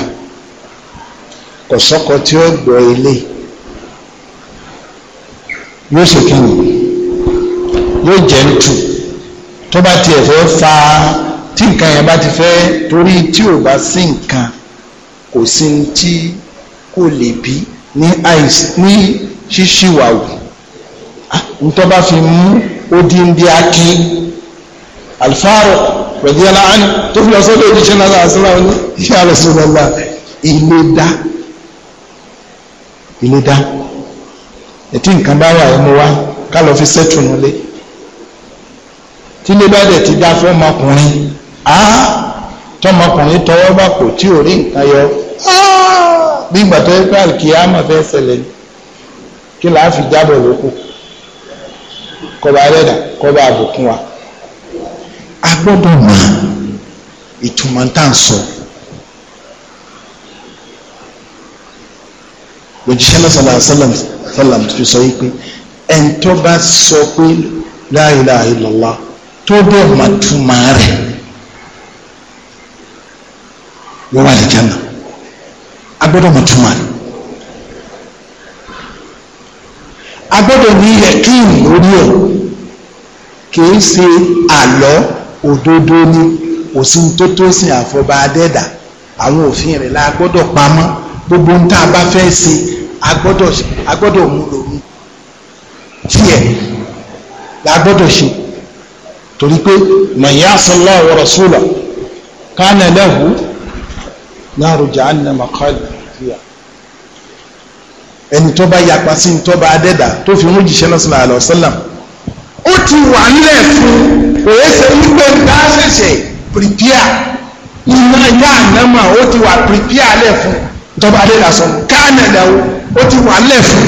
kò sọ́kọ tí ó gbọ́ ilé yóò ṣe ni yóò jẹ́ ntù tó bá tiẹ̀ fẹ́ fa tí nǹkan yẹn bá ti fẹ́ torí tí o bá sí nǹkan kò sí ntí kò lè bí ní ní ṣíṣíwàwù ah, ntọ́ bá fi mú ó dín bí akí alifáró. rọ̀dí ẹlá ánì tó fi lọ sọ́dọ̀ òjíṣẹ́ náà àṣírà ní iṣẹ́ àrẹ̀sọ̀lọ́lá ilé dá ilé dá ètí nǹkan bá wà ẹnu wa ká lọ fi sẹ́tù nílé tí ilé bá dẹ̀ ti dá fọ́mọkùnrin á tọmọkùnrin tọwọ́ bá kò tí ò rí nǹkan yọ bí ìgbà tó yẹ pé àlùkìyámà fẹ́ ṣẹlẹ̀ kí làá fi jábọ̀ lóko kọba ẹlẹ́dà kọba àbùkún wa a gbọ́dọ̀ mọ ìtumọ̀ tá à ń sọ. òjíṣẹ́ náà sọ̀rọ̀ àṣàlàm sọ̀làm fi sọ yìí pé ẹni tó bá sọ pé la ilaha illallah tó bẹ̀ mà túmọ̀ rẹ̀ wọ́n wà lẹ́jà náà a gbọ́dọ̀ mà túmọ̀ rẹ̀. a gbọ́dọ̀ ní yẹ kí ìmúrí ẹ̀ kì í ṣe àlọ́ òdodo ni òsín tó tó sìn àfọba adẹ́dà àwọn òfin rẹ̀ la gbọ́dọ̀ pamọ́ gbogbo ń tá a bá fẹ́ ṣe a gbọ́dọ̀ mú lòun tiẹ̀ la gbọ́dọ̀ ṣe torí pé man ya'si Allaha wa rasulahu kana lahu naru jahannama khalidan fiha ẹni tó bá yapa sí ní tó bá adẹ́dà tó fi mú jìṣẹ́ náà sallallahu alaihi ó ti wà nílẹ̀ fún òye ṣe wípé nǹkan á ṣẹ̀ṣẹ̀ prepare iná ìyá ànámà ó ti wà prepare lẹ̀ fún ìjọba adédàsọ kánàdà ó ti wà lẹ̀ fún.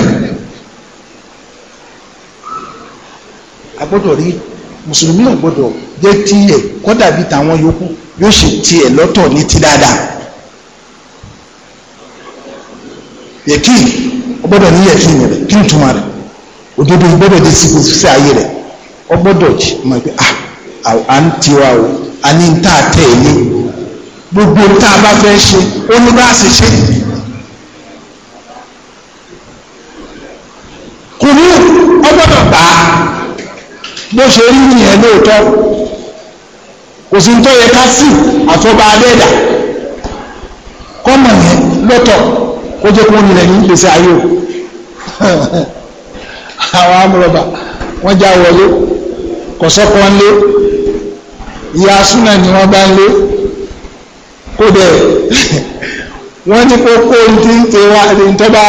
a gbọ́dọ̀ rí mùsùlùmí náà gbọ́dọ̀ jẹ́ tiẹ̀ kọ́dà bíi tàwọn yòókù yóò ṣe tiẹ̀ lọ́tọ̀ ní ti dáadáa. yẹ̀kí ó gbọ́dọ̀ ní yẹ̀kí rẹ̀ kí n túmọ̀ rẹ̀ òdodo gbọ́dọ̀ dé sí gbèsè ayé rẹ̀ ọ gbọ́dọ̀ mọ̀ pé ah, à ń tiwa o a ní ń tà tẹ̀ ní gbogbo tá a bá fẹ́ ṣe ó ní bá a sì ṣe. kùnú ọ gbọ́dọ̀ gbà á bó ṣe rí nìyẹn lóòótọ́ kò sí tó yẹ ká sí àtọ́ba adẹ́ẹ̀dà kọ́mọ̀ yẹn lọ́tọ̀ kó jẹ́ kó nílẹ̀ ní gbèsè ayé o àwọn amúrọ̀bà wọ́n já wọlé kò sọ́kọ́ ńlé ìyá súnà ni wọ́n bá ńlé kó dẹ̀ wọ́n ní kó kó ní ti wá ní tọ́ba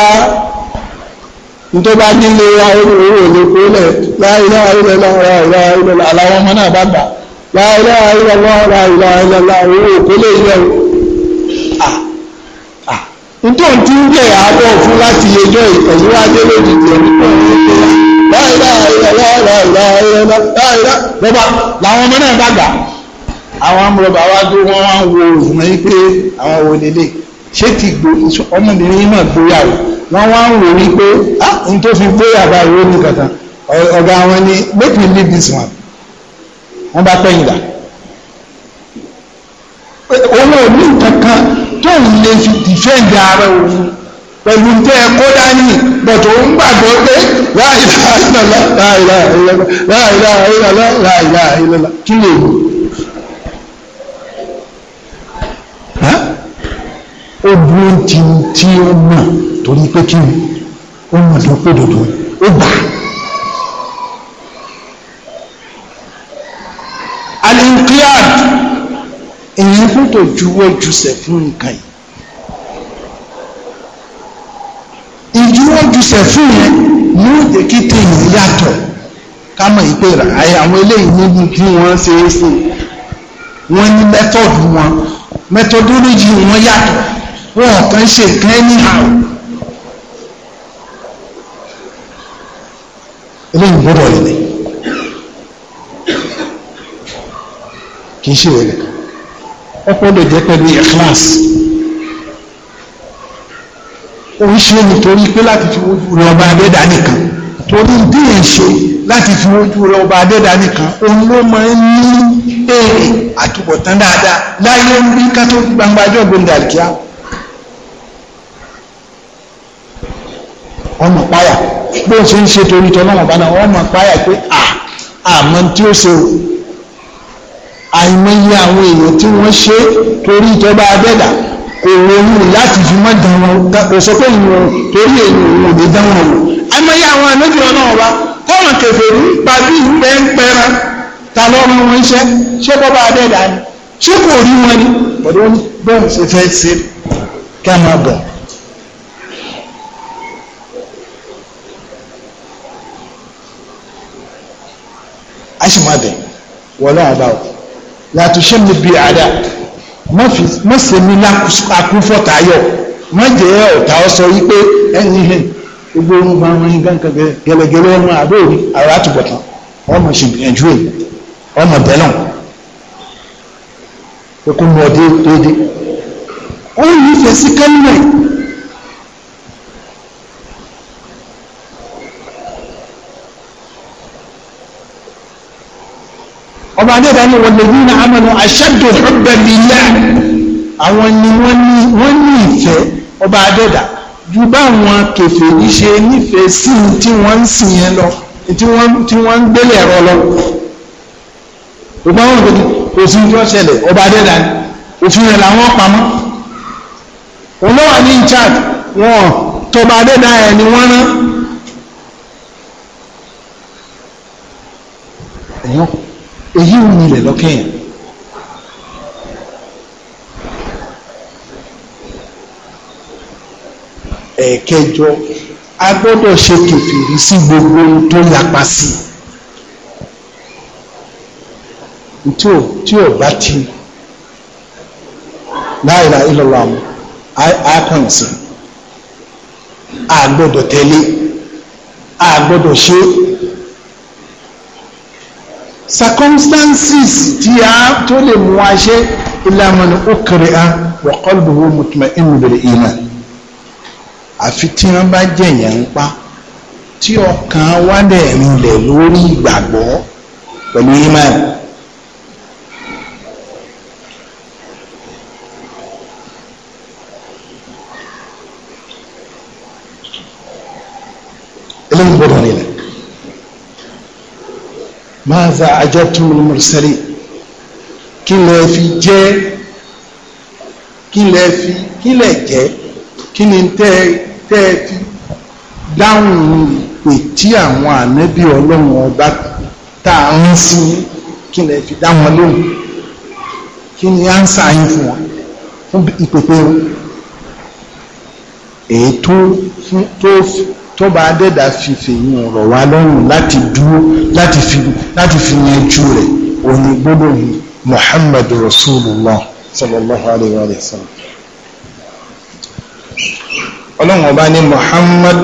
ntọ́ba nílé ayélujára òní kúlẹ̀ láìlá ayélujára ayélujára aláwọ̀ ọmọ náà bá bà láìlá ayélujára ayélujára owó òkúlẹ̀ ilẹ̀ o. ntọ́ ti ń jẹ́ àbọ̀ fún láti yẹjọ́ ìtọ́jú wájú lójijì ọdún kan ní ìgbéyàwó lọ́ba làwọn ọmọ náà dàgbà àwọn amúrọ̀bà wa tó wọ́n wá wo òògùn yìí pé àwọn wo lélẹ̀ ṣé ti gbó ọmọbìnrin yìí náà gbóyàwó wọ́n wá ń wò ní pé ah n tó fi gbóyàwó àìwé ní kankan ọ̀gá wọn ni make me leave this one wọ́n bá pẹ́yìn dà owó ní kankan tó lè fi defend ara òun pẹ̀lú tẹ́ ẹ kó dání bọ̀tò ń gbàgbọ́ pé láìlá ìlàlá láìlá ìlàlá láìlá ìlàlá láìlá ìlàlá kí lè wò. ó dúró ti tí ó mọ̀ torí pé sẹ̀fún yẹn ní òjè kí tèèyàn yàtọ̀ ká mọ̀ ìpè rà ayé àwọn eléyìí níbi tí wọ́n ṣe é sí wọ́n ní mẹ́tọ̀dù wọn mẹ́tọ̀dọ́lójì wọn yàtọ̀ wọn kàn ṣe kan anyhow. eléyìí gbọ́dọ̀ yìí ni kì í ṣe rẹ̀ ẹ gbọ́dọ̀ jẹ́ pẹ̀lú ó ń ṣe nítorí pé láti fi wojú rẹ ọba adẹ́dá nìkan torí bí è ṣe láti fi wojú rẹ ọba adẹ́dá nìkan òun ló máa ń ní èrè àtúbọ̀tán dáadáa láyé ń rí kátó gbangba ọjọ́ gbòǹdàkíá ọmọ páyà bó ṣe ń ṣe torí tọ́lọ́mọ̀ bá náà ọmọ páyà pé à àmọ́ tí ó ṣe àìmọye àwọn èèyàn tí wọ́n ṣe torí ìjọba adẹ́dá kò ronú láti fi mọ́ dán wọn kò sọ pé ìwọ̀n torí èèyàn òun ò ní dán wọn mọ̀ àmọ́yé àwọn ànábì ọlọ́run wa táwọn kèfèrí pàbí ìpẹ́ ń pẹran ta lọ́rùn wọn iṣẹ́ ṣé bọ́bá abẹ́dà ni ṣé kò rí wọn ni bọ̀dọ̀ wọn bẹ́ẹ̀ ṣe fẹ́ ṣe kí a máa bọ̀. a sì máa bẹ̀ wọ́n náà bá wọ́n mi bí àdá má ṣe mi lákúfọ̀tayọ̀ má jẹ́ ọ̀tá ọ sọ wípé ẹni hìn gbogbo orun bá wọn nǹkan kan gẹlẹgẹlẹ ọmọ àbóòrí àrà àtúbọ̀tán ọmọ ṣègbìyànjú èyí ọmọ bẹ́lọ̀ okùn mọ̀ọ́dé déédéé ó yí fèsì kánú náà. ní ìdánù wọn lè ní amanu ashaddu hubban lillah àwọn ni wọ́n ní wọ́n ní ìfẹ́ ọba adẹ́dà ju báwọn kèfèrí ṣe nífẹ̀ẹ́ sí tí wọ́n ń sìn yẹn lọ tí wọ́n ń gbélé ẹ̀rọ lọ. ògbọ́n wọn kò kò sí ní ọ̀ṣẹ̀lẹ̀ ọba adẹ́dà ni òfin rẹ̀ làwọn pamọ́. olówà ní ìcháàtì wọn tọba adẹ́dà ẹ̀ ni wọ́n rán èyí ò nílẹ̀ lọ́kẹ́yìn ẹ̀ẹ̀kẹjọ a gbọ́dọ̀ ṣe kẹfìrí sí gbogbo ohun tó yapa sí tí ò tí ò bá ti láìra ìlọ́wọ́ àwọn àákàn sí a gbọ́dọ̀ tẹ̀lé a gbọ́dọ̀ ṣe circumstances tí a tó lè mú wa ṣe ìlànà òkèrè a wa qalbuhu mutma'innun bil iman àfi tí wọ́n bá jẹ̀yàn ń pa tí ọkàn wa dẹ̀ rinlẹ̀ lórí ìgbàgbọ́ pẹ̀lú iman. eléyìí gbọ́dọ̀ nílẹ̀ maza ajabtumul mursalin kí lẹ fi jẹ́ kí lẹ fi kí lẹ jẹ́ kí ni tẹ́ tẹ́ fi dáhùn ìpè tí àwọn ànábì ọlọ́run ọba tá a ń sí kí lẹ fi dá wọn lóhùn kí ni ánsà yín fún wọn fún ìpèpè wọn èyí tó fún tó fún tó bá dẹ́dà fi fèyìn ọ̀rọ̀ wá lọ́rùn láti dúró láti fi láti fi yanjú rẹ̀ òní gbọ́dọ̀ yìí muhammad rasulullah sallallahu alayhi wa sallam ọlọ́run ọba ní muhammad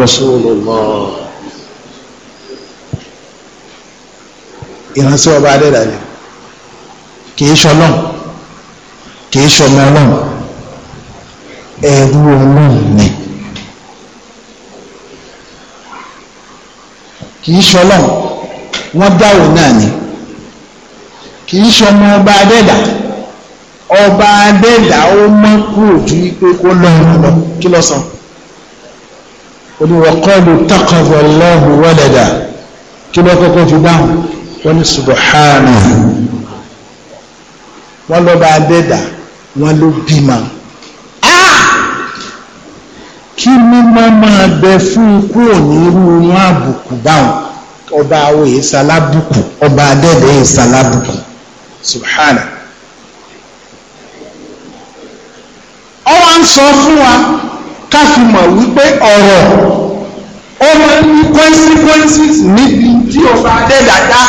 rasulullah ìránṣẹ́ ọba dẹ́dà ni kìí ṣọlọ́n kìí ṣọmọ ọlọ́run ẹ̀rú ọlọ́run ni. kì í ṣọlọ́n wọ́n dáwò náà ni kì í ṣọmọ ọba adẹ́dà ọba adẹ́dà ó mọ́ kúrò ju pé kó lọ lọ kí lọ sọ olùwọ́kọ́lù taqadha Allahu walada kí lọ kọ́kọ́ fi dáhùn wọ́n ní subhanahu wọ́n lọ́ba adẹ́dà wọ́n ló bímọ kí mímọ́ máa bẹ fún ikú onírú wọn àbùkù báwọn ọba àwọn èèsà lábùkù ọba adẹ́dẹ́ èèsà lábùkù subhana. ó wá ń sọ fún wa ká fi mọ̀ wípé ọ̀rọ̀ ó máa ń ní consequences níbi tí ọba adẹ́dẹ́ dá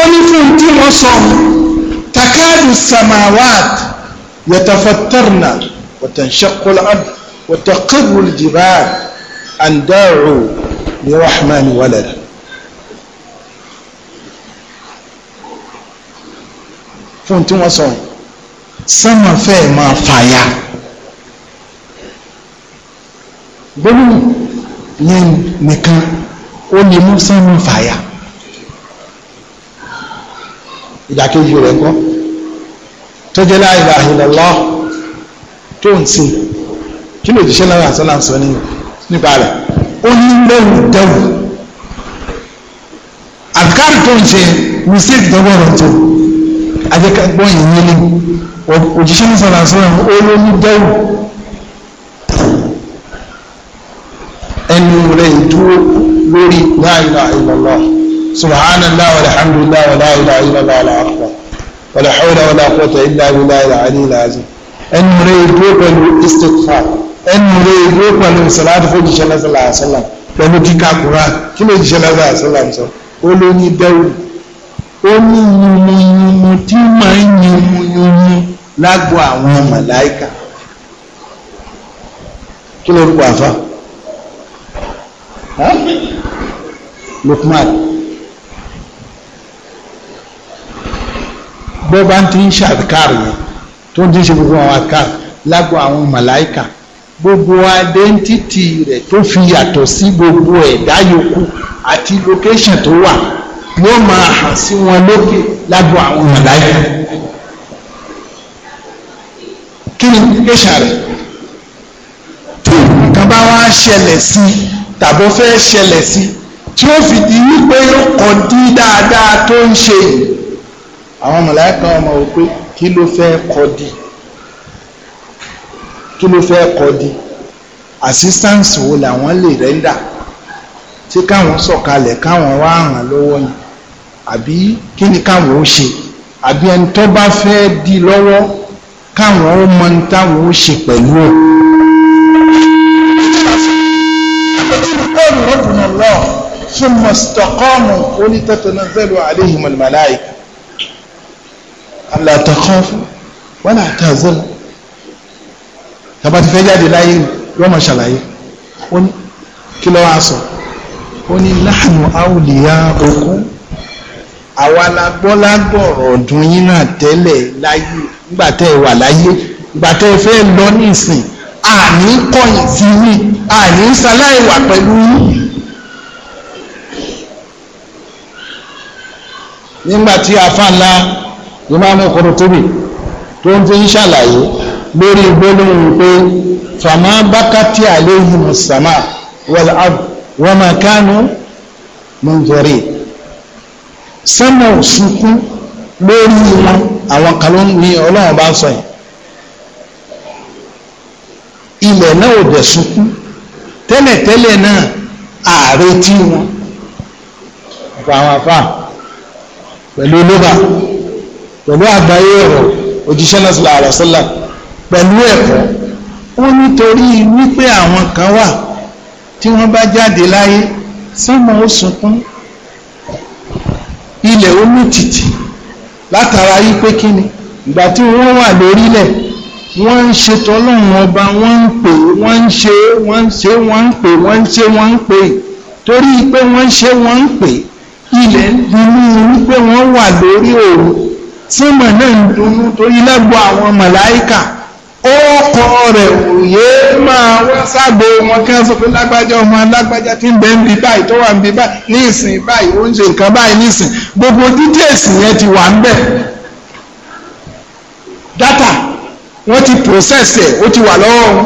ó ní fún tí wọ́n sọ takadu samawat yatafattarna. وتنشق الأرض وتقر الجبال أن داعوا لرحمن ولدا fún tí wọ́n sọ sánmà fẹ́ máa fàyà gbólóhùn yẹn nìkan ó lè mú sánmà fàyà ìdàkejì rẹ̀ kọ́ tó jẹ́ la tó ń sìn kí ló jíṣẹ́ náà àṣọ náà sọ nípa rẹ̀ ó ní lẹ́rù dẹ́rù àkàrí tó ń ṣe mistake dọ́gbọ́n rẹ̀ tó ajẹ́kẹ́gbọ́n yìí nílé òjíṣẹ́ náà sọ̀rọ̀ àṣọ náà ó ló ní dẹ́rù ẹnu rẹ̀ dúró lórí la ilaha illallah subhanallah walhamdulillah wa la ilaha illallah alhamdulillah wàlá hawla wàlá quwwata illa billahi al-ali al ẹnu rẹ̀ dúró pẹ̀lú istighfar ẹnu rẹ̀ dúró pẹ̀lú sàlátì fún jíṣẹ́ lẹ́sẹ̀lá àṣẹlá pẹ̀lú kíkà kúrà kí ló jíṣẹ́ lẹ́sẹ̀lá àṣẹlá sọ ó ló ní bẹ́rù ó ní yunmuyunmu tí máa ń yunmuyunmu lágbo àwọn màláìkà kí ló rúkọ àfa Lukman bó bá ń ti ń ṣàdìkárì yẹn tó ń díṣe gbogbo àwọn àká lágbo àwọn màláìkà gbogbo àdẹ́ntìtì rẹ̀ tó fi yàtọ̀ sí gbogbo ẹ̀dá yòókù àti location tó wà yóò máa hàn sí wọn lókè lágbo àwọn màláìkà kí ni location rẹ̀ tó nǹkan bá wá ṣẹlẹ̀ sí tàbó fẹ́ ṣẹlẹ̀ sí tí ó fi di wípé ó kọ̀ dí dáadáa tó ń ṣe yìí àwọn màláìkà ọmọ òpin kí ló fẹ́ kọ́ di kí ló fẹ́ kọ́ di assistance wo làwọn lè rẹ́ńdà tí káwọn sọ̀kalẹ̀ káwọn wá ràn lọ́wọ́ ni àbí kí ni káwọn ó ṣe àbí ẹni tó bá fẹ́ di lọ́wọ́ káwọn ó mọ ní táwọn ó ṣe pẹ̀lú ẹ̀. قالوا ربنا الله ثم استقاموا ولتتنزل عليهم الملائكة àlà àtàkọ́ fún wọ́n àtàzọ́ la tàbá ti fẹ́ jáde láyé yọ́mọ ṣàlàyé ó ní kí lọ́wọ́ aṣọ ó ní láàánú àwòlíyá okú àwa la gbọ́ lágbọ̀rọ̀ ọdún yín náà tẹ́lẹ̀ láyé nígbà tẹ́ ẹ wà láyé nígbà fẹ́ lọ ní àní kọ̀yìn sí mi àní sáláì pẹ̀lú yín. nígbà tí ńlá ìmáàmù Qurtubi tó ń fi ń ṣàlàyé lórí gbólóhùn pé fàmà bákàtí àléhùn sàmà wal ard wa ma kanu mọ̀nfẹ̀rì sánmà òṣùkú lórí wọn àwọn kan ló ní ọlọ́run bá sọ yìí ilẹ̀ náà ò dẹ̀ sunkún tẹ́lẹ̀tẹ́lẹ̀ náà ààrẹ tí wọn àwọn afá pẹ̀lú olóba pẹ̀lú àgbáyé ọ̀rọ̀ òjíṣẹ́ náà sílá àrọ̀ sílá pẹ̀lú ẹ̀kọ́ ó nítorí wípé àwọn kan wà tí wọ́n bá jáde láyé sánmọ̀ ó sunkún ilẹ̀ ó tìtì látara yí pé kí ni ìgbà tí wọ́n wà lórílẹ̀ wọ́n ń ṣe tọ́lọ́run ọba wọ́n ń pè wọ́n ń ṣe wọ́n ń ṣe wọ́n ń pè wọ́n ń ṣe wọ́n ń pè torí pé wọ́n ń ṣe wọ́n ń pè ilẹ̀ ń dunú wípé wọ́n wà lórí òun tí mọ̀ náà ń dunnú torí lẹ́gbọ́ àwọn màláíkà ó kọ rẹ̀ òye máa wá sábò wọn kí wọ́n sọ pé lágbájá ọmọ alágbájá tí ń bẹ ń bí báyìí tó wà ń bí báyìí ní ìsìn báyìí ó ń ṣe nǹkan báyìí ní ìsìn gbogbo dídí èsì yẹn ti wà ń bẹ̀ dátà wọ́n ti process ó ti wà lọ́wọ́ wọn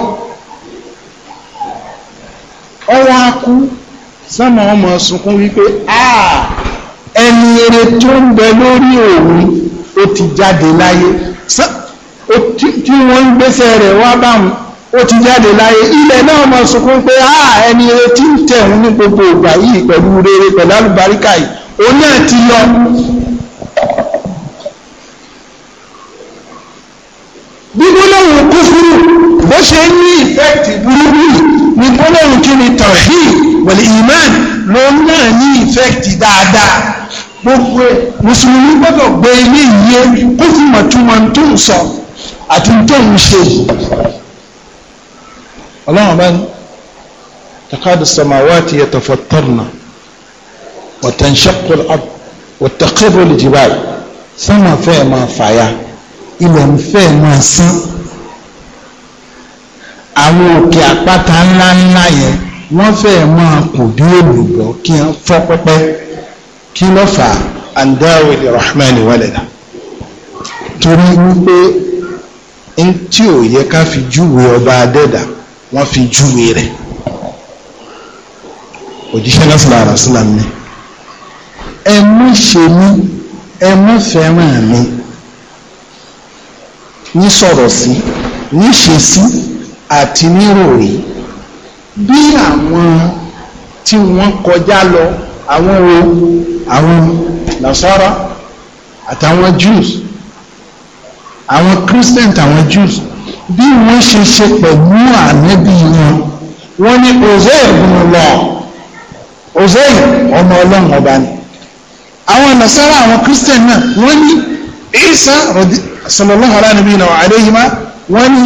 ọwọ́ akú sọ́mọ ọmọ sunkún wípé ẹni eré tó ń bẹ lórí òun ó ti jáde láyé tí wọ́n ń gbéṣẹ́ rẹ̀ wá báwọn ó ti jáde láyé ilẹ̀ náà mọ̀ sunkún pé a ẹni retí ń tẹ̀hún ní gbogbo ìgbà yìí pẹ̀lú rere pẹ̀lú àlùbáríkà yìí òun náà ti lọ. gbígbónáwó kúfúrú bó ṣe ní ìfẹ́ẹ̀tì burúkú ní gbónáwó kí ni tawhid wal iman lòun ní ìfẹ́ẹ̀tì dáadáa gbogbo ẹ̀ mùsùlùmí gbọ́dọ̀ gbé ilé ìyé kó sì mọ̀ túmọ̀ tó ń sọ àti tó ń ṣe ọlọ́run bá ní takadu samawati yatafattarna wa tanshaqqu al-ard wa takhirru al-jibal sánmà fẹ́ máa fàya ilẹ̀ ń fẹ́ máa sín àwọn òkè àpáta ńláńlá yẹn wọ́n fẹ́ máa kò dé olùgbọ́ kí wọ́n fọ́ pẹ́pẹ́ kí ló fà á andáwé rahman walada torí wípé n tí ò yẹ ká fi júwe ọba adẹ́dà wọ́n fi júwe rẹ̀ òjíṣẹ́ náà sọ̀rọ̀ àrà sílám ni ẹ mú ṣe mí ẹ mú fẹ́ràn mi ní sọ̀rọ̀ sí ní ṣe sí àti ní ròrí bí àwọn tí wọ́n kọjá lọ àwọn wo àwọn nasara àtàwọn Jews àwọn Christian àtàwọn Jews bí wọ́n ṣe ṣe pẹ̀lú ànábì wọn wọ́n ní Hosea ibn Allah Hosea ọmọ ọlọ́run ọba ni àwọn nasara àwọn Christian náà wọ́n ní Isa sallallahu alaihi wa alihi wọ́n ní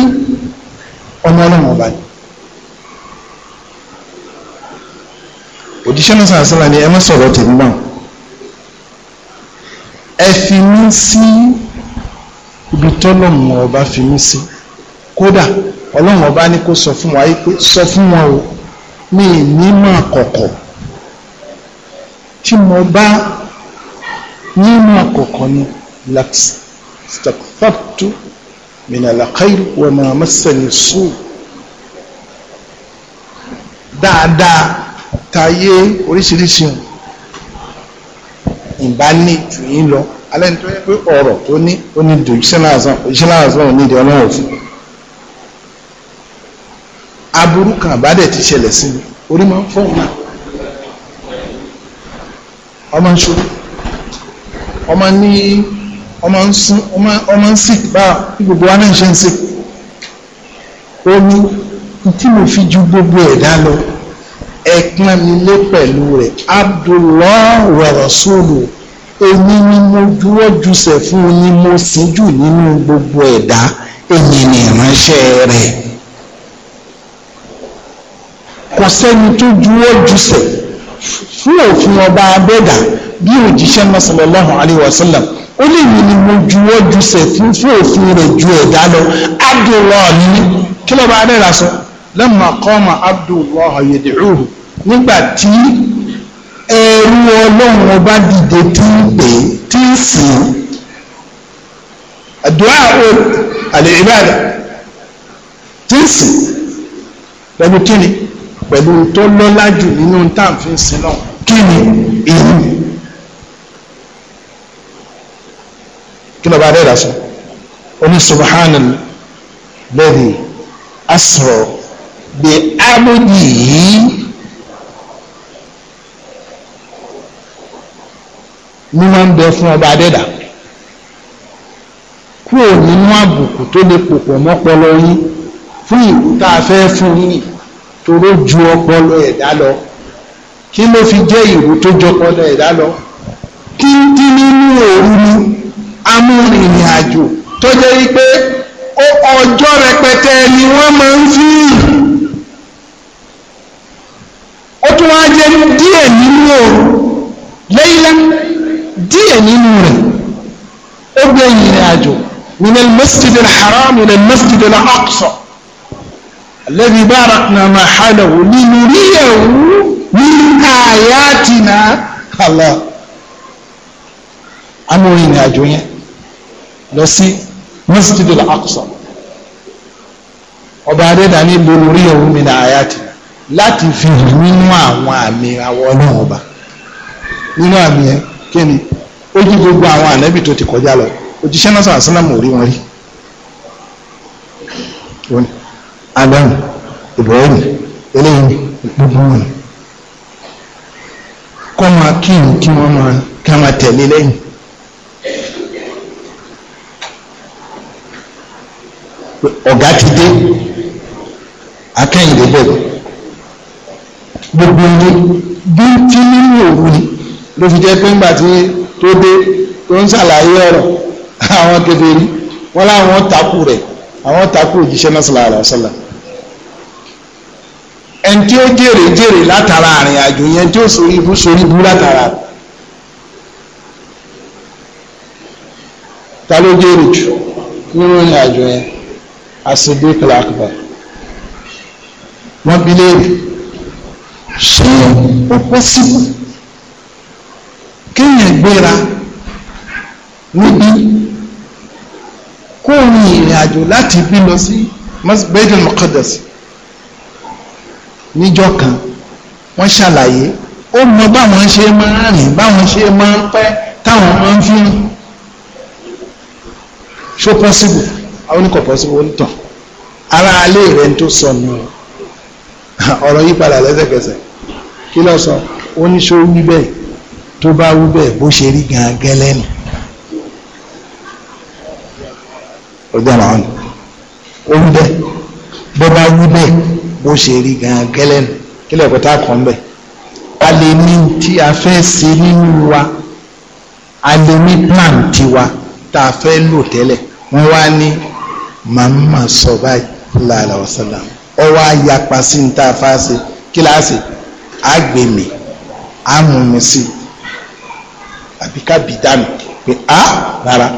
ọmọ ọlọ́run ọba ni. òjíṣẹ́ náà sàn sílẹ̀ ni ẹ má sọ̀rọ̀ tèmi náà ẹ fi mí sí ibi tọ́lọ́mù ọba fi mí sí kódà ọlọ́run ọba ní kó sọ fún wa yìí pé sọ fún wọn o ní ìnímọ̀ àkọ́kọ́ tí mo bá nímọ̀ àkọ́kọ́ ni lakstakfatu minalakairi wa ma masani su dáadáa tayé oríṣiríṣi hùn ìbá ní jù yín lọ alẹ́ ní tó yẹ pé ọ̀rọ̀ tó ní ó ní dùn ìṣẹ́nà àzán ò ní ìdí ọlọ́run fún aburú kan àbádẹ̀ ti ṣẹlẹ̀ sí mi orí máa ń fọ́ ọ̀nà ọmọ ń ṣòro ọmọ ní ọmọ ń sún ọmọ ń sìk bá bí gbogbo wa náà ṣe ń sìk ó ní tí mo fi ju gbogbo ẹ̀dá lọ ẹ̀pọ̀n mi lé pẹ̀lú rẹ̀ Abdullah wa Rasulu èmi ni mo dúró jùsẹ̀ fún un ni mo sì jù nínú gbogbo ẹ̀dá èmi ni ìránṣẹ́ rẹ̀ kò sẹ́ni tó dúró jùsẹ̀ fún òfin ọba abẹ́dà bí òjíṣẹ́ náà sallallahu alaihi wasallam ó lè mi ni mo juwọ́ jùsẹ̀ fún fún òfin rẹ̀ ju ẹ̀dá lọ Abdullah kí ló bá rẹ̀ rà sọ lamma qama nígbà tí ẹrú ọlọ́run ọba dìde tí ń pè tí ń sìn àdúrà àlè ìbáàdà tí ń sìn pẹ̀lú kíni pẹ̀lú tó lọ́lá jù nínú táàfin sin náà kíni èyí kí lọ́ba adẹ́dà sọ oní subhanal ladhi asra bi abdihi. mímọ́ ń bẹ fún ọba adẹ́dà kúrò nínú àbùkù tó lè pòpọ̀ mọ́pọlọ yín fún ìlú tá a fẹ́ fún yín toró ju ọpọlọ ẹ̀dá lọ kí ló fi jẹ́ ìlú tó ju ọpọlọ ẹ̀dá lọ kí n dín nínú òru ni amúrìnrìn àjò tó jẹ́ wípé ọjọ́ rẹpẹtẹ ni wọ́n máa ń fi ó tún wá jẹ́ díẹ̀ nínú òru lẹ́yìn lẹ́yìn díẹ̀ nínú rẹ̀ ó gbé ìrìn àjò min al-masjid al-haram ila al-masjid al-aqsa alladhi barakna máa hàlẹ̀wò nínú rí ẹ̀wù ní àyàtìna Allah àmọ́ ìrìn àjò yẹn lọ sí masjid al-aqsa ọba adẹ́dà ní lórí orí ẹ̀wù min àyàtìna láti fi hàn nínú àwọn àmì àwọn ọlọ́run ọba nínú àmì ẹ kí ni ó ju gbogbo àwọn ànábì tó ti kọjá lọ òjíṣẹ́ náà sàn sínú àmọ̀ orí wọn rí Adam Ibrahim eléyìí gbogbo wọn kọ́ máa kí n kí wọ́n máa kí wọ́n máa tẹ̀lé lẹ́yìn. ọ̀gá ti dé akẹ́yìndé bẹ̀rẹ̀ gbogbo ní bí tí nínú òru ló fi jẹ́ pé ńgbà tí tó dé tó ń ṣàlàyé ọ̀rọ̀ àwọn kèfèrí wọn láwọn takú rẹ̀ àwọn takú òjíṣẹ́ náà sallallahu alaihi wasallam ẹni tí ó jèrè jèrè látara àrìn àjò yẹn tí ó sori ibú sori ibú látara ta ló jèrè jù nínú ìrìn àjò yẹn àṣìbí kìlákìbà wọn bí léèrè ṣé ó pẹ́ síbù kéèyàn gbéra níbi kó rin ìrìn àjò láti bí lọ sí masjidul muqaddas níjọ́ kan wọ́n ṣàlàyé ó mọ báwọn ṣe máa rìn báwọn ṣe máa pẹ́ táwọn máa ń fi ṣó pọ́sibù àwọn oníkọ̀ pọ́sibù ara alẹ́ rẹ̀ ń tó sọnù ọ̀rọ̀ yípadà lẹ́sẹ̀kẹsẹ̀ kí ló sọ ó ní tó bá wú bẹ́ẹ̀ bó ṣe rí gan gẹ́lẹ́ nì ọjọ́ àwọn oúnjẹ bó bá wú bẹ́ẹ̀ bó ṣe rí gan gẹ́lẹ́ nì kí lẹ́kọ̀ọ́ tá a kàn bẹ́ẹ̀ a lè ní tí a fẹ́ ṣe nínú wa a lè ní plan tiwa tá a fẹ́ lò tẹ́lẹ̀ wọ́n wá ní màmá sọ báyìí láàlá ọ̀sán ọwọ́ àyàpá sí ní tá a fà ṣe kí láà àgbèmí àmùmí sí i àbí ká bì dànù pé a rárá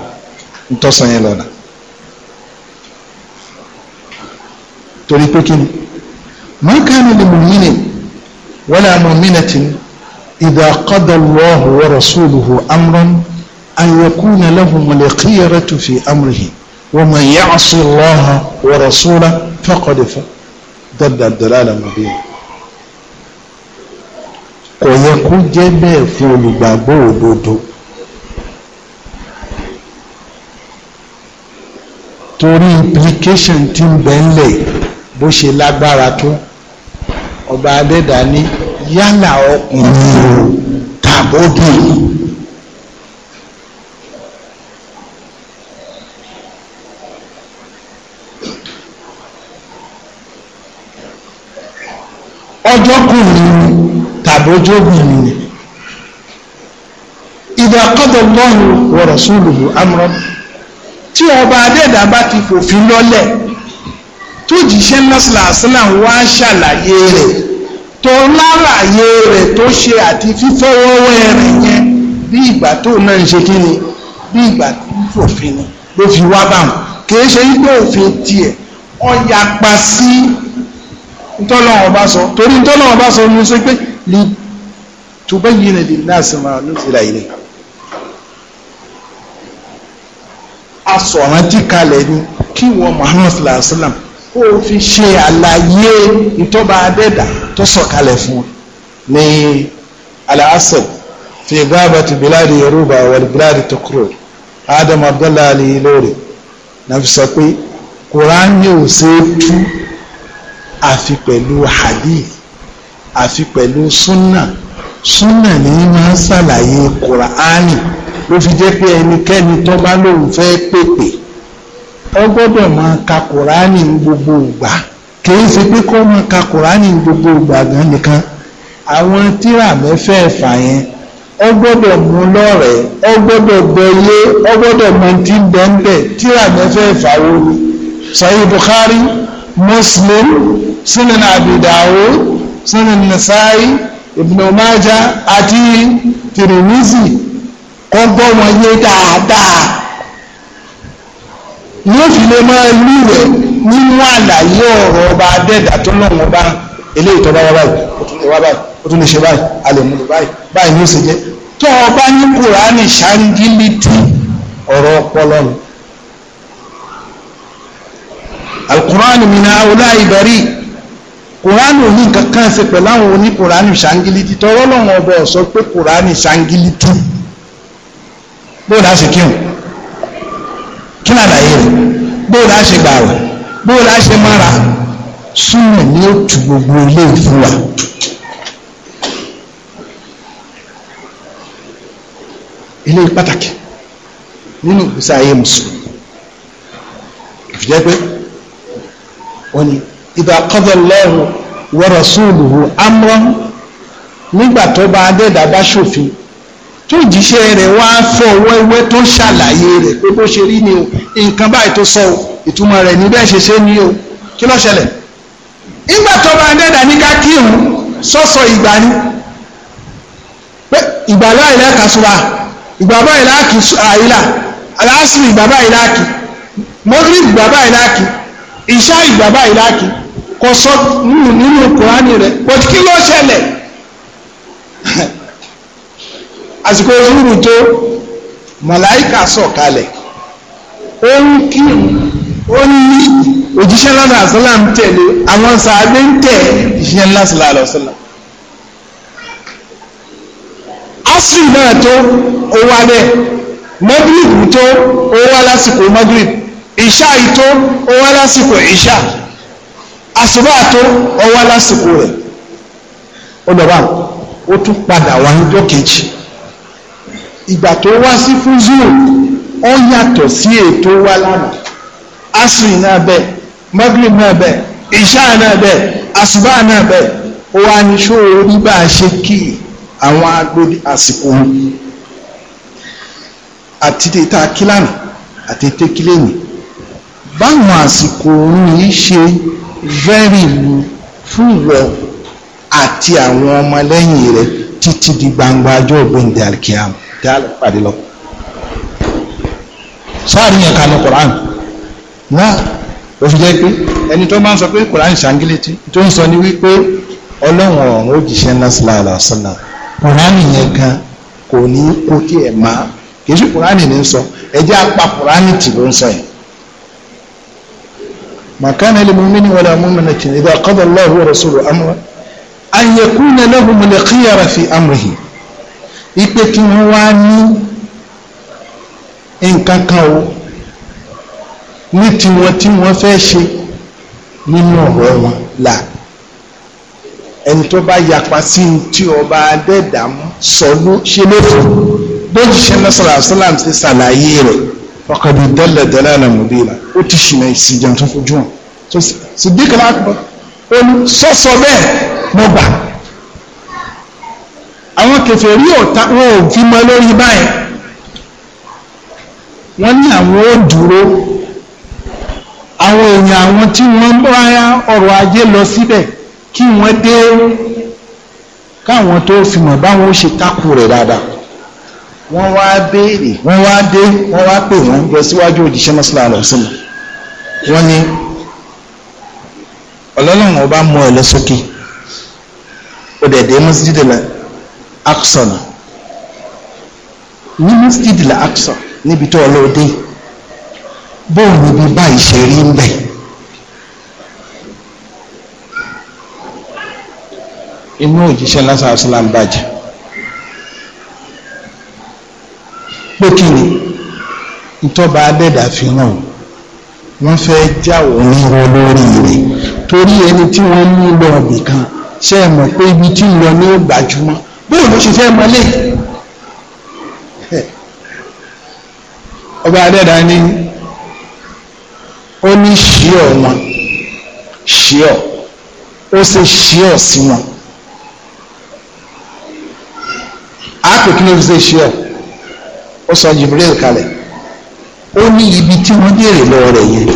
ń tọ́sán yẹn lọ́nà torí pé kí ni man kana lil mu'minin wala mu'minatin idha qada Allahu wa rasuluhu amran an yakuna lahumul khiyaratu fi amrihi wa man ya'si Allaha wa rasulahu faqad dalla dalalan mubina kò yẹ kó jẹ́ bẹ́ẹ̀ fún olùgbàgbọ́ òdodo torí implication tí ń bẹ ńlẹ̀ bó ṣe lágbára tó ọba adẹ́dà ní yálà ọkùnrin o tàbódì ọjọ́kùnrin àbójógbìn ni ìdá qada Allahu wa rasuluhu amran tí ọba adẹ́dà bá ti fòfin lọ́lẹ̀ tó jíṣẹ́ lọ́sàlàsílà wá ṣàlàyé rẹ̀ tó lálàyé rẹ̀ tó ṣe àti fífọwọ́wọ́ rẹ̀ yẹn bí ìgbà tó náà ń ṣe kí ni bí ìgbà tó fòfin ni ló fi wá báwọn kìí ṣe wípé òfin tiẹ̀ ọ yapa sí ntọ́lọ́wọ́n bá sọ torí ntọ́lọ́wọ́n bá sọ ní sọ pé litubayyina lin-nasi ma nuzila ilayhim asọ̀rántí kalẹ̀ ni kí wọ́n Muhammad sallallahu alayhi wa sallam kó o fi ṣe àlàyé ìtọ́ba adẹ́dà tó sọ̀kalẹ̀ fún ní al-asl fi ghabati biladi Yorùbá wal biladi tokoro Adam Abdullahi Ali Ilori na fi sọ pé Kùránì ò ṣe é tú àfi pẹ̀lú hadith àfi pẹ̀lú súnà súnà ní máa ṣàlàyé kùránì ló fi jẹ́ pé ẹnikẹ́ni tó bá lóun fẹ́ pèpè ó gbọ́dọ̀ máa ka kùránì gbogbo ìgbà kìí ṣe pé kó máa ka kùránì gbogbo ìgbà gan nìkan àwọn tíra mẹ́fẹ̀ẹ̀fà yẹn ó gbọ́dọ̀ mú lọ́rẹ̀ẹ́ ó gbọ́dọ̀ gbọ́yé ó gbọ́dọ̀ mọ tí ń bẹ́ ń bẹ̀ tíra mẹ́fẹ̀ẹ̀fà wo ni Sahih Bukhari Muslim Sunan Abi Dawud sọ́nà nasaayi ibn omaja àti tìrìmìsì kọ́ gbọ́ wọn yé dáadáa yóò fi lè máa lú rẹ̀ nínú àlàyé ọ̀rọ̀ ọba adẹ́dà tó lọ́wọ́ bá eléyìí tó bá wá báyìí ó tún lè ṣe báyìí a lè mú báyìí báyìí ni ó tó ọba ní kùránì ṣáńgílítì ọ̀rọ̀ ọpọlọ nù. alukùránì mi ọlá ìbẹ̀rì kùránì ò ní nǹkan kan ṣe pẹ̀lú àwọn oní kùránì ṣangilítì tọwọ́ lọ́wọ́ ọba ọ̀sọ́ pé kùránì ṣangilítì bóòdá ṣe kírun kí làlàyé rẹ̀ bóòdá ṣe gbààwẹ̀ bóòdá ṣe mára súnmọ̀ ní òtù gbogbo ilé ìfún wa. ilé pàtàkì nínú ìgbésí ayé mùsùlùmí ìfìjẹ́ pé wọ́n ní ìdá qadallahu wa rasuluhu amran nígbà tó bá adẹ́dà bá ṣòfin tó jíṣẹ́ rẹ̀ wá fọwọ́ ewé tó ṣàlàyé rẹ̀ pé bó ṣe rí ni o nǹkan báyìí tó sọ o ìtumọ̀ rẹ̀ ní bẹ́ẹ̀ ṣe ṣe ni o kí ló ṣẹlẹ̀ nígbà tó bá adẹ́dà ní ká sọ́sọ ìgbà ni pé ìgbà láì lẹ́ka ìgbà báyìí láàkì àìlà aláàsì ìgbà báyìí láàkì mọ́gírì ìgbà báyìí láàkì ìṣá ìgbà báyìí láàkì kò sọ nínú kùránì rẹ̀ but kí ló ṣẹlẹ̀ àsìkò ìṣúrù tó màláìkà sọ̀kalẹ̀ ó ń kírun ó ní òjíṣẹ́ lọ́nà àṣálà ń tẹ̀lé àwọn sàábé ń tẹ̀ ìṣẹ́ ńlá sílá àlọ́sílá asiri náà tó ó wá lẹ̀ magrib tó ó wá lásìkò magrib ìṣá ìtó ó wá lásìkò ìṣá àṣùbà tó ọwọ́ lásìkò rẹ̀ ó lọ bá ó tún padà wá ọjọ́ kejì ìgbà tó wá sí fúzù ó yàtọ̀ sí ètò wa lánàá asiri náà bẹ́ẹ̀ mọ́gìlì náà bẹ́ẹ̀ ìṣá náà bẹ́ẹ̀ àṣùbà náà bẹ́ẹ̀ ó wá ní ṣòro ní ṣe kí àwọn agbóni àsìkò àti tètè kílànà àti tètè kílẹ̀nì báwọn àsìkò òun yìí ṣe Very mu fún ìwọ àti àwọn ọmọlẹ́yìn rẹ títí di gbangba ajọ́ ògbóǹde alikiam tí a lè pàdé lọ. sáàrí yẹn kanu koran náà ó fi jẹ́ pé ẹni tó máa ń sọ pé koran ṣàǹgìlẹ̀tì tó ń sọ ni wípé ọlọ́run ọ̀run ó jìṣẹ́ ńlá sílá àlàsánà koran yẹn gan kò ní kókè ẹ̀ máa kì í ṣe koran ní sọ ẹ jẹ́ apá koran tì ló ń sọ yẹn. ما كان لمؤمن ولا مؤمنة إذا قضى الله ورسوله أمرا أن يكون لهم الخيار في أمره ipe kí wọ́n wá ní nǹkan kan o ní tiwọn tí wọ́n fẹ́ ṣe nínú ọ̀rọ̀ wọn là ẹni tó bá yapa sí tí ọba adẹ́dàmú sọ ló ṣe lófin bó jíṣẹ́ náà sọ̀rọ̀ àṣálàm ti ṣàlàyé rẹ̀ ọ̀kadì dẹ́lẹ̀ dẹ́lẹ̀ na mọ̀bílà ó ti ṣìnà ìsìjà tó fojú hàn so Siddiq Akbar olú sọ́sọ bẹ́ẹ̀ mo gbà àwọn kèfèrí ọ̀tá wọn ò fi mọ lórí báyìí wọ́n ní àwọn ó dúró àwọn èèyàn àwọn tí wọ́n bá ọrọ̀ ajé lọ síbẹ̀ kí wọ́n dé káwọn tó fi báwọn ó ṣe takù dáadáa wọ́n wá béèrè wọ́n wá dé wọ́n wá pè wọ́n lọ síwájú òjíṣẹ́ mọ́sálà àlọ́sílẹ̀ wọ́n ní ọlọ́lọ́run ọba mú ẹ lọ sókè ó dẹ̀ dé mọ́sídìdì la Aqsa nà ní mọ́sídìdì la níbi tó ọlọ́ọ̀dẹ́ bóun níbi báyìí ṣe rí ń bẹ̀. inú òjíṣẹ́ lásán àṣìlá ń bàjẹ́. pé kí ni ìtọ́ba adẹ́dà fi hàn wọ́n fẹ́ já òun rọ lórí rẹ̀ torí ẹni tí wọ́n mú lọ nìkan ṣe é mọ̀ pé ibi tí ń lọ ní ó gbajúmọ̀ bóyá ló ṣe fẹ́ mọ́lẹ̀ ọba adẹ́dà ni ó ní ṣíọ̀ wọn ṣíọ̀ ó ṣe ṣíọ̀ sí wọn àpò kí ló fi ṣe ṣíọ̀ ó sọ Jibril kalẹ̀ ó ní ibi tí wọ́n béèrè lọ́wọ́ rẹ̀ yẹn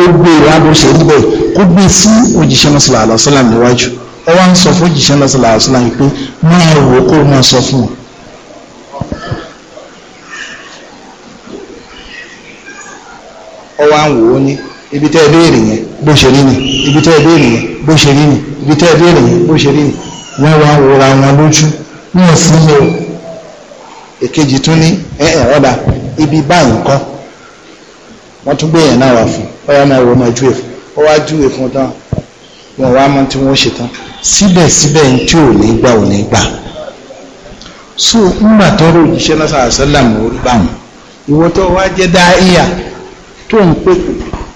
ó gbé rábùsẹ̀ níbẹ̀ ó gbé e sí òjíṣẹ́ náà sallallahu alaihi wasallam níwájú ó wá ń sọ fún òjíṣẹ́ náà sallallahu alaihi wasallam pé máa wò kó máa sọ fún un. ó wá ń wò ó ní ibi tẹ́ ẹ béèrè yẹn bó ṣe rí ni ibi tẹ́ ẹ béèrè yẹn bó ṣe rí ni ibi tẹ́ ẹ béèrè yẹn bó ṣe rí ni wọ́n wá wòra wọn lójú wọn ò fún mi èkejì tún ní ẹ̀ẹ́ ọ̀dà ibi báyìí kọ́ wọ́n tún gbé yẹn náà wá fún ọ̀yà máa wọ ọmọ ẹ̀jú ẹ̀fọ́ ó wá jú ẹ̀fọ́ tán wọn wá mọ tí wọ́n ṣe tán síbẹ̀síbẹ̀ ń tí ò ní gbà ò ní gbà so ńgbà tọrọ òjíṣẹ́ náà sàrà sálàmù orí bá wọn ìwọ tó wá jẹ́ dá ìyà tó ń pè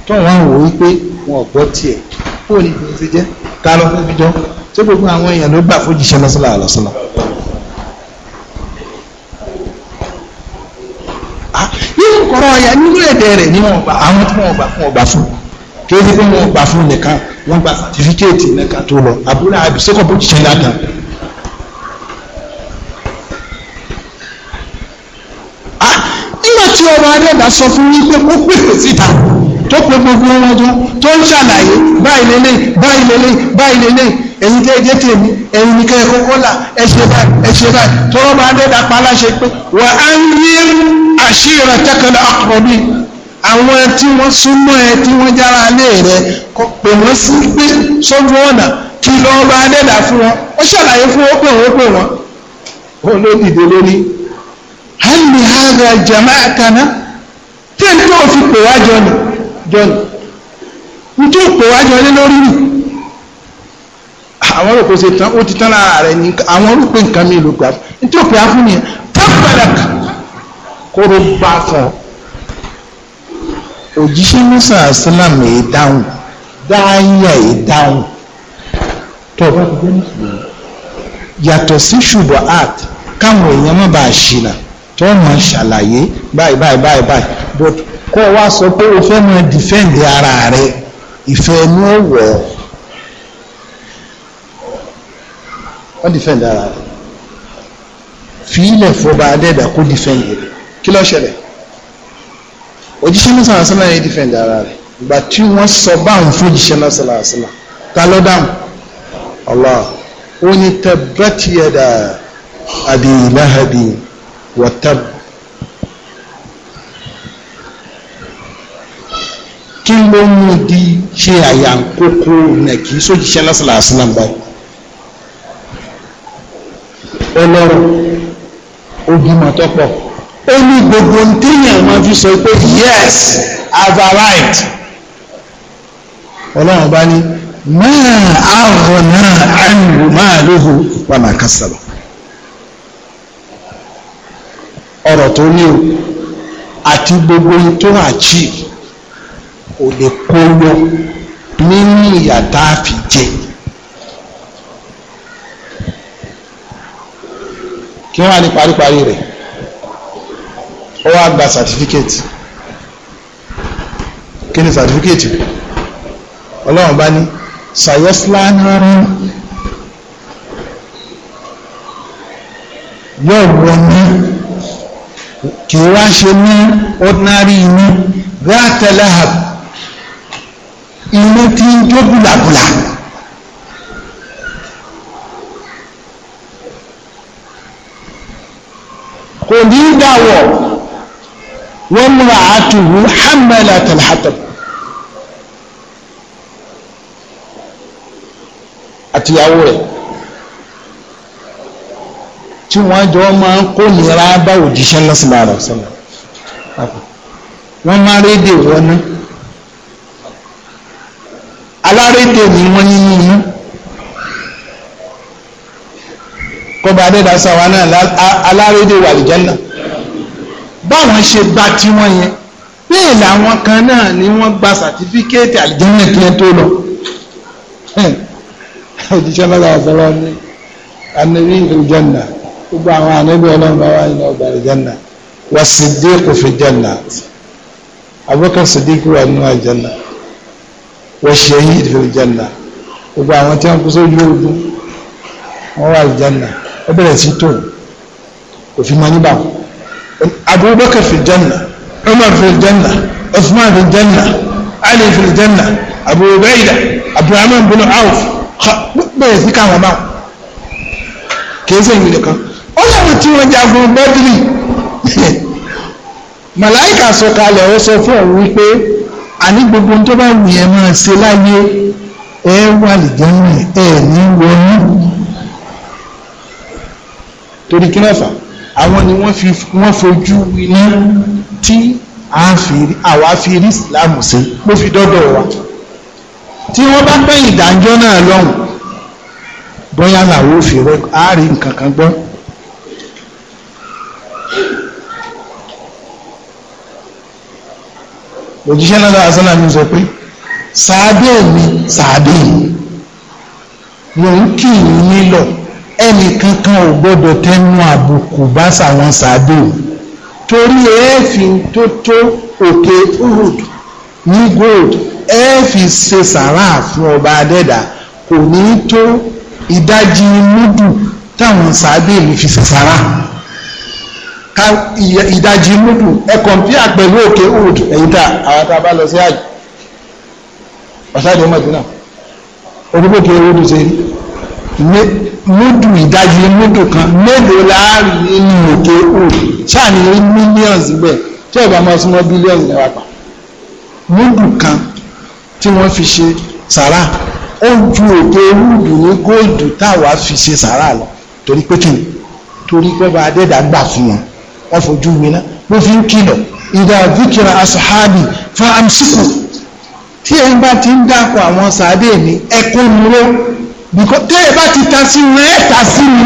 tó ń wá wò wípé wọn ò gbọ́ tiẹ̀ ó ní kí n ti jẹ́ ká lọ́ fún bíjọ́ tó gbogbo àwọn èèyàn ló gbà fún òjíṣẹ́ náà sàrà sálàmù kọ̀rọ̀ ọ̀yà nínú èdè rẹ̀ ní wọn gbà àwọn tí wọn gbà fún ọgbà fún kí ó ti pé wọn gbà fún nìkan wọn gba sàtífíkẹ́ẹ̀tì nìkan tó lọ àbúrò àbísẹ́kọ̀ bó jìṣẹ́ dáadáa. ah nígbà tí ọba adẹ́dà sọ fún mi pé ó pèsè síta tó pe gbogbo wọn jọ tó ń ṣàlàyé báyìí lélẹ̀ báyìí lélẹ̀ báyìí lélẹ̀ ẹ̀yin tẹ́ jẹ́ tèmi ẹ̀yin ní kẹ́ kọ́kọ́ là ẹ ṣe báyìí ẹ ṣe báyìí tọ́wọ́ bá dé dàpá aláṣẹ pé wà á ń yí àṣírà tẹ́kẹ̀lẹ́ àkọ́bí àwọn tí wọ́n súnmọ́ ẹ tí wọ́n jára lé rẹ kọ́ pè wọ́n sí pé sójú ọ̀nà kí lọ́wọ́ bá dé dà fún wọn ó ṣàlàyé fún wọn pé wọ́n pè wọ́n ó ló dìde lórí. hal li hadha jama'atana tí ẹni tó fi pè wá jọ nì jọ nì nítorí pè wá jọ lé lórí nì àwọn rò pé ṣe tán ó ti tán lára rẹ̀ ní àwọn rò pé nǹkan mi ló gbà fún tí ó pè á fún mi tábìlẹ̀ kó ló bá fún ọ òjíṣẹ́ musa asilam èyí dáhùn dáhàyà èyí dáhùn tó o bá ti jẹ́ mùsùlùmí yàtọ̀ sí ṣùgbọ́n art káwọn èèyàn má bàa ṣìnà tó máa ṣàlàyé báyìí báyìí báyìí báyìí but kó o wá sọ pé o fẹ́ máa dìfẹ́ǹdì ara rẹ ìfẹ́ inú ọ̀wọ́ wọ́n dìfẹ́ǹdì ara rẹ̀ fìlẹ̀ fọba adẹ́dà kó dìfẹ́ǹdì rẹ̀ kí ló ṣẹlẹ̀ òjíṣẹ́ náà sọ̀rọ̀ sọ́nà yẹn dìfẹ́ǹdì ara rẹ̀ ìgbà tí wọ́n sọ báwọn fún òjíṣẹ́ náà sọ̀rọ̀ sọ̀rọ̀ ta ló dáhùn Allah ó ní tabbat yada abi lahabi wa tab kí ló mú di ṣe àyànkókó nàkí sójíṣẹ́ náà sọ̀rọ̀ sọ̀rọ̀ báyìí ọlọ́rọ̀ ó bímọ tó pọ̀ ó ní gbogbo téèyàn máa fi sọ pé yes I've right. ọlọ́run bá ní máa àrùn náà àrùn máa lóhùn wà máa kásàbà ọ̀rọ̀ tó ní o àti gbogbo ohun tó achieve kò lè kó lọ nínú ìyà fi jẹ. kí wọ́n á ní paríparí rẹ̀ ó wá gba certificate kí ni certificate ọlọ́run bá ní sayosla náírà yóò wọ ní kì í wá ṣe ní ordinary inú gáàtẹ́lẹ́hàb inú tí ń jó bùlàbùlà. kò ní í dáwọ̀ wọ́n múra àtùwù hàmẹ́lẹ̀ àtàlàtà àtìyàwó rẹ̀ tí wọ́n jọ máa ń kó nira bá òjíṣẹ́ lọ́sọ̀lá rẹ̀ wọ́n máa rédè wọnú alárédè ni wọ́n nínú inú. kọba adẹ́dà sáwa náà alárédè wà lìjẹ́nà báwọn ṣe gba tiwọn yẹn bẹ́ẹ̀ làwọn kan náà ni wọ́n gba sàtífíkẹ́ẹ̀tì àlìjẹ́nà kí ẹ tó lọ òjíṣẹ́ náà lọ́wọ́ sọ́wọ́ ní anabi ìlìjẹ́nà gbogbo àwọn anabi ọlọ́run bá wà nínú ọgbà àlìjẹ́nà wà sídìkù fi jẹ́nà Abubakar sídìkù wà nínú àlìjẹ́nà wà ṣẹ́yìn ìlìjẹ́nà gbogbo àwọn tí wọ́n kú sójú ogun wọ́n wà àlìjẹ́nà ó bẹ̀rẹ̀ sí tó kò fi máa níbà Abubakar fi janna Umar fi janna Usman fi janna Ali fi janna Abu Ubaida Abdurrahman bin Auf bẹ̀rẹ̀ sí káwọn bá kìí sẹ́yìn nìkan ó láwọn tí wọ́n jagun Badri màláìkà sọ̀kalẹ̀ ó sọ fún ọ̀run wípé àní gbogbo tó bá wù ẹ́ máa ṣe láyé ẹ wà lè jẹun ní wọnú torí kí ló fà àwọn ni wọ́n fi wọ́n fojú iná tí àwa fi rí islam sí ló fi dọ́dọ̀ wa tí wọ́n bá pẹ́ ìdájọ́ náà lọ́hùn bóyá làwọn ò fi rẹ àárín nǹkan kan gbọ́. òjíṣẹ́ náà asọ́nà mi sọ pé sàádé mi sàádé mi mò ń kì í nílò ẹnì kankan ò gbọ́dọ̀ tẹnu àbùkù bá sàwọn sàádé o torí èéfín tó tó òkè Uhud ní gold èéfín ṣe sàrà fún ọba adẹ́dà kò ní tó ìdajì múdù táwọn sàádé mi fi ṣe sàrà ká ìdajì múdù ẹ kọ̀m̀píà pẹ̀lú òkè Uhud ẹ̀yìn tá àwọn tá a bá lọ sí àjò ọ̀sádìí ọmọdé náà orúkọ òkè ṣe rí múdù ìdajì múdù kan mélòó láàrin nínú òkè ò ṣáàní millions bẹ́ẹ̀ tí ọ̀gá máa súnmọ́ billions ní wàpà múdù kan tí wọ́n fi ṣe sàrà ó ju òkè múdù ní góòdù táwa fi ṣe sàrà lọ torí pé kí ni torí pé bá adẹ́dà gbà fún wọn wọ́n fojú winá ló fi ń kìlọ̀ ìdá zikira asahabi fa amsiku tí ẹ̀ ń bá ti ń dákọ̀ àwọn sàádé mi ẹ̀kọ́ nuró because tẹ́ ẹ bá ti ta sí mi ẹ ta sí mi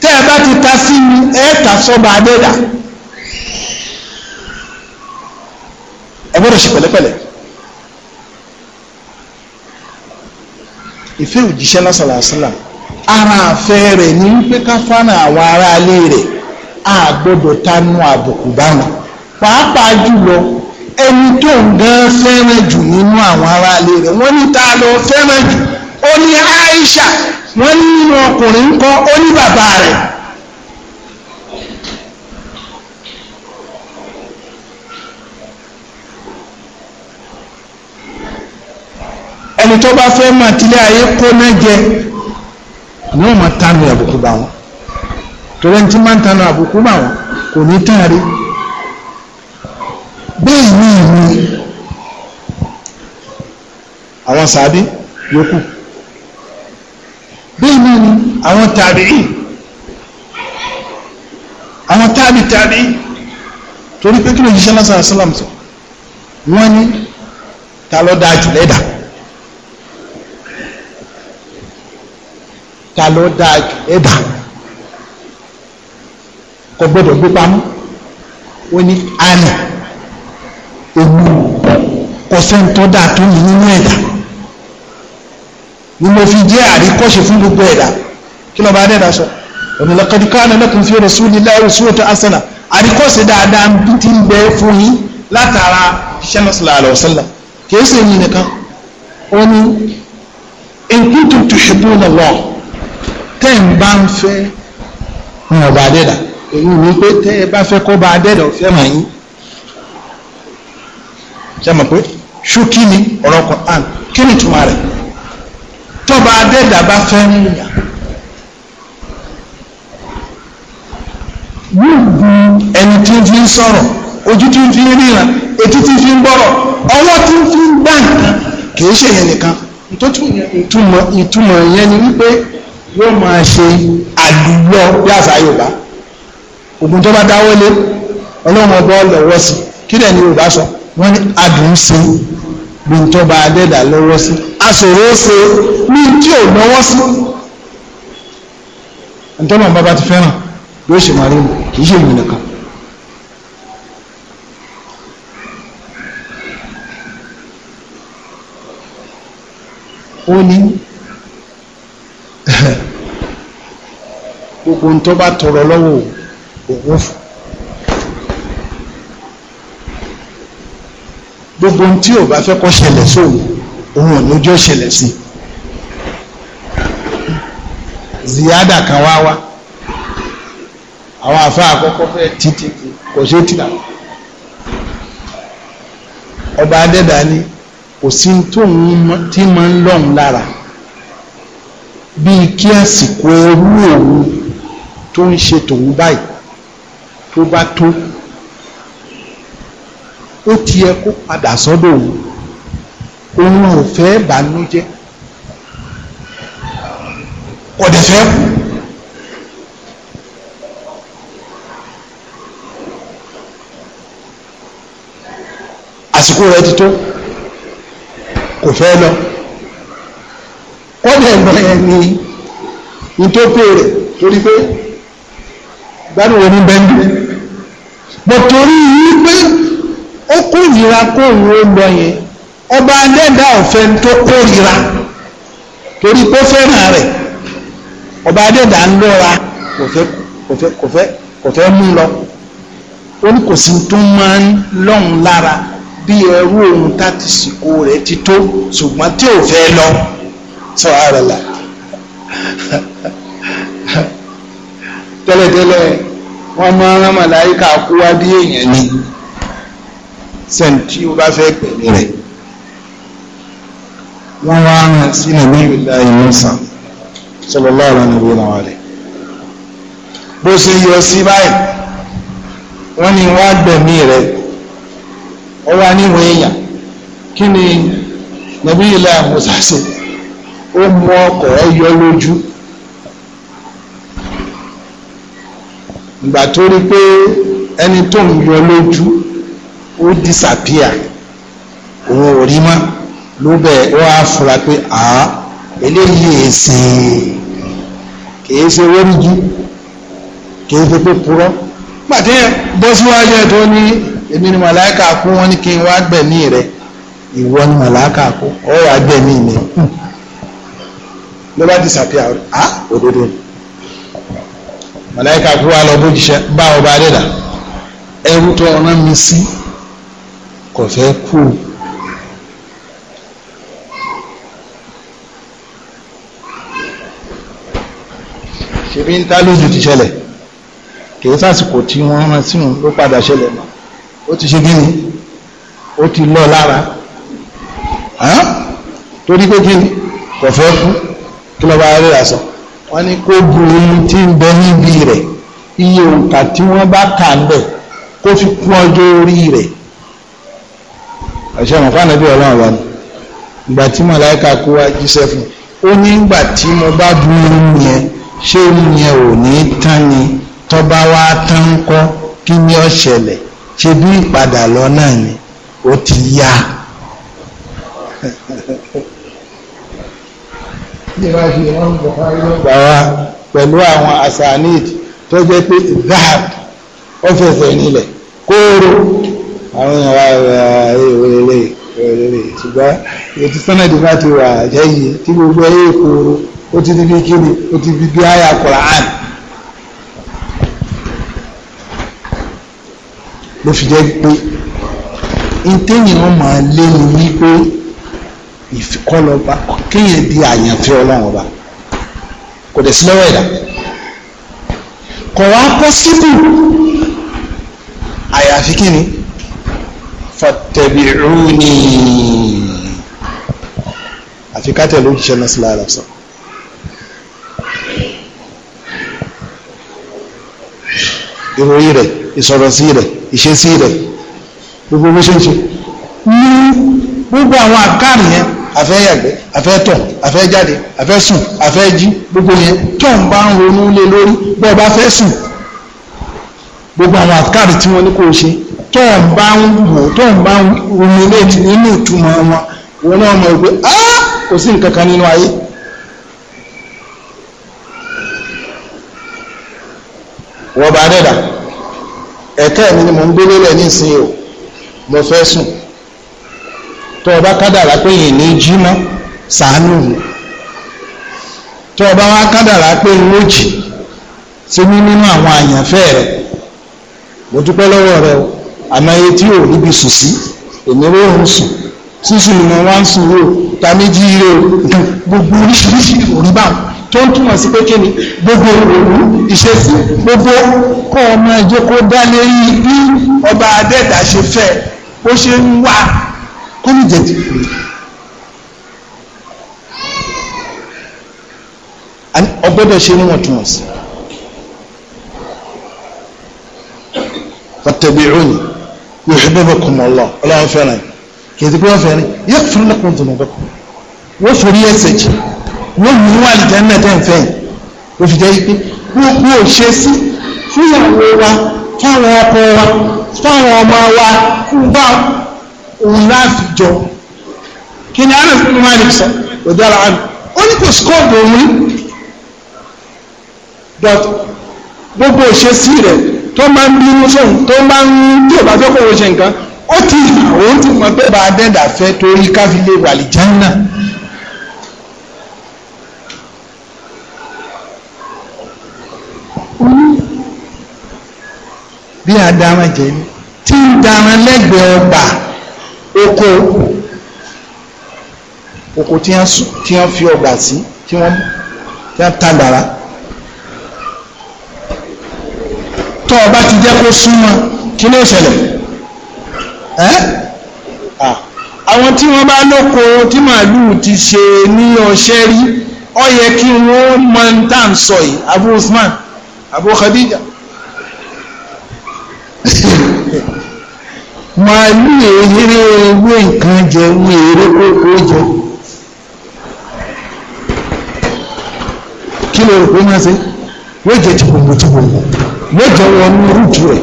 tẹ́ ẹ bá ti ta sí mi ẹ ta sọ́ba adẹ́dà ẹ gbọ́dọ̀ ṣe pẹ̀lẹ́pẹ̀lẹ́ ìfẹ́ òjíṣẹ́ lásàlá àṣàlá ara àfẹ́ rẹ̀ ní wípé ká fánà àwọn aráalé rẹ̀ a gbọ́dọ̀ tánú àbùkù bá pàápàá jùlọ ẹni tó ń gan fẹ́ràn jù nínú àwọn aráalé rẹ̀ wọ́n ní ta ló fẹ́ràn jù ó ní Aisha wọ́n nínú ọkùnrin kọ́ ó ní bàbá rẹ̀ ẹni tó bá fẹ́ mọ̀ tílé ayé kó náà jẹ ní ọmọ tánu àbùkù bá wọn torí ẹni tí máa ń tánu àbùkù bá wọn kò ní tán bẹ́ẹ̀ ni ìlú àwọn sàbí yòókù bẹ́ẹ̀ náà ni àwọn tàbíì àwọn tàbí tàbí torí pé kí ló jíṣẹ́ lásán àṣálàm sọ wọ́n ní ta ló dáa jù lẹ́dà ta ló dáa jù lẹ́dà kò gbọdọ̀ gbé pamọ́ ó ní àná èmi kò sẹ́ni tó dáa tó yìí nínú ẹ̀dá ni mo fi jẹ́ àríkọ́ṣe fún gbogbo ẹ̀dá kí lọ́ba adẹ́dà sọ ọ̀nà laqad kana lakum fi rasulillahi uswatun hasana àríkọ́ṣe dáadáa ti ń bẹ fún yín látara sallallahu alaihi wasallam kìí sì yín nìkan ó ní in kuntum tuhibbuna Allah tẹ́ ń bá ń fẹ́ ọba adẹ́dà èyí ni pé tẹ́ ẹ bá fẹ́ kọ́ ba adẹ́dà ọ̀fẹ́ mọ̀ yín ṣe mọ̀ pé ṣú kí ni ọ̀rọ̀ Qur'an kí ni ìtumọ̀ rẹ̀ tọ́ba adẹ́dà bá fẹ́ rìnyà yóò bu ẹni tí ń fi ń sọ̀rọ̀ ojú tí ń fi ń ríran etí tí ń fi ń gbọ́rọ̀ ọwọ́ tí ń fi ń gbà nǹkan kì ṣe yẹn nìkan ìtumọ̀ yẹn ni wípé yóò máa ṣe àdúgbò bí àṣà Yorùbá ògùn tó bá dáwọ́lé ọlọ́run ọba lọ́wọ́ sí kí dẹ̀ Yorùbá sọ wọ́n ní adùn sí gbòǹtọ́ba adẹ́dà lọ́wọ́ sí asòro ṣe ní tí ò náwó sí. ntọ́nà bàbá ti fẹ́ràn yóò ṣe máa rí mi kì í ṣe èmi nìkan. ó ní gbogbo ń tó bá tọrọ lọ́wọ́ òwò fún gbogbo tí ò bá fẹ́ kó ṣẹlẹ̀ sóhun òun ò ní ojú ọ̀ṣẹlẹ̀ sí ziyada kan wá wá àwọn àfa àkọ́kọ́ fẹ́ títí kò ṣe tìlà ọba adẹ́dà ni kò sí tóun tí máa ń lọ́hùn lára bíi kí àsìkò ẹrú òun tó ń ṣe tòun báyìí tó bá tó ó ti yẹ kó padà sọ́dọ̀ òun òun ò fẹ́ bànújẹ́ ọ̀dẹ̀ fẹ́ kú. àsìkò rẹ̀ ti tó kò fẹ́ lọ ọ̀dẹ̀ bẹ̀rẹ̀ ni ntókè rẹ̀ torí pé gbádùn omi bẹ́ńdú bọ̀ torí yìí pé ó kórìíra kóòrùn ó lọ yẹn ọba adẹ́dá ọ̀fẹ́ tó kórira torí pé fẹ́ràn rẹ̀ ọba adẹ́dá ń lọ́ra kò fẹ́ mú lọ ó ní kò sí tó máa ń lọ́hùn lára bí ẹrú ohun táti sìnkú rẹ̀ ti tó ṣùgbọ́n tí ò fẹ́ lọ sọ ara la tẹ́lẹ̀tẹ́lẹ̀ wọ́n máa ń rán màláyíká kú wá bí èèyàn ni sẹ́ni tí ó bá fẹ́ pẹ̀lú rẹ̀ wọ́n wá rán sí nàbí ìlà ìmọ̀sà sallallahu alaihi wa alihi bó ṣe yọ sí báyìí wọ́n ní wọ́n gbẹ̀mí rẹ̀ ó wá níwọ̀n èèyàn kí ni nàbí ìgbà tó rí pé ẹni tó ń yọ lójú ó disappear òun ò rí ló bẹ̀ wọ́n á fura pé à eléyìí èsì kìí ṣe wọ́rìjú kìí ṣe pé purọ́ pàtí bọ́ síwájú ẹ̀ tó ní èmi ni màláìka kú wọ́n ní kí n wá gbẹ̀mí rẹ̀ ìwọ ni màláìka kú ọ̀ wá gbẹ̀mí mi ló bá disappear ah òdodo ni màláìka kú wa lọ bójúṣe bá ọba adéda ẹrú tó ọ̀nà mi sí kò fẹ́ kú ṣebí ń tá lóṣù ti ṣẹlẹ̀ kìí sásìkò tí wọ́n rán sínú ló padà ṣẹlẹ̀ mọ́ ó ti ṣe gíní ó ti lọ lára torí pé gíní kò fẹ́ kú kí lọ́ba rírà sọ wọ́n ní kó bu tí ń bẹ níbi rẹ̀ iye òǹkà tí wọ́n bá kà ń bẹ̀ kó fi kún ọjọ́ orí rẹ̀ àṣẹ mọ̀fá nàbí ọlọ́run wa ni ìgbà tí màláìka kó wá jíṣẹ́ fún ó ní ìgbà tí mo bá bu omi ṣé yẹn ò ní tán ni tọ́ba wa tán kọ́ kí ni ó ṣẹlẹ̀ ṣe bí ìpadà lọ náà ni ó ti yá. pẹ̀lú àwọn asanid tó jẹ́ pé zahab ó fẹsẹ̀ nílẹ̀ kóòrò àwọn èèyàn wa èrè èrè ṣùgbọ́n ètò sánàdì bá ti wà jẹ́yìí tí gbogbo ẹ̀ kóòrò ó ti di bí kíni ó ti di bí àyà Qur'an ló fi jẹ́ pé ntẹ́yìn wọn máa lé ní wípé ìfikọ́lọ́ba kéèyàn di àyànfẹ́ ọlọ́run ọba kò dẹ̀ sí lọ́wọ́ ẹ̀dá kò wá pọ́sibú àyàfi kíni fattabi'uni àfi ká tẹ̀lé òjíṣẹ́ náà sílára ọ̀sán. ìròyìn rẹ̀ ìsọ̀rọ̀sí rẹ̀ ìṣesí rẹ̀ gbogbo bó ṣe ń ṣe ní gbogbo àwọn àkáàrí yẹn afẹ́ yàgbẹ́ afẹ́ tọ̀ afẹ́ jáde afẹ́ sùn afẹ́ jí gbogbo yẹn tó ń bá ń ronú lé lórí bó o fẹ́ sùn gbogbo àwọn àkáàrí tí wọ́n ní kó ṣe tó ń bá ń wò tó ń bá ń ronú lé nínú ìtumọ̀ wọn wọn náà mọ̀ pé kò sí nǹkan kan nínú ayé. wọ́n bá dẹ́dà ẹ̀kẹ́ mi ni mò ń gbé lélẹ̀ nísìnyí o mo fẹ́ sùn tó o bá kádàrá pé yìí ní jí mọ́ sàánú mi tó o bá wá pé ìwé jì sí mi nínú àwọn àyànfẹ́ rẹ mo dúpẹ́ lọ́wọ́ rẹ o àmọ́ iye tí ò níbi sùn sí èmi ló ń sùn sísùn ni mo wá ń sùn o ta méjì rẹ o gbogbo oríṣiríṣi ìròyìn báwọn tó ń túmọ̀ sí pé kí ni gbogbo ìrònú ìṣesí gbogbo kọ́ ọmọ ẹjọ́ kó dá lérí bí ọba adẹ́ẹ̀dá ṣe fẹ́ ó ṣe ń wá kó ní jẹ̀dí. ọgbọ́dọ̀ ṣe mú ọ̀túnwọ̀sí fattabi'uni yuhibbukum Allah ọlọ́run fẹ́ràn kì í ti pé wọ́n fẹ́ràn yóò fún lẹ́kùn tó nà bẹ́kùn wọ́n forí ẹsẹ̀ jì wọ́n mú wà lìjẹ́ náà tẹ́ ń fẹ́ ó fi jẹ́ pé gbogbo òṣè sí fúyàwó wa fáwọn ọkọ wa fáwọn ọmọ wa fún bá òun láàfin jọ kí ni àná fún wa lè sọ òdára àná ó ní kò skóòbù òun gbogbo òṣè sí rẹ̀ tó máa ń bínú sóhun tó máa ń tí ò bá fẹ́ kó o ṣe nǹkan ó ti òun ti mọ bẹ́ẹ̀ bá dẹ́dà fẹ́ torí káfílẹ̀ wàlìjánná. bí adaran jẹ ni tí ń daran lẹ́gbẹ̀ẹ́ ọgbà oko oko tí wọ́n fi ọgbà sí tí wọ́n tagbara tọ́ ọba ti jẹ́ kó súnmọ́ kí ló ṣẹlẹ̀ ẹ́ àwọn tí wọ́n bá lóko tí màálùú ti ṣe ní ọṣẹ́ rí ó yẹ kí wọ́n mọ̀ ń tà ń sọ yìí Abu Usman Abu Khadija màálù eré ewé nǹkan jẹ ní eré kókó jẹ kí ló rò pé máa ṣe wọ́n jẹ tìbòmù tìbòmù wọ́n jẹ wọnú rútu rẹ̀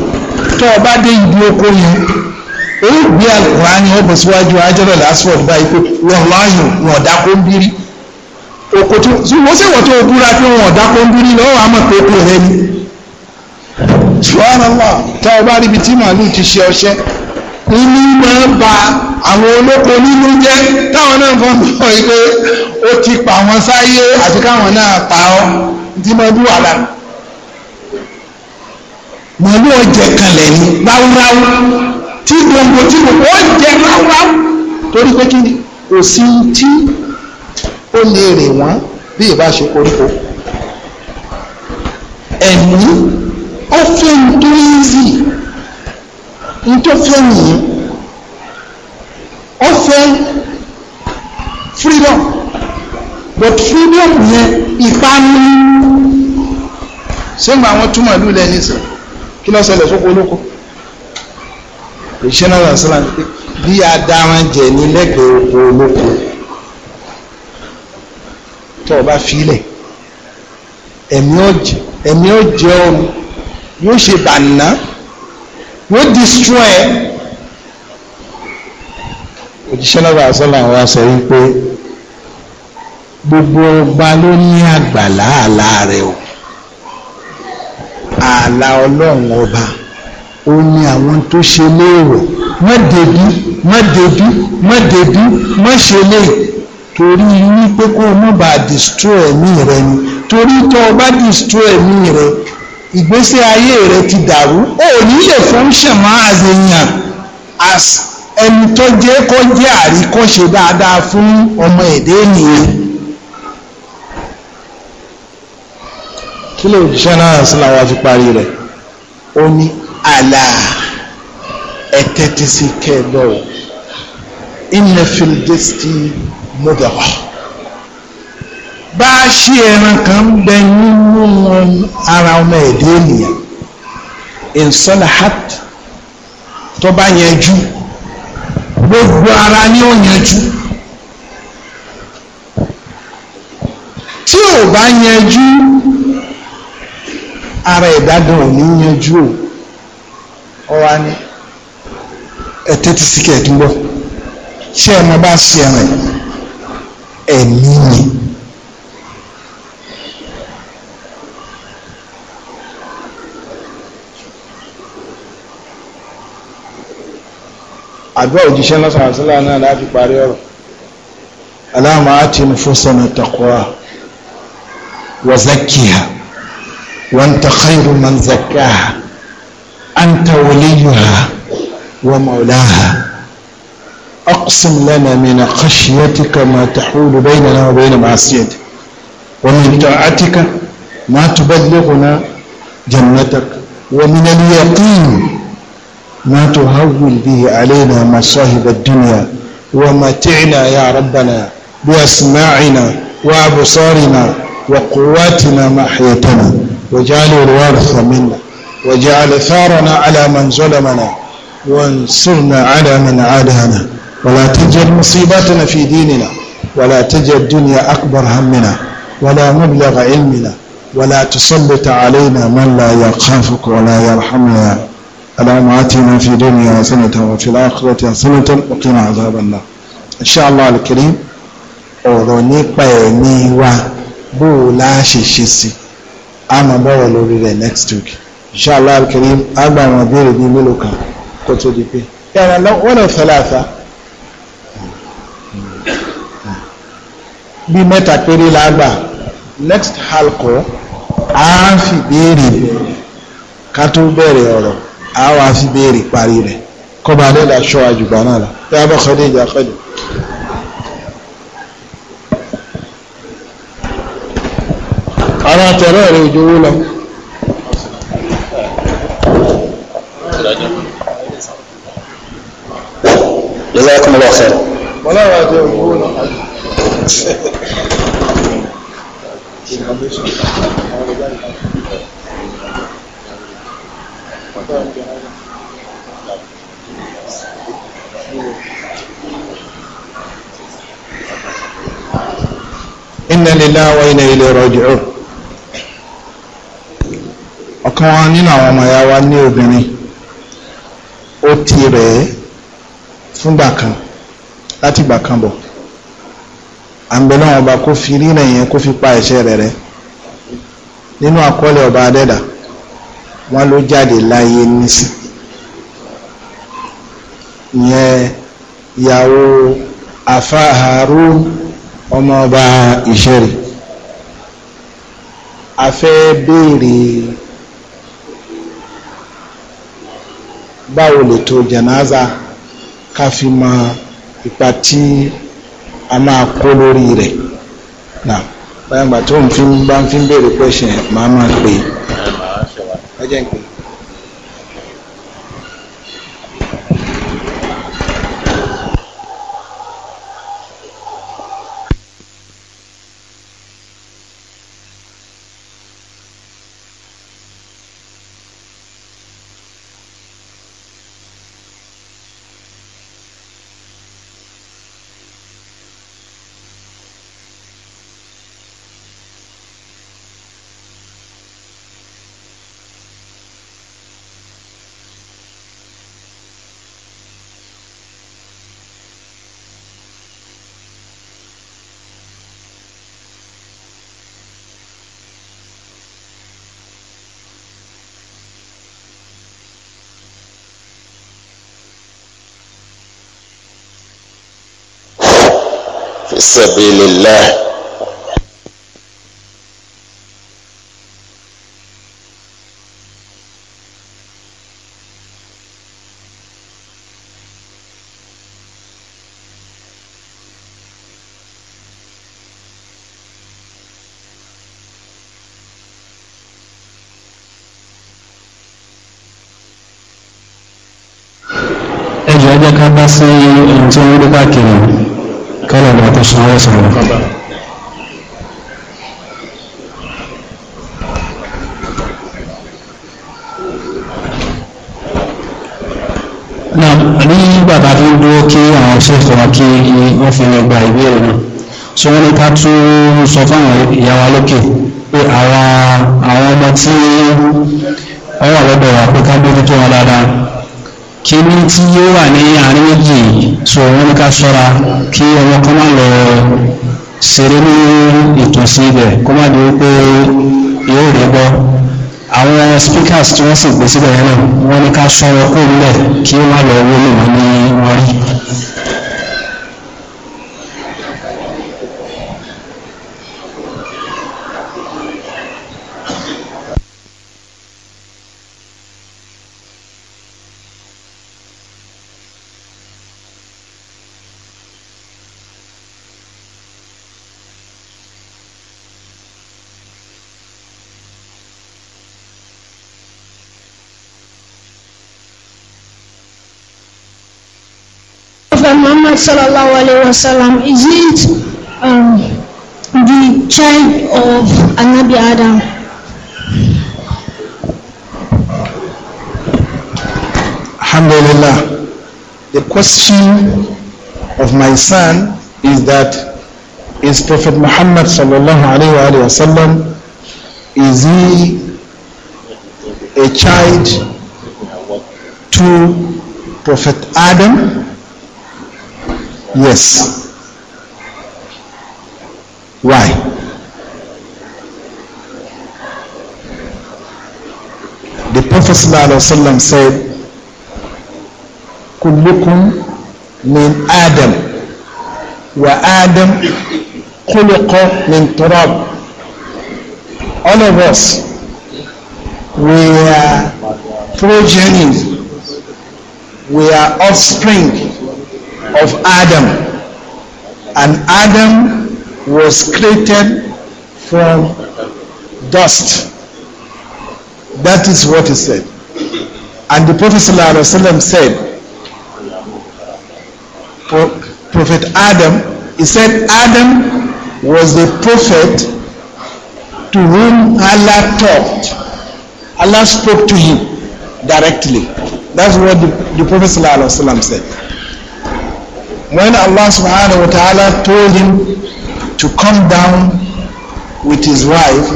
tó o bá dé ibi oko yẹn ó gbé àkùrá ni wọ́n bọ̀ síwájú ajọ́rọ̀ lásìwọ̀n báyìí pé wọ́n láàyò wọ́n dákó ń bírí oko wọ́n ṣèwọ́ tó o búra pé wọ́n dákó ń bírí lọ́wọ́ àmọ̀ pé ó pè rẹ ni subhanallah tá a bá rí ibi tí màálù ti ṣe ọṣẹ inú máa ń ba àwọn olóko nínú jẹ́ táwọn náà fọ́n bọ̀ yìí pé ó ti pa àwọn sáyé àti káwọn náà pa ọ́ tí mo bú wàhálà màálù ọ̀jẹ̀ kanlẹ̀ ni ráúráú tí gbogbo tí gbogbo ọ̀jẹ̀ ráúráú torí pé kí ni kò sí tí ó lè rìn wọ́n bí ìbá ṣe koríko ẹ̀mí ó fẹ́ ń tó easy ń tó fẹ́ freedom but freedom yẹn ìpanu sẹ́gbà àwọn túmọ̀ ìlú lẹ́ni sọ kí lọ́sọ̀ lẹ̀ sóko olóko ìṣẹ́nà lọ́sọ̀lá bí adarun jẹ ní lẹ́gbẹ̀ẹ́ oko olóko tó o bá filẹ̀ ẹ̀mí ọ̀jẹ̀ ẹ̀mí ọ̀jẹ̀ ọ̀run yóò ṣe bàná yóò destroy òjíṣẹ́ náà àṣọlá wa sọ wípé gbogbo ọba ló ní àgbàlá àlá rẹ̀ o àlá ọlọ́run ọba ó ní àwọn tó ṣe léèwọ̀ má débí má débí má débí má ṣe léè torí wípé kó o má bàa destroy ẹ̀mí rẹ ni torí tó o bá destroy ẹ̀mí rẹ ìgbésí ayé rẹ ti dàrú ó ní lè function mọ́ àzèyàn as ẹni tó jẹ́ kó jẹ́ àríkọ́ṣe dáadáa fún ọmọ èdè nìyẹn. kí ló òjíṣẹ́ náà sí làwọn fi parí rẹ̀ ó ní àlà ẹ̀tẹ́tẹ́sí kẹ́ẹ̀dọ̀ ìnẹ̀fìlìdẹ́sítì mọ́gàwá bá a ṣí ẹran kan ń bẹ nínú ara ọmọ ẹ̀dá ènìyàn insalahat tó bá yanjú gbogbo ara ni ó yanjú tí ò bá yanjú ara ìdádùn ò ní yanjú o ọ wá ní ẹ tẹ́tí sí kẹ̀ẹ́dúgbọ́ ṣé ẹ mọ bá ṣe ẹ̀rìn ẹ̀mí ni. àdúrà òjíṣẹ́ lọ́sàn àṣílá náà láti parí ọ̀rọ̀ aláàmà àti nufusana taqwa wa zakkiha wa anta khayru man zakkaha anta waliyuha wa maulaha aqsim lana min khashyatika ma tahulu baynana wa bayna ma'asiyatik wa min ta'atika ma tuballighuna jannatak wa min al-yaqin ما تهول به علينا مصاهب الدنيا ومتعنا يا ربنا بأسماعنا وأبصارنا وقواتنا ما أحيتنا واجعله الوارث منا واجعل ثارنا على من ظلمنا وانصرنا على من عادانا ولا تجعل مصيباتنا في ديننا ولا تجعل الدنيا أكبر همنا ولا مبلغ علمنا ولا تسلط علينا من لا يخافك ولا يرحمنا اللهم آتنا في دنيا حسنة وفي الآخرة حسنة وقنا عذاب النار إن شاء الله الكريم ọ̀rọ̀ nípa ẹ̀mí wa bó o láṣẹṣe sí a máa bọ̀rọ̀ lórí rẹ̀ next week insha Allah al-karim a gba àwọn ìbéèrè bíi mélòó kan kó tó di pé yàrá wọ́n lè fẹ́ láàfá bíi mẹ́ta péré la gbà next halkọ́ a fi béèrè ká tó bẹ̀rẹ̀ ọ̀rọ̀ a wá fi béèrè parí rẹ̀ kọba adẹ́dà ṣọ́ àjùgbà náà lọ yá bá Khadija Khadija. ara tẹ̀rọ rẹ̀ òjò wó lọ. جزاكم الله inna lillahi wa inna ilayhi raji'un ọ̀kan wa nínú àwọn ọmọ ya wa ní obìnrin ó ti rẹ̀ ẹ́ fúngbà kan láti gbà kan bọ̀ àǹbẹ̀lẹ̀ ọba kó fi rírẹ̀ yẹn kó fi pa ẹ̀ṣẹ̀ rẹ̀ rẹ̀ nínú àkọọ́lẹ̀ ọba adẹ́dàá wọ́n ló jáde láyé nísìn ìyẹn ìyàwó afa Harun ọmọọba ìṣẹ̀rì a fẹ́ béèrè báwo lètò jẹ̀náza ká fi mọ ipa tí a máa kó lórí rẹ̀ náà báyọ̀ gbà tó ń fi bá ń fi béèrè pẹ̀ṣẹ̀ máa máa pè é. Dziękuję. سبيل الله ẹjọ́ ẹjẹ́ ká bá sí ohun tí wọ́n ń gbé káàkiri kọ́lọ̀ bá kó sanwó sanwó. náà ní bàbá tó ń dúró kí àwọn ṣe fọwọ́ kí wọ́n fi gba ìbéèrè náà ṣé wọ́n ní ká tún sọ fáwọn ìyá wa lókè pé àwọn ọmọ tí wọ́n wà lọ́dọ̀ wa pé ká tó wọn dáadáa kíní tí yóò wà ní àárín méjì so wọ́n ní ká ṣọ́ra kí ọmọ kan má lọ ṣeré ní ìtòsí ibẹ̀ kó má di wípé yóò rí bọ́ àwọn speakers tí wọ́n sì gbé síbẹ̀ yẹn náà wọ́n ní ká ṣọ́ra kó ń lẹ̀ kí ó lọ wọlé wọn ní wọn rí. wasallam, is it um, the child of Anabi Adam? Alhamdulillah. The question of my son is that is Prophet Muhammad sallallahu alaihi wasallam is he a child to Prophet Adam? Yes. Why? The Prophet Sallallahu Alaihi ﷺ said, min Adam wa Adam خلق min تراب all of us we are progenies we are offspring of Adam and Adam was created from dust that is what he said and the Prophet ﷺ said Prophet Adam he said Adam was the prophet to whom Allah talked Allah spoke to him directly that's what the, the Prophet ﷺ said when Allah subhanahu wa ta'ala told him to come down with his wife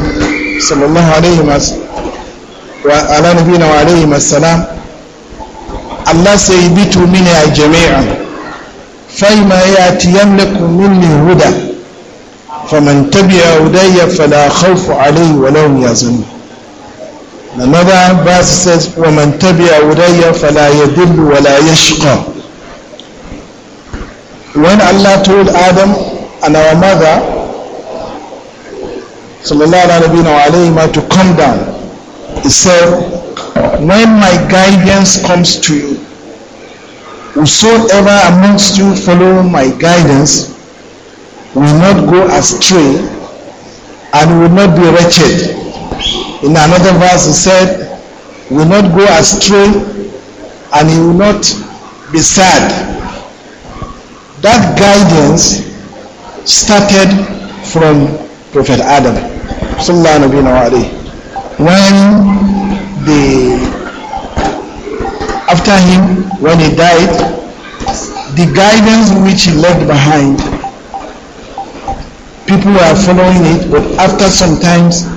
sallallahu alayhi wa sallam Allah said bitu minha jami'an ma يأتين لكم مني huda, فمن tabi'a هدايا فلا خوف عليه ولا هم يحزنون Another verse says, وَمَنْ تَبِعَ هُدَيَّ فَلَا يَضِلُّ وَلَا يَشْقَى When Allah told Adam and our mother, sallallahu alayhi wa to come down, He said, When my guidance comes to you, whosoever amongst you follow my guidance will not go astray and will not be wretched. In another verse, he said, Will not go astray and he will not be sad. That guidance started from Prophet Adam. When the after him, when he died, the guidance which he left behind, people were following it, but after some times,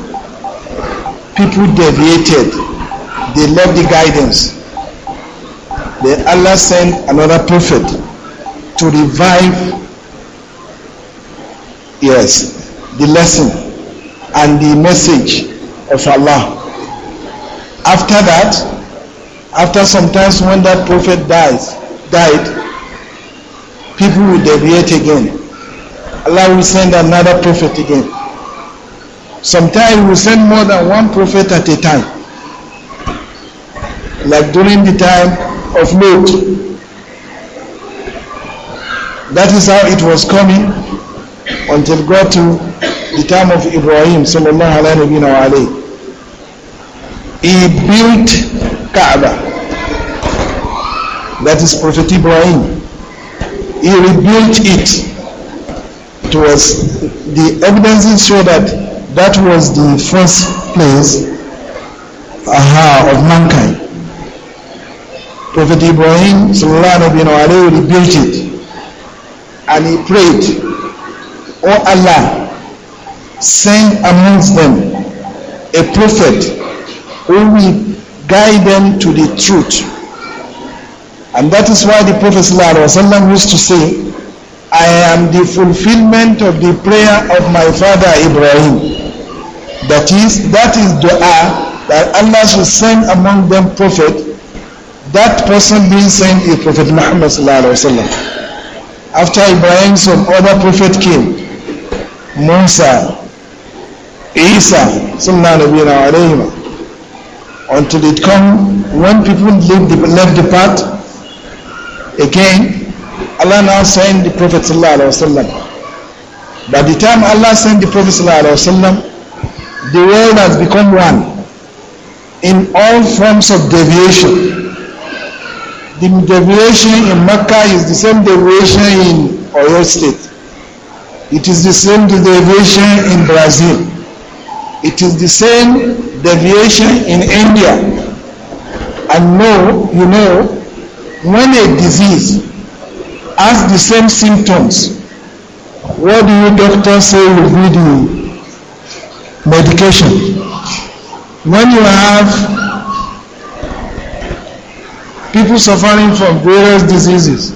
people deviated. They left the guidance. Then Allah sent another prophet to revive yes the lesson and the message of Allah after that after sometimes when that prophet dies died people will deviate again Allah will send another prophet again sometimes he will send more than one prophet at a time like during the time of Lot That is how it was coming until got to the time of Ibrahim sallallahu alayhi wa alayhi. He built Kaaba. That is Prophet Ibrahim. He rebuilt it. It was the evidences show that that was the first place aha, of mankind. Prophet Ibrahim sallallahu alayhi wa alayhi rebuilt it and he prayed, Oh Allah, send amongst them a prophet who will guide them to the truth. And that is why the Prophet Sallallahu Alaihi Wasallam used to say, I am the fulfilment of the prayer of my father Ibrahim. That is, that is dua that Allah should send among them prophet. That person being sent is Prophet Muhammad sallallahu alaihi wasallam. After Ibrahim, some other prophet came. Musa, Isa, until it come when people leave the, left the path again Allah now sent the Prophet Sallallahu wasallam. by the time Allah sent the Prophet Sallallahu wasallam, the world has become one in all forms of deviation The deviation in Mecca is the same deviation in Oyo State. It is the same deviation in Brazil. It is the same deviation in India. And no, you know, when a disease has the same symptoms, what do you doctors say will be the medication? When you have people suffering from various diseases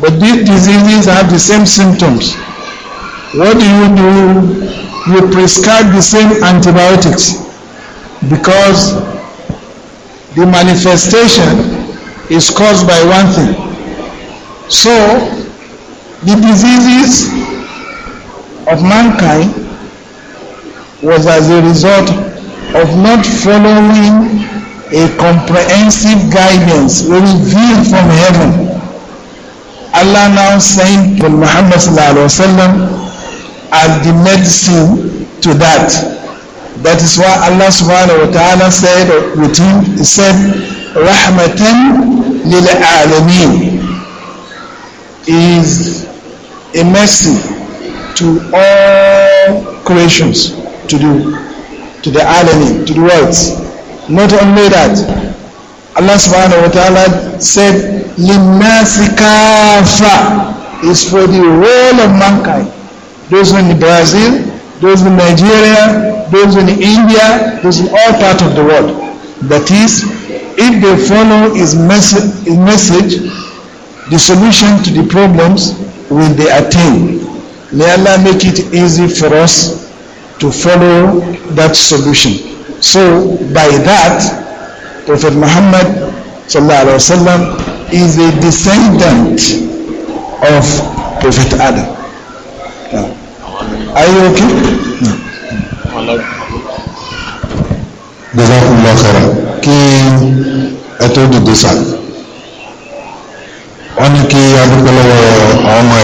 but these diseases have the same symptoms what do you do you prescribe the same antibiotics because the manifestation is caused by one thing so the diseases of mankind was as a result of not following a comprehensive guidance revealed from heaven Allah now sent Muhammad sallallahu alaihi wasallam as the medicine to that that is why Allah subhanahu wa ta'ala said with him he said rahmatan lil alamin is a mercy to all creations to do to the alamin to the worlds Not only that, Allah subhanahu wa ta'ala said, Linnasi kafa is for the whole of mankind. Those in Brazil, those in Nigeria, those in India, those in all parts of the world. That is, if they follow his, mes his message, the solution to the problems will they attain. May Allah make it easy for us to follow that solution. So by that, Prophet Muhammad wasallam is a descendant of Prophet Adam. Now, are you okay? No. Jazakumullah khairan. Kí ẹ tó dìde sá. Wọ́n ní kí adúgbò lọ́wọ́ àwọn ọmọ